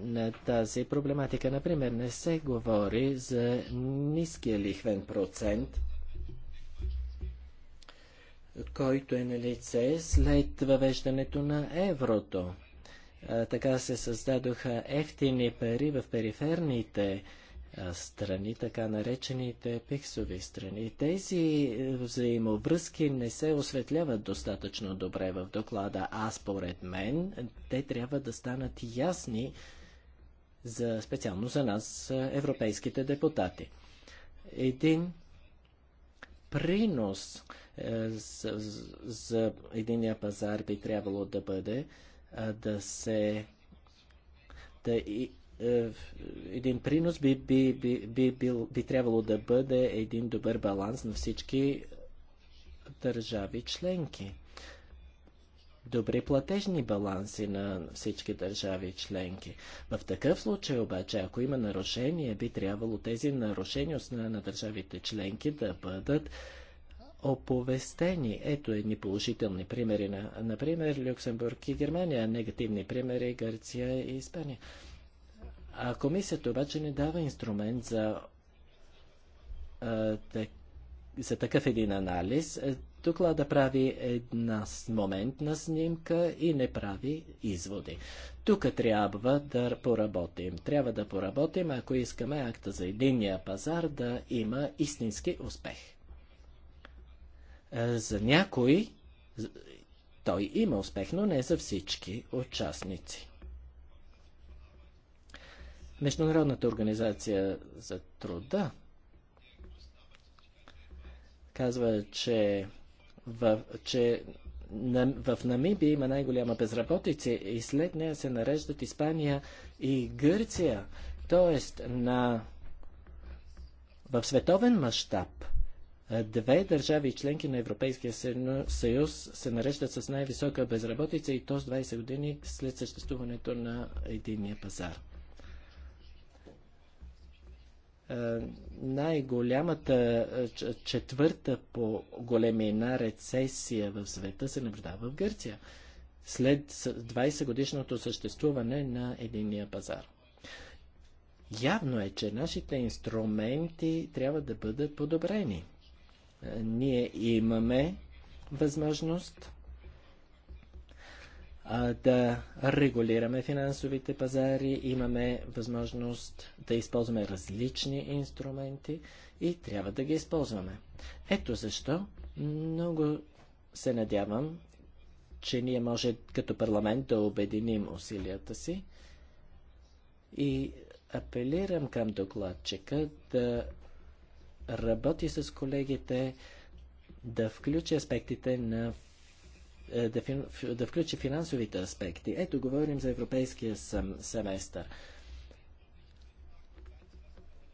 на тази проблематика. Например, не се говори за ниския лихвен процент, който е на лице след въвеждането на еврото. Така се създадоха ефтини пари в периферните страни, така наречените пиксови страни. Тези е, взаимовръзки не се осветляват достатъчно добре в доклада, а според мен те трябва да станат ясни за, специално за нас, е, европейските депутати. Един принос е, за, за единия пазар би трябвало да бъде да се да и, е, един принос би, би, би, би, би трябвало да бъде един добър баланс на всички държави членки. Добри платежни баланси на всички държави членки. В такъв случай обаче, ако има нарушение, би трябвало тези нарушения от на държавите членки да бъдат оповестени. Ето едни положителни примери. На, например, Люксембург и Германия, негативни примери Гърция и Испания. А комисията обаче не дава инструмент за, за такъв един анализ. Е, доклада прави една моментна снимка и не прави изводи. Тук трябва да поработим. Трябва да поработим, ако искаме акта за единния пазар да има истински успех. Е, за някои той има успех, но не за всички участници. Международната организация за труда казва, че в, че в Намибия има най-голяма безработица и след нея се нареждат Испания и Гърция. Тоест на... в световен мащаб Две държави членки на Европейския съюз се нареждат с най-висока безработица и то с 20 години след съществуването на единния пазар. Най-голямата четвърта по големина рецесия в света се наблюдава в Гърция след 20 годишното съществуване на единния пазар. Явно е, че нашите инструменти трябва да бъдат подобрени. Е, ние имаме възможност да регулираме финансовите пазари, имаме възможност да използваме различни инструменти и трябва да ги използваме. Ето защо много се надявам, че ние може като парламент да обединим усилията си и апелирам към докладчика да работи с колегите да включи аспектите на е, да, да включи финансовите аспекти. Ето, говорим за европейския семестър.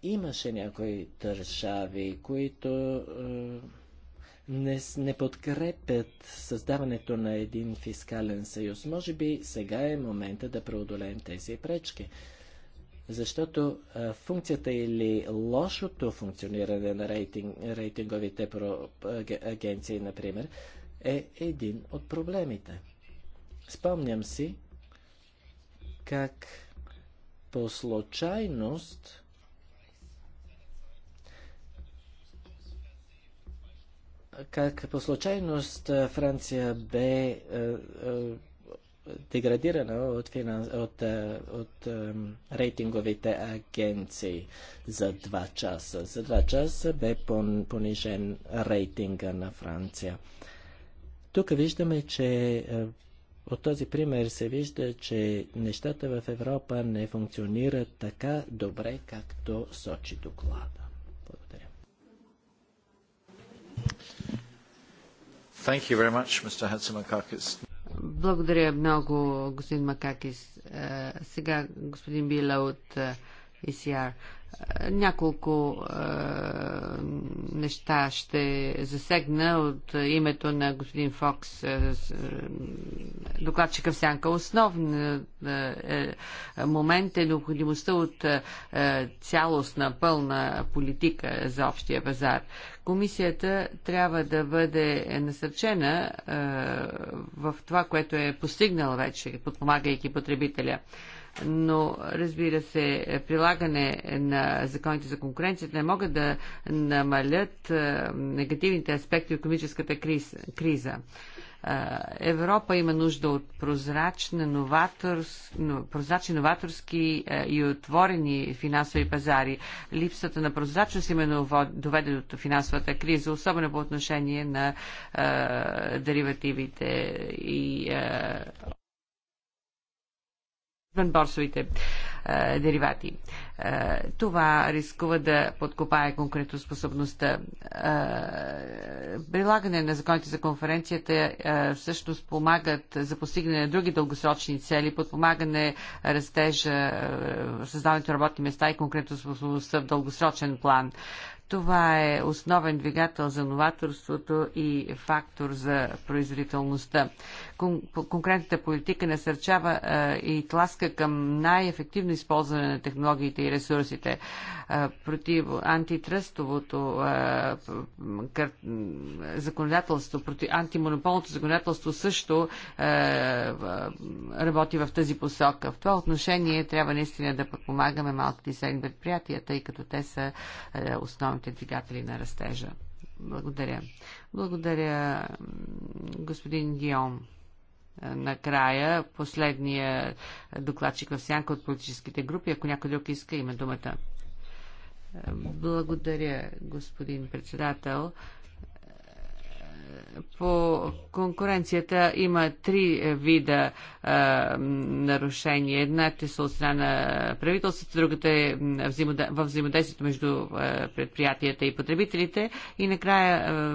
Имаше някои държави, които е, не, не подкрепят създаването на един фискален съюз. Може би сега е момента да преодолеем тези пречки. Защото а, функцията или лошото функциониране на рейтинг, рейтинговите про, агенции, например, е един от проблемите. Спомням си как по случайност как по случайност Франция бе деградирана от, финанс... от, е, от, от е, рейтинговите агенции за 2 часа. За 2 часа бе понижен рейтинга на Франция. Тук виждаме, че е, от този пример се вижда, че нещата в Европа не функционират така добре, както сочи доклада. Благодаря. Thank you very much, Mr. Благодаря много, господин Макакис. Е, сега господин Била от е, е ИСР. Няколко неща ще засегна от името на господин Фокс, докладчика в Сянка. Основният момент е необходимостта от цялостна пълна политика за общия пазар, Комисията трябва да бъде насърчена е, в това, което е постигнал вече, подпомагайки потребителя. Но, разбира се, прилагане на законите за конкуренцията не могат да намалят е, негативните аспекти от економическата криза. Европа има нужда от прозрачни, новаторски прозрачни новаторски и отворени финансови пазари. Липсата на прозрачност именно доведе до финансовата криза, особено по отношение на деривативите и извън борсовите е, деривати. Е, това рискува да подкопае конкурентоспособността. Е, прилагане на законите за конференцията е, всъщност помагат за постигане на други дългосрочни цели, подпомагане растежа, е, създаването на работни места и конкурентоспособността в дългосрочен план. Това е основен двигател за новаторството и фактор за производителността конкретната политика насърчава и тласка към най-ефективно използване на технологиите и ресурсите. против антитръстовото законодателство, против антимонополното законодателство също работи в тази посока. В това отношение трябва наистина да подпомагаме малките и средни предприятия, тъй като те са основните двигатели на растежа. Благодаря. Благодаря, господин Гиом накрая последния докладчик в сянка от политическите групи. Ако някой друг иска, има думата. Благодаря, господин председател по конкуренцията има три е, вида а, е, нарушения. Едната е са от страна на правителството, другата е в взаимодействието между предприятията и потребителите и накрая а,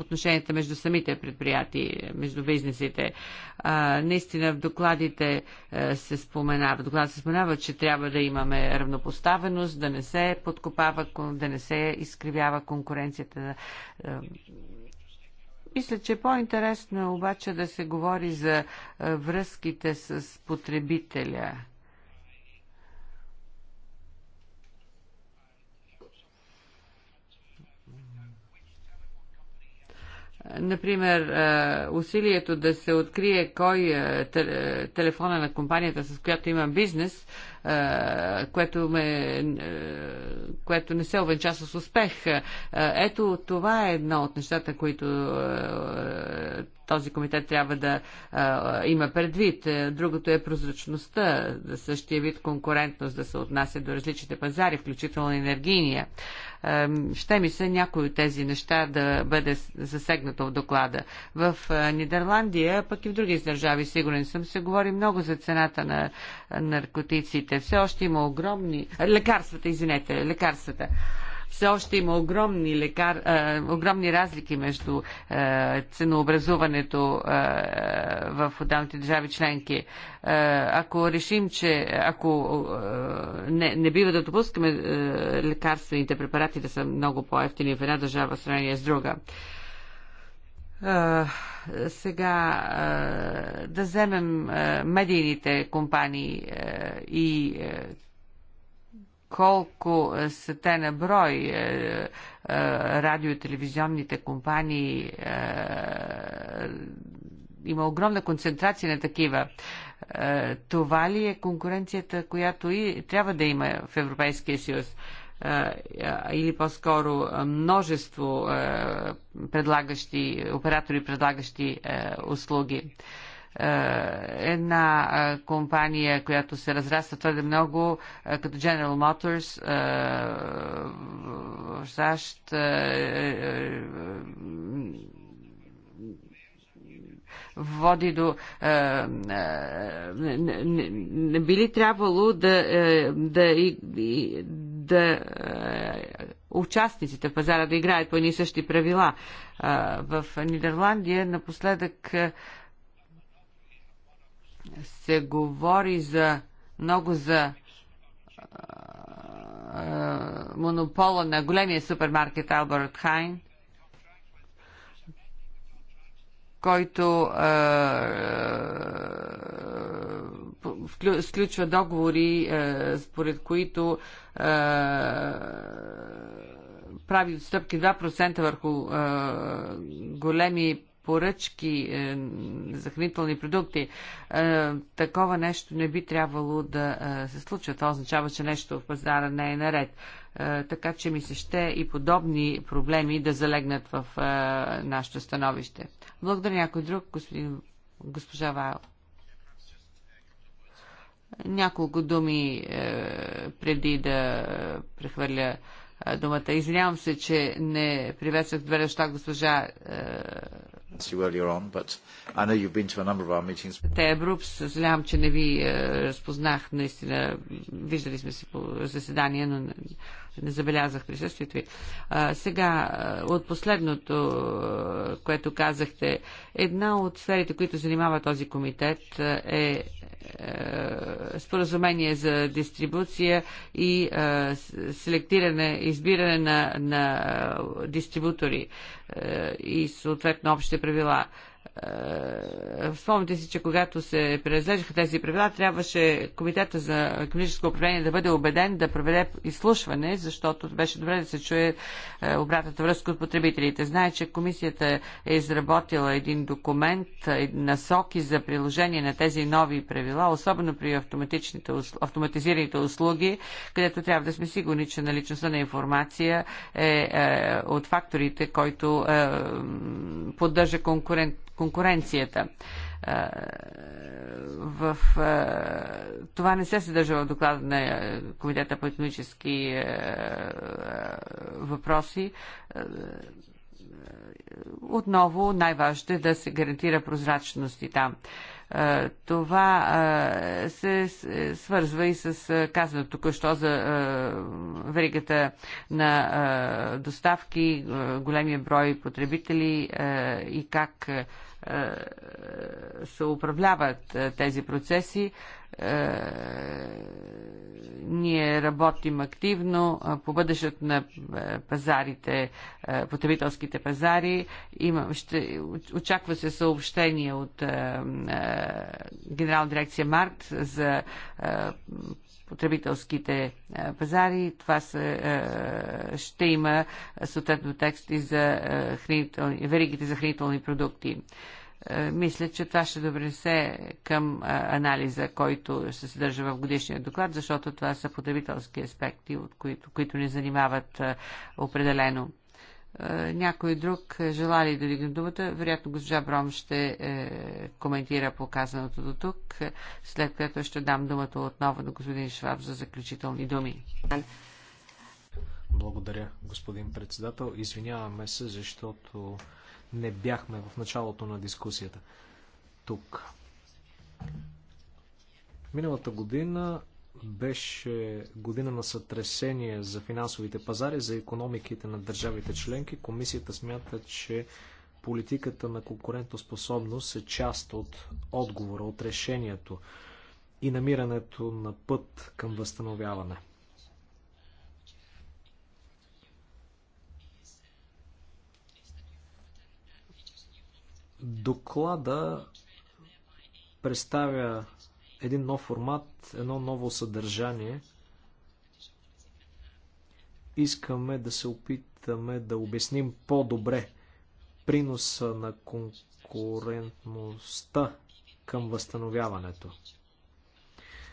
отношенията между самите предприятия, между бизнесите. А, наистина в докладите а, се споменава, доклад доклада се споменава, че трябва да имаме равнопоставеност, да не се подкопава, да не се изкривява конкуренцията. А, мисля, че е по-интересно е обаче да се говори за е, връзките с потребителя. Например, е, усилието да се открие кой телефона на компанията, с която има бизнес, което, ме, което не се овенча с успех. Ето това е едно от нещата, които този комитет трябва да а, има предвид. Другото е прозрачността, същия вид конкурентност да се отнася до различните пазари, включително енергийния. А, ще ми се някои от тези неща да бъде засегнато в доклада. В Нидерландия, пък и в други държави, сигурен съм, се говори много за цената на наркотиците. Все още има огромни... Лекарствата, извинете, лекарствата все още има огромни, лекар, огромни разлики между ценообразуването в отделните държави членки. ако решим, че ако не, не бива да допускаме лекарствените препарати да са много по-ефтини в една държава в сравнение с друга. Uh, сега uh, да вземем uh, медийните компании и колко е, са те на брой е, е, радио и телевизионните компании. Има огромна концентрация на такива. Това ли е конкуренцията, която и трябва да има в Европейския съюз? или по-скоро множество предлагащи, оператори предлагащи услуги. Е, една е, компания, която се разраства твърде много, е, като General Motors в САЩ води до... Не би ли трябвало да, да, да участниците в пазара да играят по едни същи правила? В Нидерландия напоследък се говори за много за монопола на големия супермаркет Алберт Хайн, който а, сключва договори, а, според които а, прави отстъпки 2% върху големи поръчки е, за хранителни продукти. Е, такова нещо не би трябвало да е, се случва. Това означава, че нещо в пазара не е наред. Е, така че ми се ще и подобни проблеми да залегнат в е, нашето становище. Благодаря някой друг, господин, госпожа Вайл. Няколко думи е, преди да е, прехвърля е, думата. Извинявам се, че не приветствах две неща, госпожа е, те Брупс, съжалявам, че не ви е, разпознах, наистина виждали сме се по заседания, но не забелязах присъствието ви. А, сега, от последното, което казахте, една от сферите, които занимава този комитет е, е, споразумение за дистрибуция и е, селектиране, избиране на, на дистрибутори е, и съответно общите правила. Е, е, Спомните си, че когато се преразлежаха тези правила, трябваше Комитета за клиническо управление да бъде убеден да проведе изслушване, защото беше добре да се чуе е, обратната връзка от потребителите. Знае, че комисията е изработила един документ, е, насоки за приложение на тези нови правила, особено при автоматичните, автоматизираните услуги, където трябва да сме сигурни, че наличността на информация е, е от факторите, който е, поддържа конкурент конкуренцията. Е, в, е, това не се съдържа в доклада на Комитета по економически е, въпроси. Отново най-важното е да се гарантира прозрачност и там. Да. Това се е, свързва и с казаното току-що за веригата на доставки, големия брой потребители и как е, се управляват е, тези процеси. Е, ние работим активно по бъдещето на пазарите, потребителските пазари. Имам, ще, очаква се съобщение от Генерална дирекция Март за потребителските е, пазари. Това са, е, ще има съответно тексти за е, веригите за хранителни продукти. Мисля, че това ще добресе към анализа, който се съдържа в годишния доклад, защото това са потребителски аспекти, от които, които ни занимават определено. Е, някой друг е, желали да дигне думата? Вероятно госпожа Бром ще е, коментира показаното до тук, след което ще дам думата отново на господин Шваб за заключителни думи. Благодаря, господин председател. Извиняваме се, защото не бяхме в началото на дискусията тук. Миналата година беше година на сътресение за финансовите пазари, за економиките на държавите членки. Комисията смята, че политиката на конкурентоспособност е част от отговора, от решението и намирането на път към възстановяване. Доклада представя един нов формат, едно ново съдържание. Искаме да се опитаме да обясним по-добре приноса на конкурентността към възстановяването.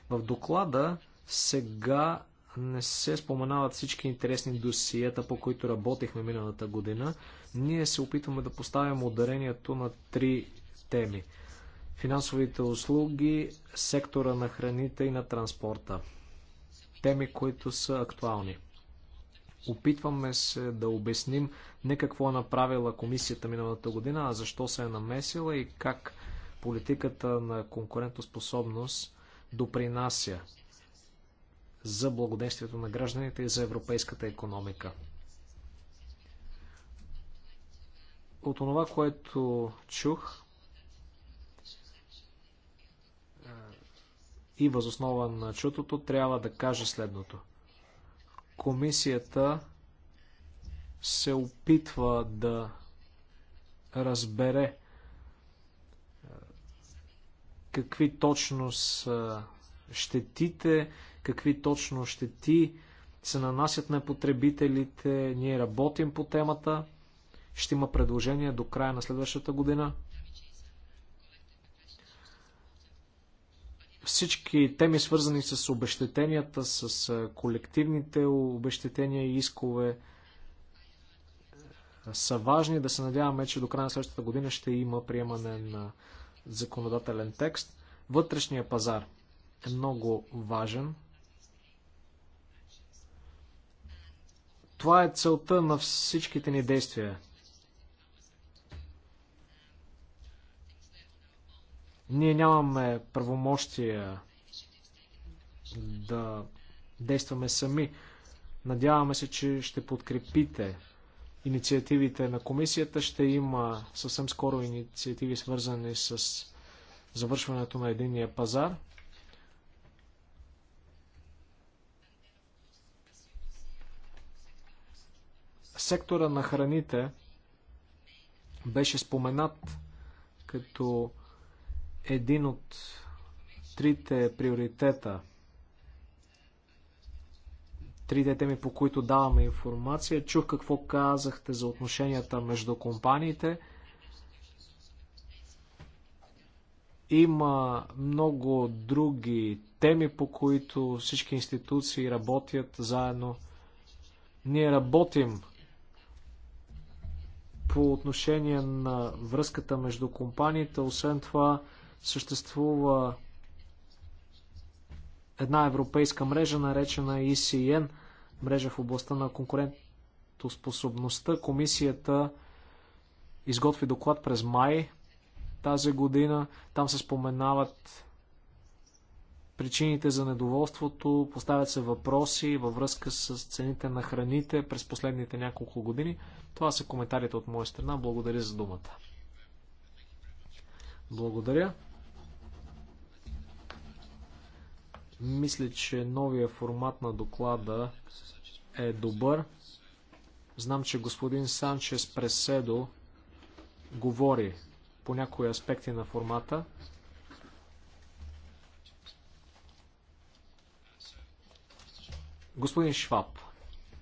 В доклада сега не се споменават всички интересни досиета, по които работихме миналата година. Ние се опитваме да поставим ударението на три теми финансовите услуги, сектора на храните и на транспорта. Теми, които са актуални. Опитваме се да обясним не какво е направила комисията миналата година, а защо се е намесила и как политиката на конкурентоспособност допринася за благоденствието на гражданите и за европейската економика. От това, което чух, и възоснова на чутото трябва да каже следното. Комисията се опитва да разбере е, какви точно са щетите, какви точно щети се нанасят на потребителите. Ние работим по темата. Ще има предложение до края на следващата година. всички теми, свързани с обещетенията, с колективните обещетения и искове, са важни. Да се надяваме, че до края на следващата година ще има приемане на законодателен текст. Вътрешния пазар е много важен. Това е целта на всичките ни действия Ние нямаме правомощия да действаме сами. Надяваме се, че ще подкрепите инициативите на комисията. Ще има съвсем скоро инициативи, свързани с завършването на единния пазар. Сектора на храните беше споменат като един от трите приоритета, трите теми, по които даваме информация. Чух какво казахте за отношенията между компаниите. Има много други теми, по които всички институции работят заедно. Ние работим по отношение на връзката между компаниите. Освен това, Съществува една европейска мрежа, наречена ECN, мрежа в областта на конкурентоспособността. Комисията изготви доклад през май тази година. Там се споменават причините за недоволството, поставят се въпроси във връзка с цените на храните през последните няколко години. Това са коментарите от моя страна. Благодаря за думата. Благодаря. Мисля, че новия формат на доклада е добър. Знам, че господин Санчес Преседо говори по някои аспекти на формата. Господин Шваб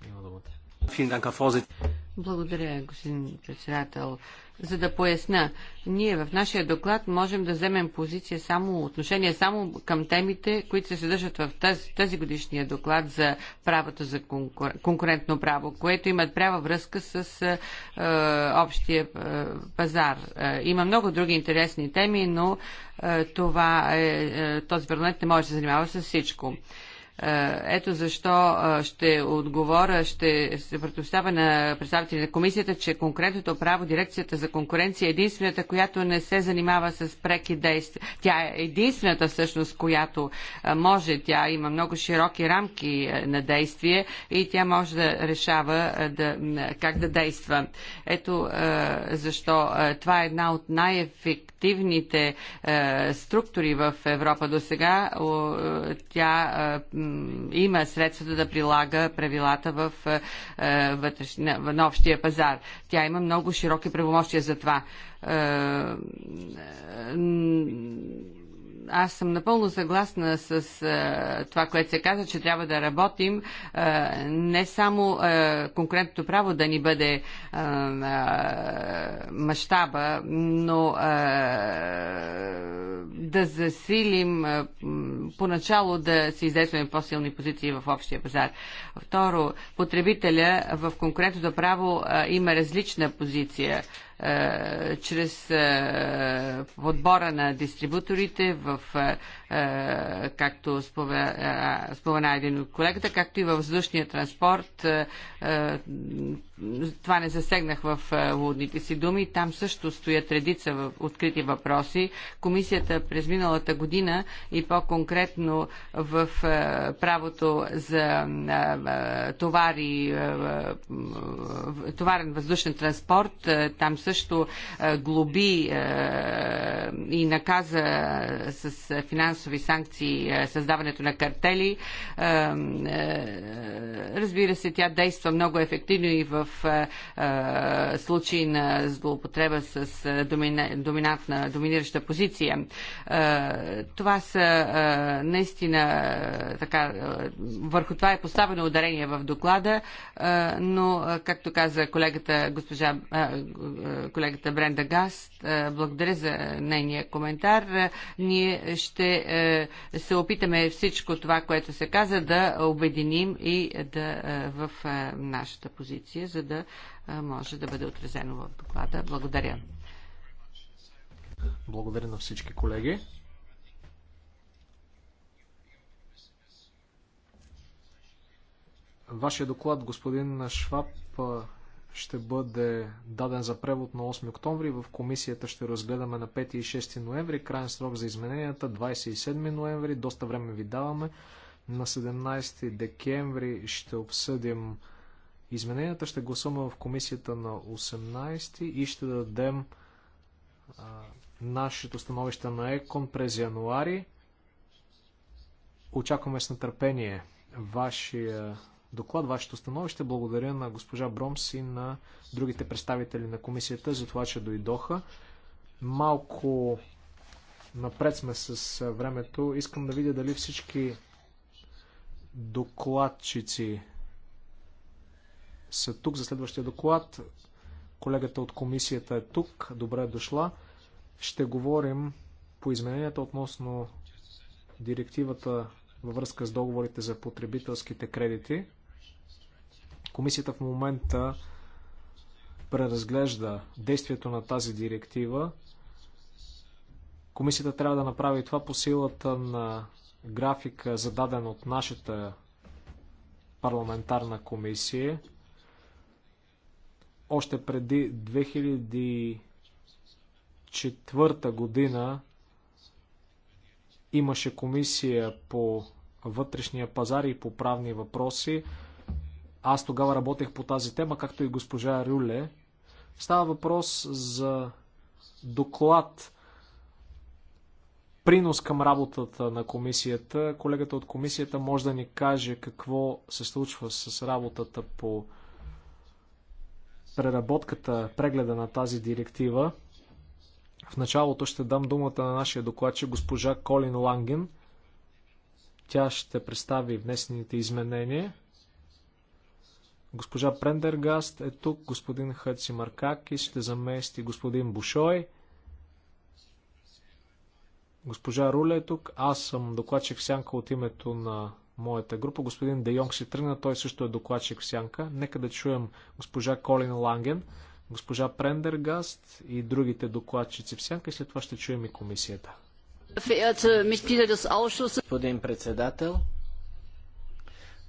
има думата. Благодаря, господин председател. За да поясна, ние в нашия доклад можем да вземем позиция само, отношение само към темите, които се съдържат в тази, тази годишния доклад за правото за конкурен, конкурентно право, което имат права връзка с е, общия е, пазар. Е, има много други интересни теми, но е, това е, е, този парламент не може да се занимава с всичко. Е, е, ето защо е, ще отговоря, ще се предоставя на представители на комисията, че конкретното право дирекцията за конкуренция е единствената, която не се занимава с преки действия. Тя е единствената всъщност, която е, може. Тя има много широки рамки на действие и тя може да решава да, как да действа. Ето защо това е една от най-ефективните активните е, структури в Европа до сега, е, тя е, има средствата да прилага правилата в, е, е вътреш, на, на общия пазар. Тя има много широки правомощия за това. Е, е, аз съм напълно съгласна с а, е, това, което се каза, че трябва да работим а, е, не само а, е, конкурентното право да ни бъде а, а, мащаба, но а, да засилим а, поначало да си издействаме по-силни позиции в общия пазар. Второ, потребителя в конкурентното право а, има различна позиция. А, е, чрез е, подбора на дистрибуторите в е, е, както е, спомена един от колегата, както и във въздушния транспорт. Е, това не засегнах в водните си думи. Там също стоят редица в открити въпроси. Комисията през миналата година и по-конкретно в правото за товари, товарен въздушен транспорт, там също глоби и наказа с финансово финансови санкции, е, създаването на картели. Е, е, разбира се, тя действа много ефективно и в случаи на злоупотреба с доминантна, доминираща позиция. Това са наистина така, върху това е поставено ударение в доклада, но, както каза колегата, госпожа, колегата Бренда Гаст, благодаря за нейния коментар. Ние ще е, се опитаме всичко това, което се каза, да обединим и да, е, в е, нашата позиция, за да може да бъде отразено в доклада. Благодаря. Благодаря на всички колеги. Вашия доклад, господин Шваб, ще бъде даден за превод на 8 октомври. В комисията ще разгледаме на 5 и 6 ноември. Крайен срок за измененията 27 ноември. Доста време ви даваме. На 17 декември ще обсъдим измененията. Ще гласуваме в комисията на 18 и ще дадем а, нашето становище на ЕКОН през януари. Очакваме с нетърпение вашия доклад, вашето становище. Благодаря на госпожа Бромс и на другите представители на комисията за това, че дойдоха. Малко напред сме с времето. Искам да видя дали всички докладчици са тук за следващия доклад. Колегата от комисията е тук. Добре е дошла. Ще говорим по измененията относно директивата във връзка с договорите за потребителските кредити. Комисията в момента преразглежда действието на тази директива. Комисията трябва да направи това по силата на графика, зададен от нашата парламентарна комисия. Още преди 2004 година имаше комисия по вътрешния пазар и по правни въпроси. Аз тогава работех по тази тема, както и госпожа Рюле. Става въпрос за доклад, принос към работата на комисията. Колегата от комисията може да ни каже какво се случва с работата по преработката, прегледа на тази директива. В началото ще дам думата на нашия докладчик госпожа Колин Ланген. Тя ще представи внесените изменения. Госпожа Прендергаст е тук, господин Маркаки, ще замести господин Бушой. Госпожа Руле е тук, аз съм докладчик в сянка от името на моята група. Господин Де Йонг си тръгна, той също е докладчик в сянка. Нека да чуем госпожа Колин Ланген, госпожа Прендергаст и другите докладчици в сянка и след това ще чуем и комисията. Господин председател,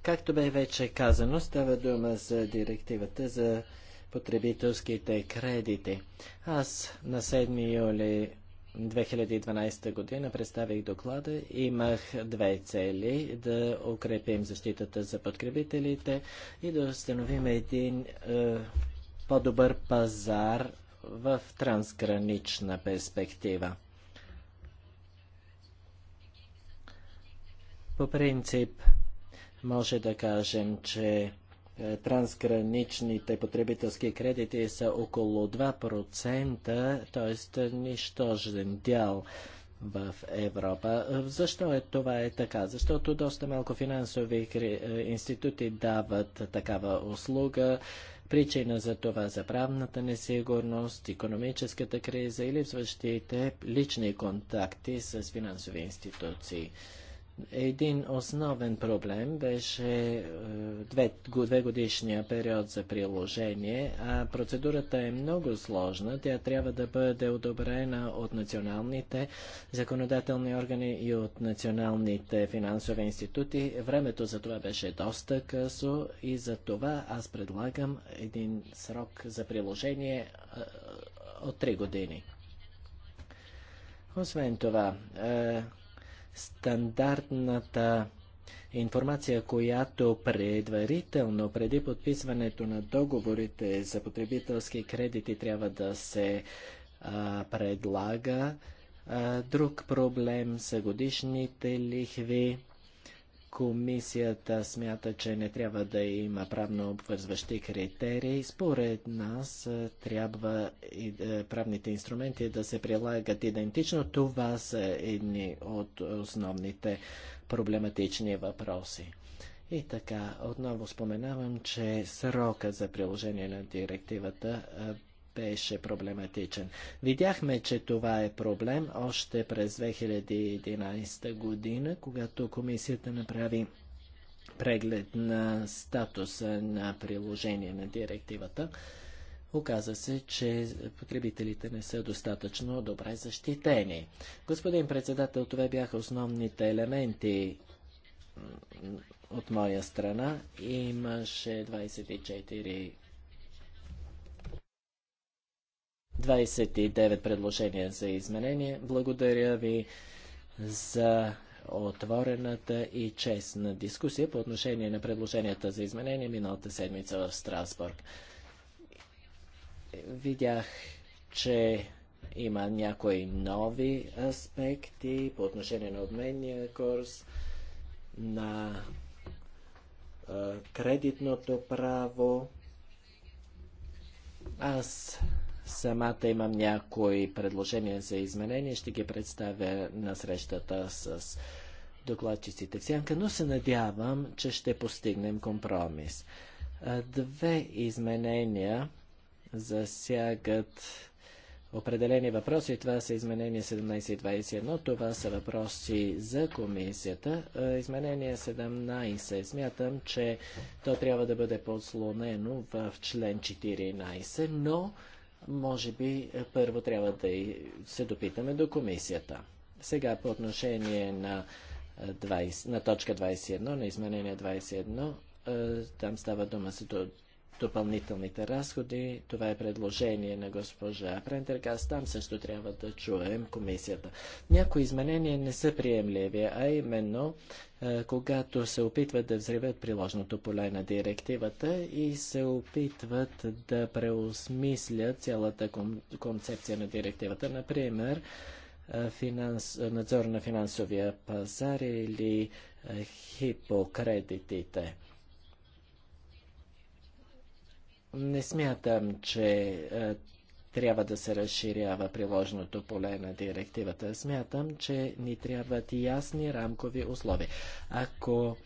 Както бе вече казано, става дума за директивата за потребителските кредити. Аз на 7 юли 2012 година представих доклада. Имах две цели да укрепим защитата за потребителите и да установим един е, по-добър пазар в трансгранична перспектива. По принцип, може да кажем, че е, трансграничните потребителски кредити са около 2%, т.е. нищожен дял в Европа. Защо е това е така? Защото доста малко финансови е, институти дават такава услуга. Причина за това за правната несигурност, економическата криза в същите лични контакти с финансови институции. Един основен проблем беше е, две, две годишния период за приложение, а процедурата е много сложна. Тя трябва да бъде одобрена от националните законодателни органи и от националните финансови институти. Времето за това беше доста късо и за това аз предлагам един срок за приложение е, от три години. Освен това, е, стандартната информация, която предварително, преди подписването на договорите за потребителски кредити трябва да се а, предлага. А, друг проблем са годишните лихви Комисията смята, че не трябва да има правно обвързващи критерии. Според нас е, трябва и е, правните инструменти да се прилагат идентично. Това са едни от основните проблематични въпроси. И така, отново споменавам, че срока за приложение на директивата е, беше проблематичен. Видяхме, че това е проблем още през 2011 година, когато комисията направи преглед на статуса на приложение на директивата. Оказа се, че потребителите не са достатъчно добре защитени. Господин председател, това бяха основните елементи от моя страна. Имаше 24 29 предложения за изменение. Благодаря ви за отворената и честна дискусия по отношение на предложенията за изменение миналата седмица в Страсбург. Видях, че има някои нови аспекти по отношение на обменния курс, на кредитното право. Аз Самата имам някои предложения за изменения, ще ги представя на срещата с докладчиците в сянка, но се надявам, че ще постигнем компромис. Две изменения засягат определени въпроси. Това са изменения 17 и 21. Това са въпроси за комисията. Изменение 17. Смятам, че то трябва да бъде подслонено в член 14, но може би е, първо трябва да се допитаме до комисията. Сега по отношение на, 20, е, на точка 21, на изменение 21, е, там става дума за допълнителните разходи. Това е предложение на госпожа Прентергас. Там също трябва да чуем комисията. Някои изменения не са приемливи, а именно когато се опитват да взривят приложното поле на директивата и се опитват да преосмислят цялата концепция на директивата. Например, финанс, надзор на финансовия пазар или хипокредитите. Не смятам, че е, трябва да се разширява приложеното поле на директивата. Смятам, че ни трябват и ясни рамкови условия. Ако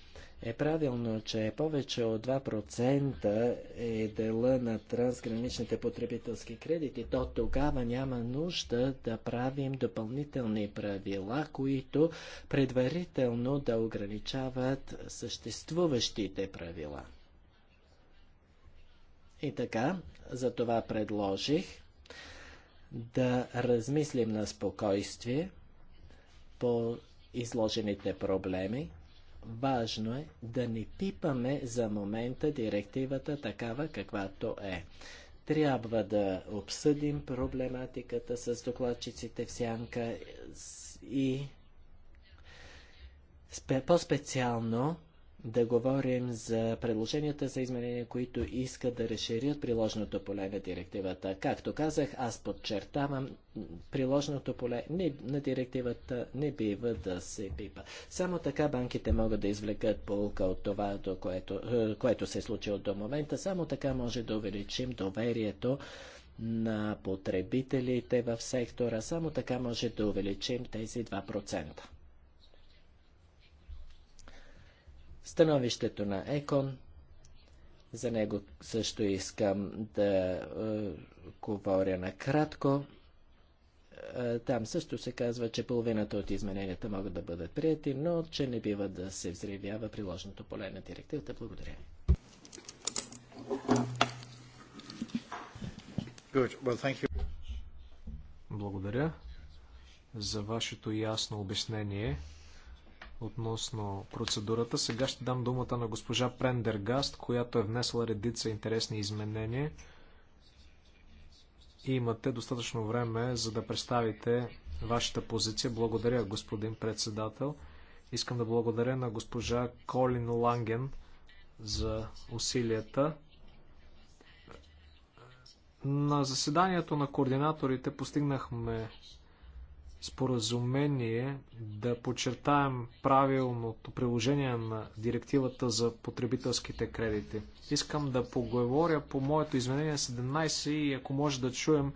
е правилно, че повече от 2% е дела на трансграничните потребителски кредити, то тогава няма нужда да правим допълнителни правила, които предварително да ограничават съществуващите правила. И така, за това предложих да размислим на спокойствие по изложените проблеми. Важно е да не пипаме за момента директивата такава каквато е. Трябва да обсъдим проблематиката с докладчиците в сянка и по-специално да говорим за предложенията за изменения, които искат да разширят приложното поле на директивата. Както казах, аз подчертавам, приложното поле не, на директивата не бива да се пипа. Само така банките могат да извлекат полка от това, до което, е, което се е случило до момента. Само така може да увеличим доверието на потребителите в сектора. Само така може да увеличим тези 2%. Становището на ЕКОН, за него също искам да е, говоря накратко. Е, там също се казва, че половината от измененията могат да бъдат прияти, но че не бива да се взривява приложното поле на директивата. Благодаря. Well, Благодаря за вашето ясно обяснение относно процедурата. Сега ще дам думата на госпожа Прендергаст, която е внесла редица интересни изменения. И имате достатъчно време, за да представите вашата позиция. Благодаря, господин председател. Искам да благодаря на госпожа Колин Ланген за усилията. На заседанието на координаторите постигнахме споразумение да подчертаем правилното приложение на директивата за потребителските кредити. Искам да поговоря по моето изменение 17 и ако може да чуем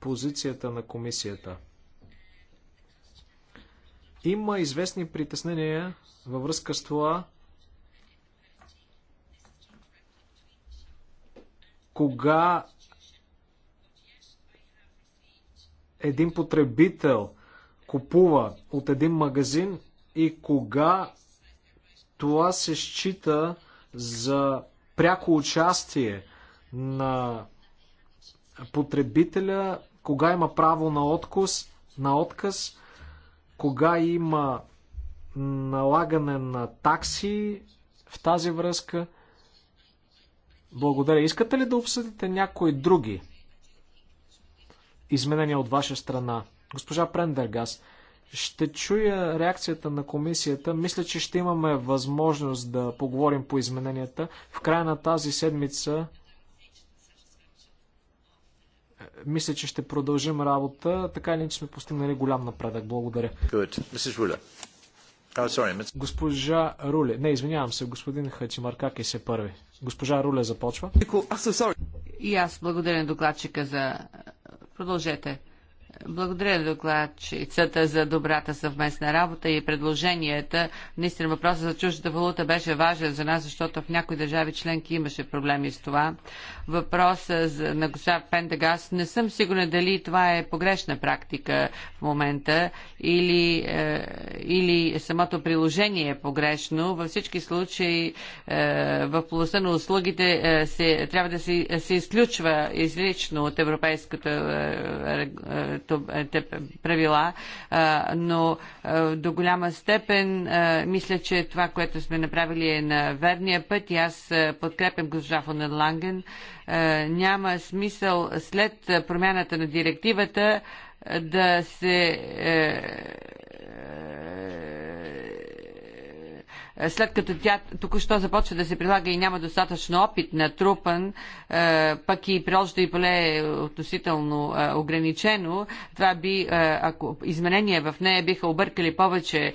позицията на комисията. Има известни притеснения във връзка с това, кога един потребител купува от един магазин и кога това се счита за пряко участие на потребителя, кога има право на отказ, на отказ, кога има налагане на такси в тази връзка. Благодаря. Искате ли да обсъдите някои други изменения от ваша страна. Госпожа Прендергас, ще чуя реакцията на комисията. Мисля, че ще имаме възможност да поговорим по измененията. В края на тази седмица е, мисля, че ще продължим работа. Така или иначе сме постигнали голям напредък. Благодаря. Госпожа Руле. Не, извинявам се, господин Хачимаркаки е се първи. Госпожа Руле започва. И аз благодаря на докладчика за Продължете. Благодаря докладчицата за добрата съвместна работа и предложенията. Наистина въпросът за чуждата валута беше важен за нас, защото в някои държави членки имаше проблеми с това. Въпросът на госпожа Пендагас не съм сигурна дали това е погрешна практика в момента или, е, или самото приложение е погрешно. Във всички случаи е, в полоса на услугите е, се, трябва да се, се изключва излично от Европейската правила, но до голяма степен мисля, че това, което сме направили е на верния път и аз подкрепям госпожа фон Ланген. Няма смисъл след промяната на директивата да се е, е, е, след като тя току-що започва да се прилага и няма достатъчно опит на трупан, е, пък и приложното и поле е относително е, ограничено, това би, ако изменения в нея биха объркали повече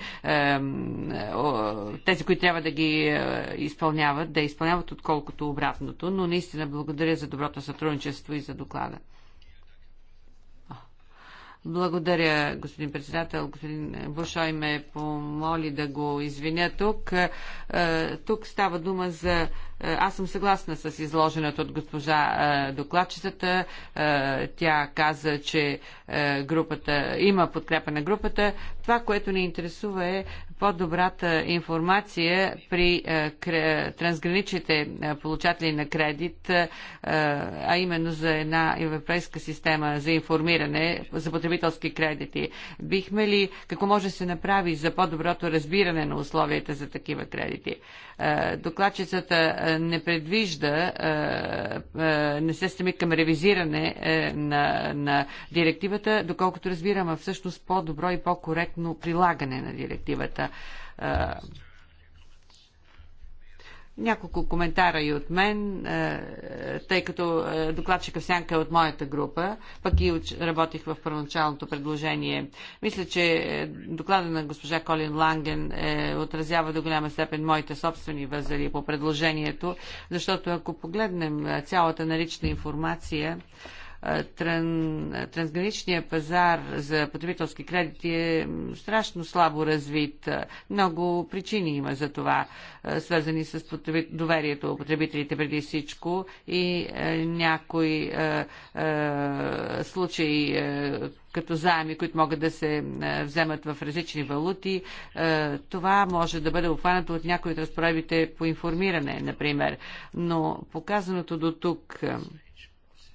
тези, които трябва да ги изпълняват, да изпълняват, отколкото обратното. Но наистина благодаря за доброто сътрудничество и за доклада. Благодаря, господин председател. Господин Бушой ме помоли да го извиня тук. Е, тук става дума за е, аз съм съгласна с изложеното от госпожа е, докладчицата. Е, тя каза, че групата има подкрепа на групата. Това, което ни интересува е по-добрата информация при трансграничните получатели на кредит, а именно за една европейска система за информиране за потребителски кредити. Бихме ли, какво може да се направи за по-доброто разбиране на условията за такива кредити? Докладчицата е, не предвижда, е, е, не се стреми към ревизиране на, на директивата, доколкото разбирам, а всъщност по-добро и по-коректно прилагане на директивата. Няколко коментара и от мен, е, тъй като е, докладчика Сянка е от моята група, пък и работих в първоначалното предложение. Мисля, че е, доклада на госпожа Колин Ланген е, отразява до голяма степен моите собствени възели по предложението, защото ако погледнем цялата налична информация, тран, трансграничният пазар за потребителски кредити е страшно слабо развит. Много причини има за това, свързани с доверието у потребителите преди всичко и някои е, е, случаи е, като заеми, които могат да се вземат в различни валути. Това може да бъде обхванато от някои от разправите по информиране, например. Но показаното до тук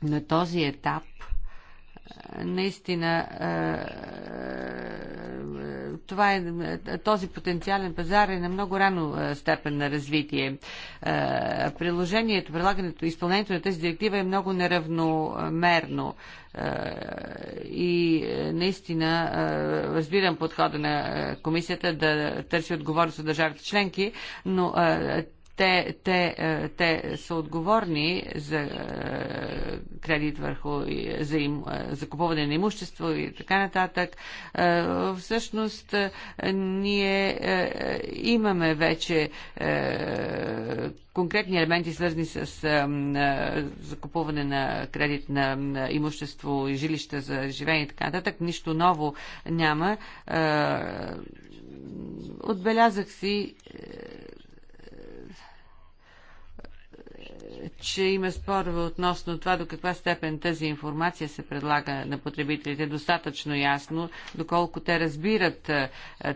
на този етап наистина това е, този потенциален пазар е на много рано степен на развитие. Приложението, прилагането, изпълнението на тази директива е много неравномерно и наистина разбирам подхода на комисията да търси отговорност от държавите членки, но те, те, е, те са отговорни за е, кредит върху за, им, е, за купуване на имущество и така нататък. Всъщност ние имаме вече конкретни елементи, свързани с закупуване на кредит на имущество и жилища за живеене и така нататък. Нищо ново няма. Отбелязах си че има спорове относно това до каква степен тази информация се предлага на потребителите достатъчно ясно, доколко те разбират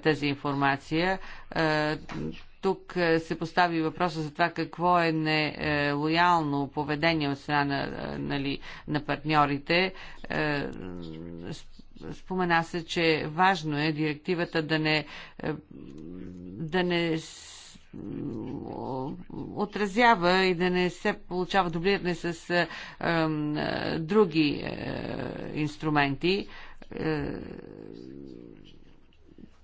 тази информация. Тук се постави въпроса за това какво е нелоялно е, поведение от страна на, нали, на партньорите. Спомена се, че важно е директивата да не, да не отразява и да не се получава дублиране с други е, инструменти. Е,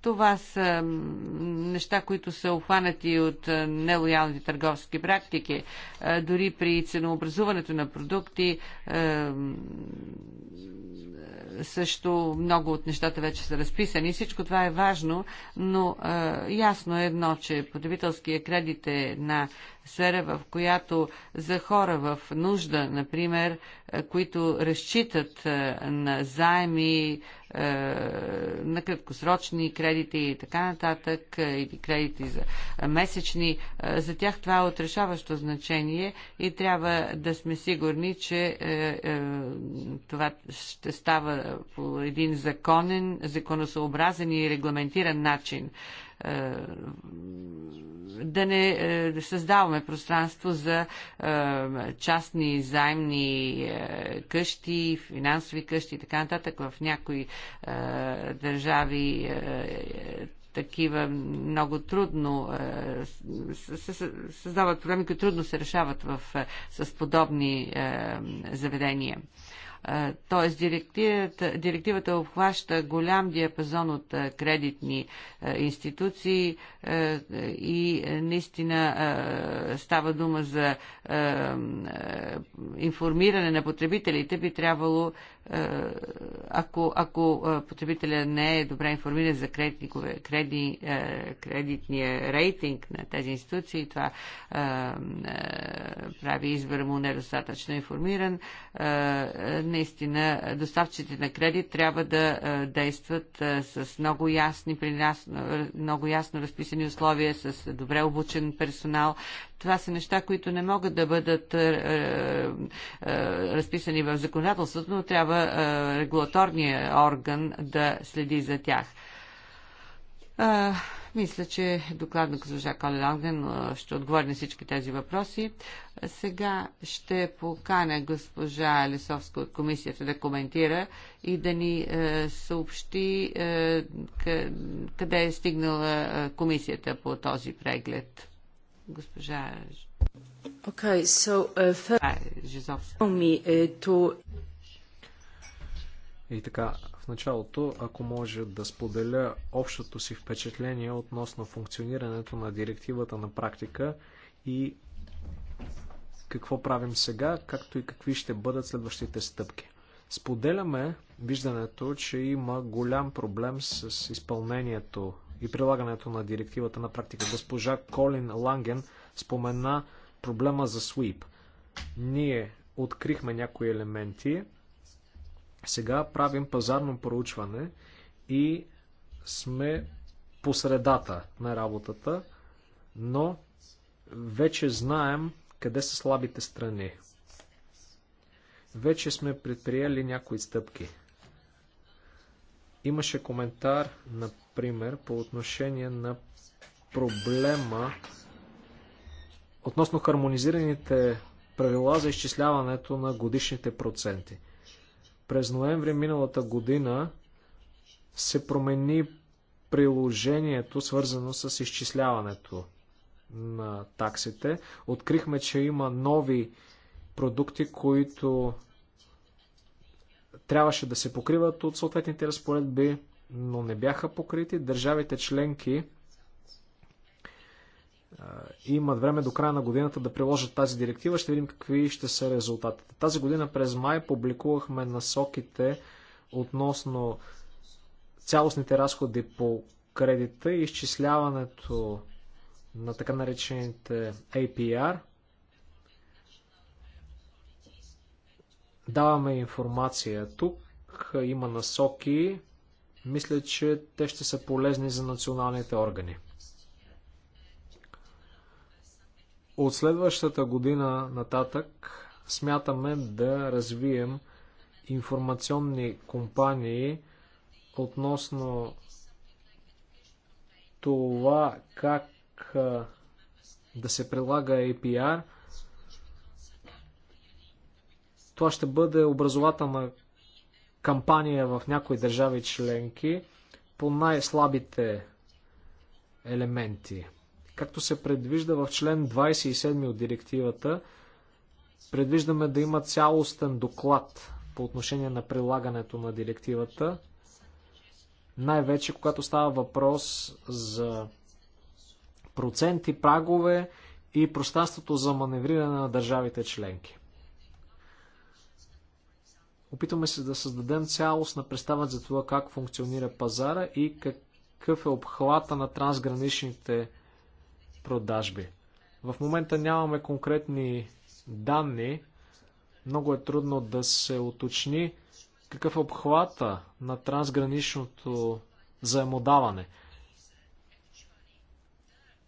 това са неща, които са обхванати от е, нелоялните търговски практики. Дори при ценообразуването на продукти също много от нещата вече са разписани. Всичко това е важно, но а, ясно е едно, че потребителския кредит е на сфера, в която за хора в нужда, например, които разчитат на заеми, е, на краткосрочни кредити и така нататък, е, или кредити за месечни. Е, за тях това е отрешаващо значение и трябва да сме сигурни, че това ще става по един законен, законосъобразен и регламентиран начин. Е, да не е, създаваме пространство за е, частни заемни къщи, финансови къщи и така нататък. В някои държави такива много трудно създават проблеми, които трудно се решават в, с подобни заведения. Т.е. директивата, директивата обхваща голям диапазон от кредитни институции и наистина става дума за информиране на потребителите, би трябвало е, ако, ако е, потребителя не е добре информиран за кредитни, креди, е, кредитния рейтинг на тези институции, това е, прави избор му недостатъчно информиран. Е, наистина, доставчите на кредит трябва да действат с много ясни, при нас, много ясно разписани условия, с добре обучен персонал. Това са неща, които не могат да бъдат е, е, е, разписани в законодателството, но трябва регулаторния орган да следи за тях. мисля, че докладно госпожа Коле Ланген ще отговори на всички тези въпроси. Сега ще поканя госпожа Лесовска от комисията да коментира и да ни съобщи къде е стигнала комисията по този преглед. Госпожа Okay, so, uh, first... Uh, и така, в началото, ако може да споделя общото си впечатление относно функционирането на директивата на практика и какво правим сега, както и какви ще бъдат следващите стъпки. Споделяме виждането, че има голям проблем с изпълнението и прилагането на директивата на практика. Госпожа Колин Ланген спомена проблема за СВИП. Ние открихме някои елементи. Сега правим пазарно проучване и сме по средата на работата, но вече знаем къде са слабите страни. Вече сме предприели някои стъпки. Имаше коментар, на пример по отношение на проблема относно хармонизираните правила за изчисляването на годишните проценти. През ноември миналата година се промени приложението, свързано с изчисляването на таксите. Открихме, че има нови продукти, които трябваше да се покриват от съответните разпоредби но не бяха покрити. Държавите членки имат време до края на годината да приложат тази директива. Ще видим какви ще са резултатите. Тази година през май публикувахме насоките относно цялостните разходи по кредита и изчисляването на така наречените APR. Даваме информация тук. Има насоки, мисля, че те ще са полезни за националните органи. От следващата година нататък смятаме да развием информационни компании относно това как да се прилага APR. Това ще бъде образователна кампания в някои държави членки по най-слабите елементи. Както се предвижда в член 27 от директивата, предвиждаме да има цялостен доклад по отношение на прилагането на директивата, най-вече когато става въпрос за проценти, прагове и пространството за маневриране на държавите членки. Опитваме се да създадем цялостна представа за това как функционира пазара и какъв е обхвата на трансграничните продажби. В момента нямаме конкретни данни. Много е трудно да се уточни какъв е обхвата на трансграничното заемодаване.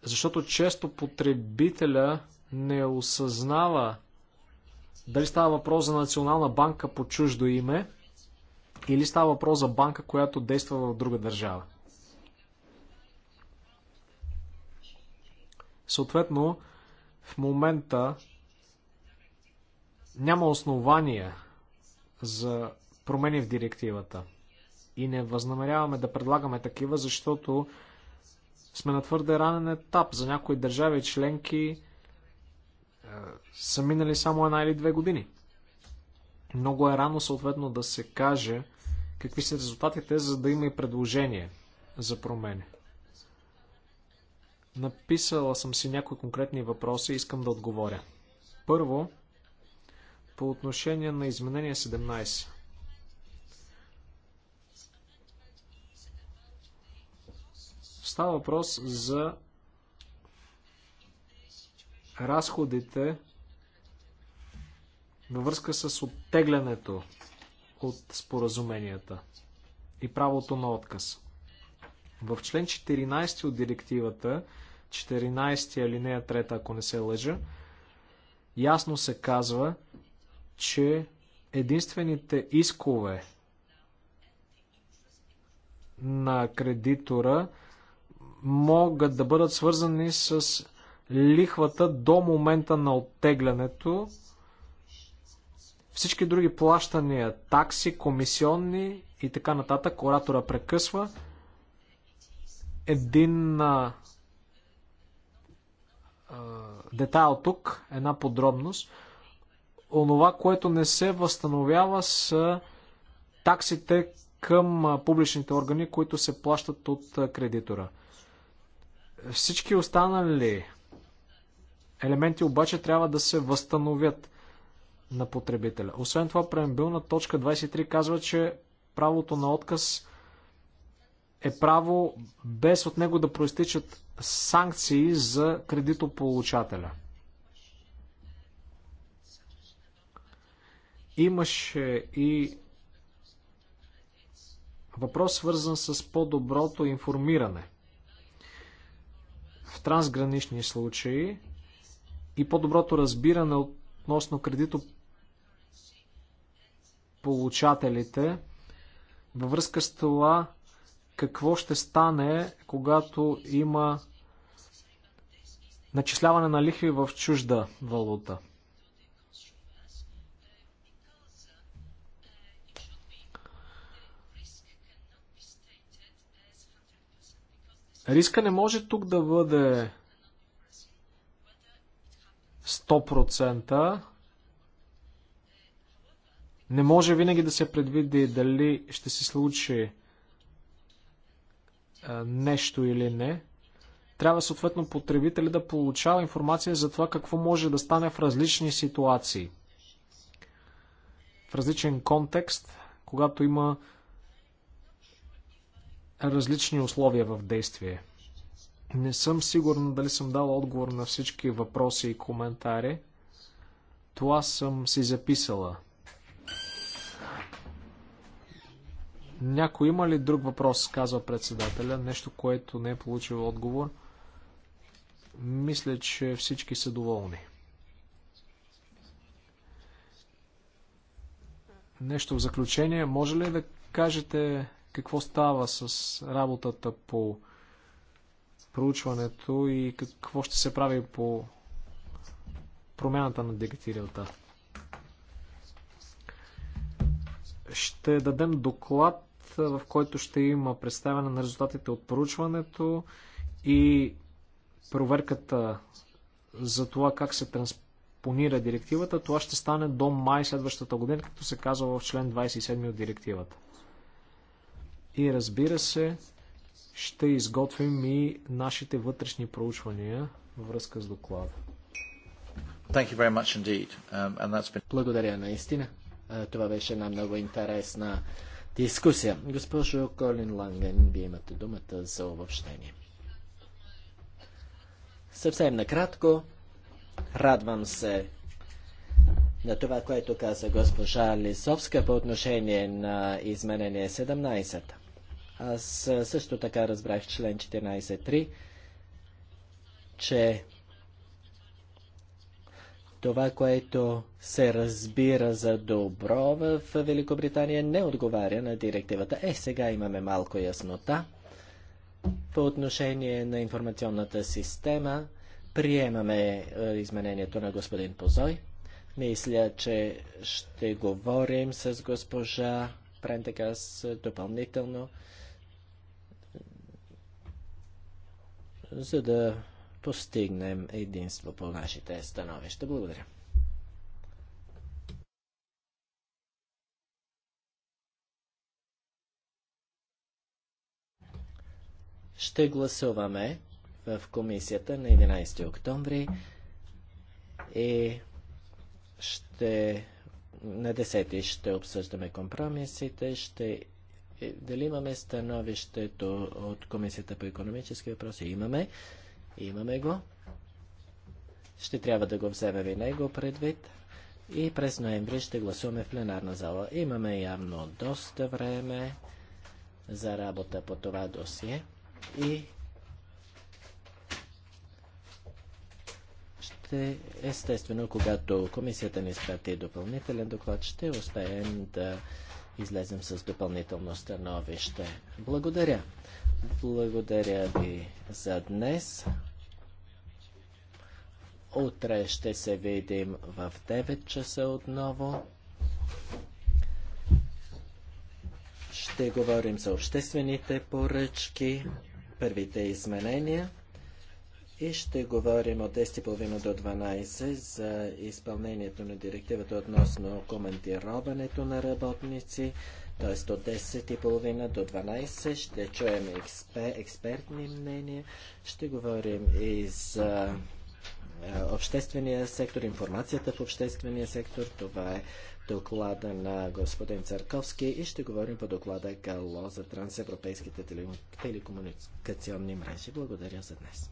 Защото често потребителя не осъзнава дали става въпрос за Национална банка по чуждо име или става въпрос за банка, която действа в друга държава. Съответно, в момента няма основания за промени в директивата. И не възнамеряваме да предлагаме такива, защото сме на твърде ранен етап. За някои държави членки е, са минали само една или две години. Много е рано съответно да се каже какви са резултатите, за да има и предложение за промени. Написала съм си някои конкретни въпроси и искам да отговоря. Първо, по отношение на изменение 17. Става въпрос за разходите във връзка с оттеглянето от споразуменията и правото на отказ. В член 14 от директивата, 14 алинея 3, ако не се лъжа, ясно се казва, че единствените искове на кредитора могат да бъдат свързани с лихвата до момента на оттеглянето. Всички други плащания, такси, комисионни и така нататък, оратора прекъсва. Един а, а, детайл тук, една подробност. Онова, което не се възстановява са таксите към публичните органи, които се плащат от кредитора. Всички останали елементи обаче трябва да се възстановят на потребителя. Освен това, преамбилна точка 23 казва, че правото на отказ е право без от него да проистичат санкции за кредитополучателя. Имаше и въпрос свързан с по-доброто информиране. В трансгранични случаи и по-доброто разбиране относно кредито получателите във връзка с това какво ще стане, когато има начисляване на лихви в чужда валута. Риска не може тук да бъде 100%. Не може винаги да се предвиди дали ще се случи е, нещо или не. Трябва съответно потребители да получава информация за това какво може да стане в различни ситуации. В различен контекст, когато има различни условия в действие. Не съм сигурен дали съм дал отговор на всички въпроси и коментари. Това съм си записала. Някой има ли друг въпрос, казва председателя, нещо, което не е получил отговор? Мисля, че всички са доволни. Нещо в заключение, може ли да кажете какво става с работата по проучването и какво ще се прави по промяната на дегатирилта. Ще дадем доклад, в който ще има представяне на резултатите от проучването и проверката за това как се транспонира директивата. Това ще стане до май следващата година, като се казва в член 27 от директивата. И разбира се, ще изготвим и нашите вътрешни проучвания във връзка с доклада. Um, been... Благодаря наистина. Това беше една много интересна дискусия. Госпожо Колин Ланген, вие имате думата за обобщение. Съвсем накратко, радвам се на това, което каза госпожа Лисовска по отношение на изменение 17. Аз също така разбрах член 14.3, че това, което се разбира за добро в Великобритания, не отговаря на директивата. Е, сега имаме малко яснота. По отношение на информационната система, приемаме изменението на господин Позой. Мисля, че ще говорим с госпожа Прентекас допълнително. за да постигнем единство по нашите становища. Благодаря. Ще гласуваме в комисията на 11 октомври и ще на 10 ще обсъждаме компромисите, ще е, дали имаме становището от Комисията по економически въпроси? Имаме. Имаме го. Ще трябва да го вземе и него предвид. И през ноември ще гласуваме в пленарна зала. Имаме явно доста време за работа по това досие. И ще, естествено, когато комисията ни спрати допълнителен доклад, ще успеем да излезем с допълнително становище. Благодаря. Благодаря ви за днес. Утре ще се видим в 9 часа отново. Ще говорим за обществените поръчки, първите изменения и ще говорим от 10.30 до 12 за изпълнението на директивата относно командироването на работници, т.е. от 10.30 до 12 ще чуем експер, експертни мнения, ще говорим и за е, обществения сектор, информацията в обществения сектор. Това е доклада на господин Църковски и ще говорим по доклада ГАЛО за трансевропейските телекомуникационни мрежи. Благодаря за днес.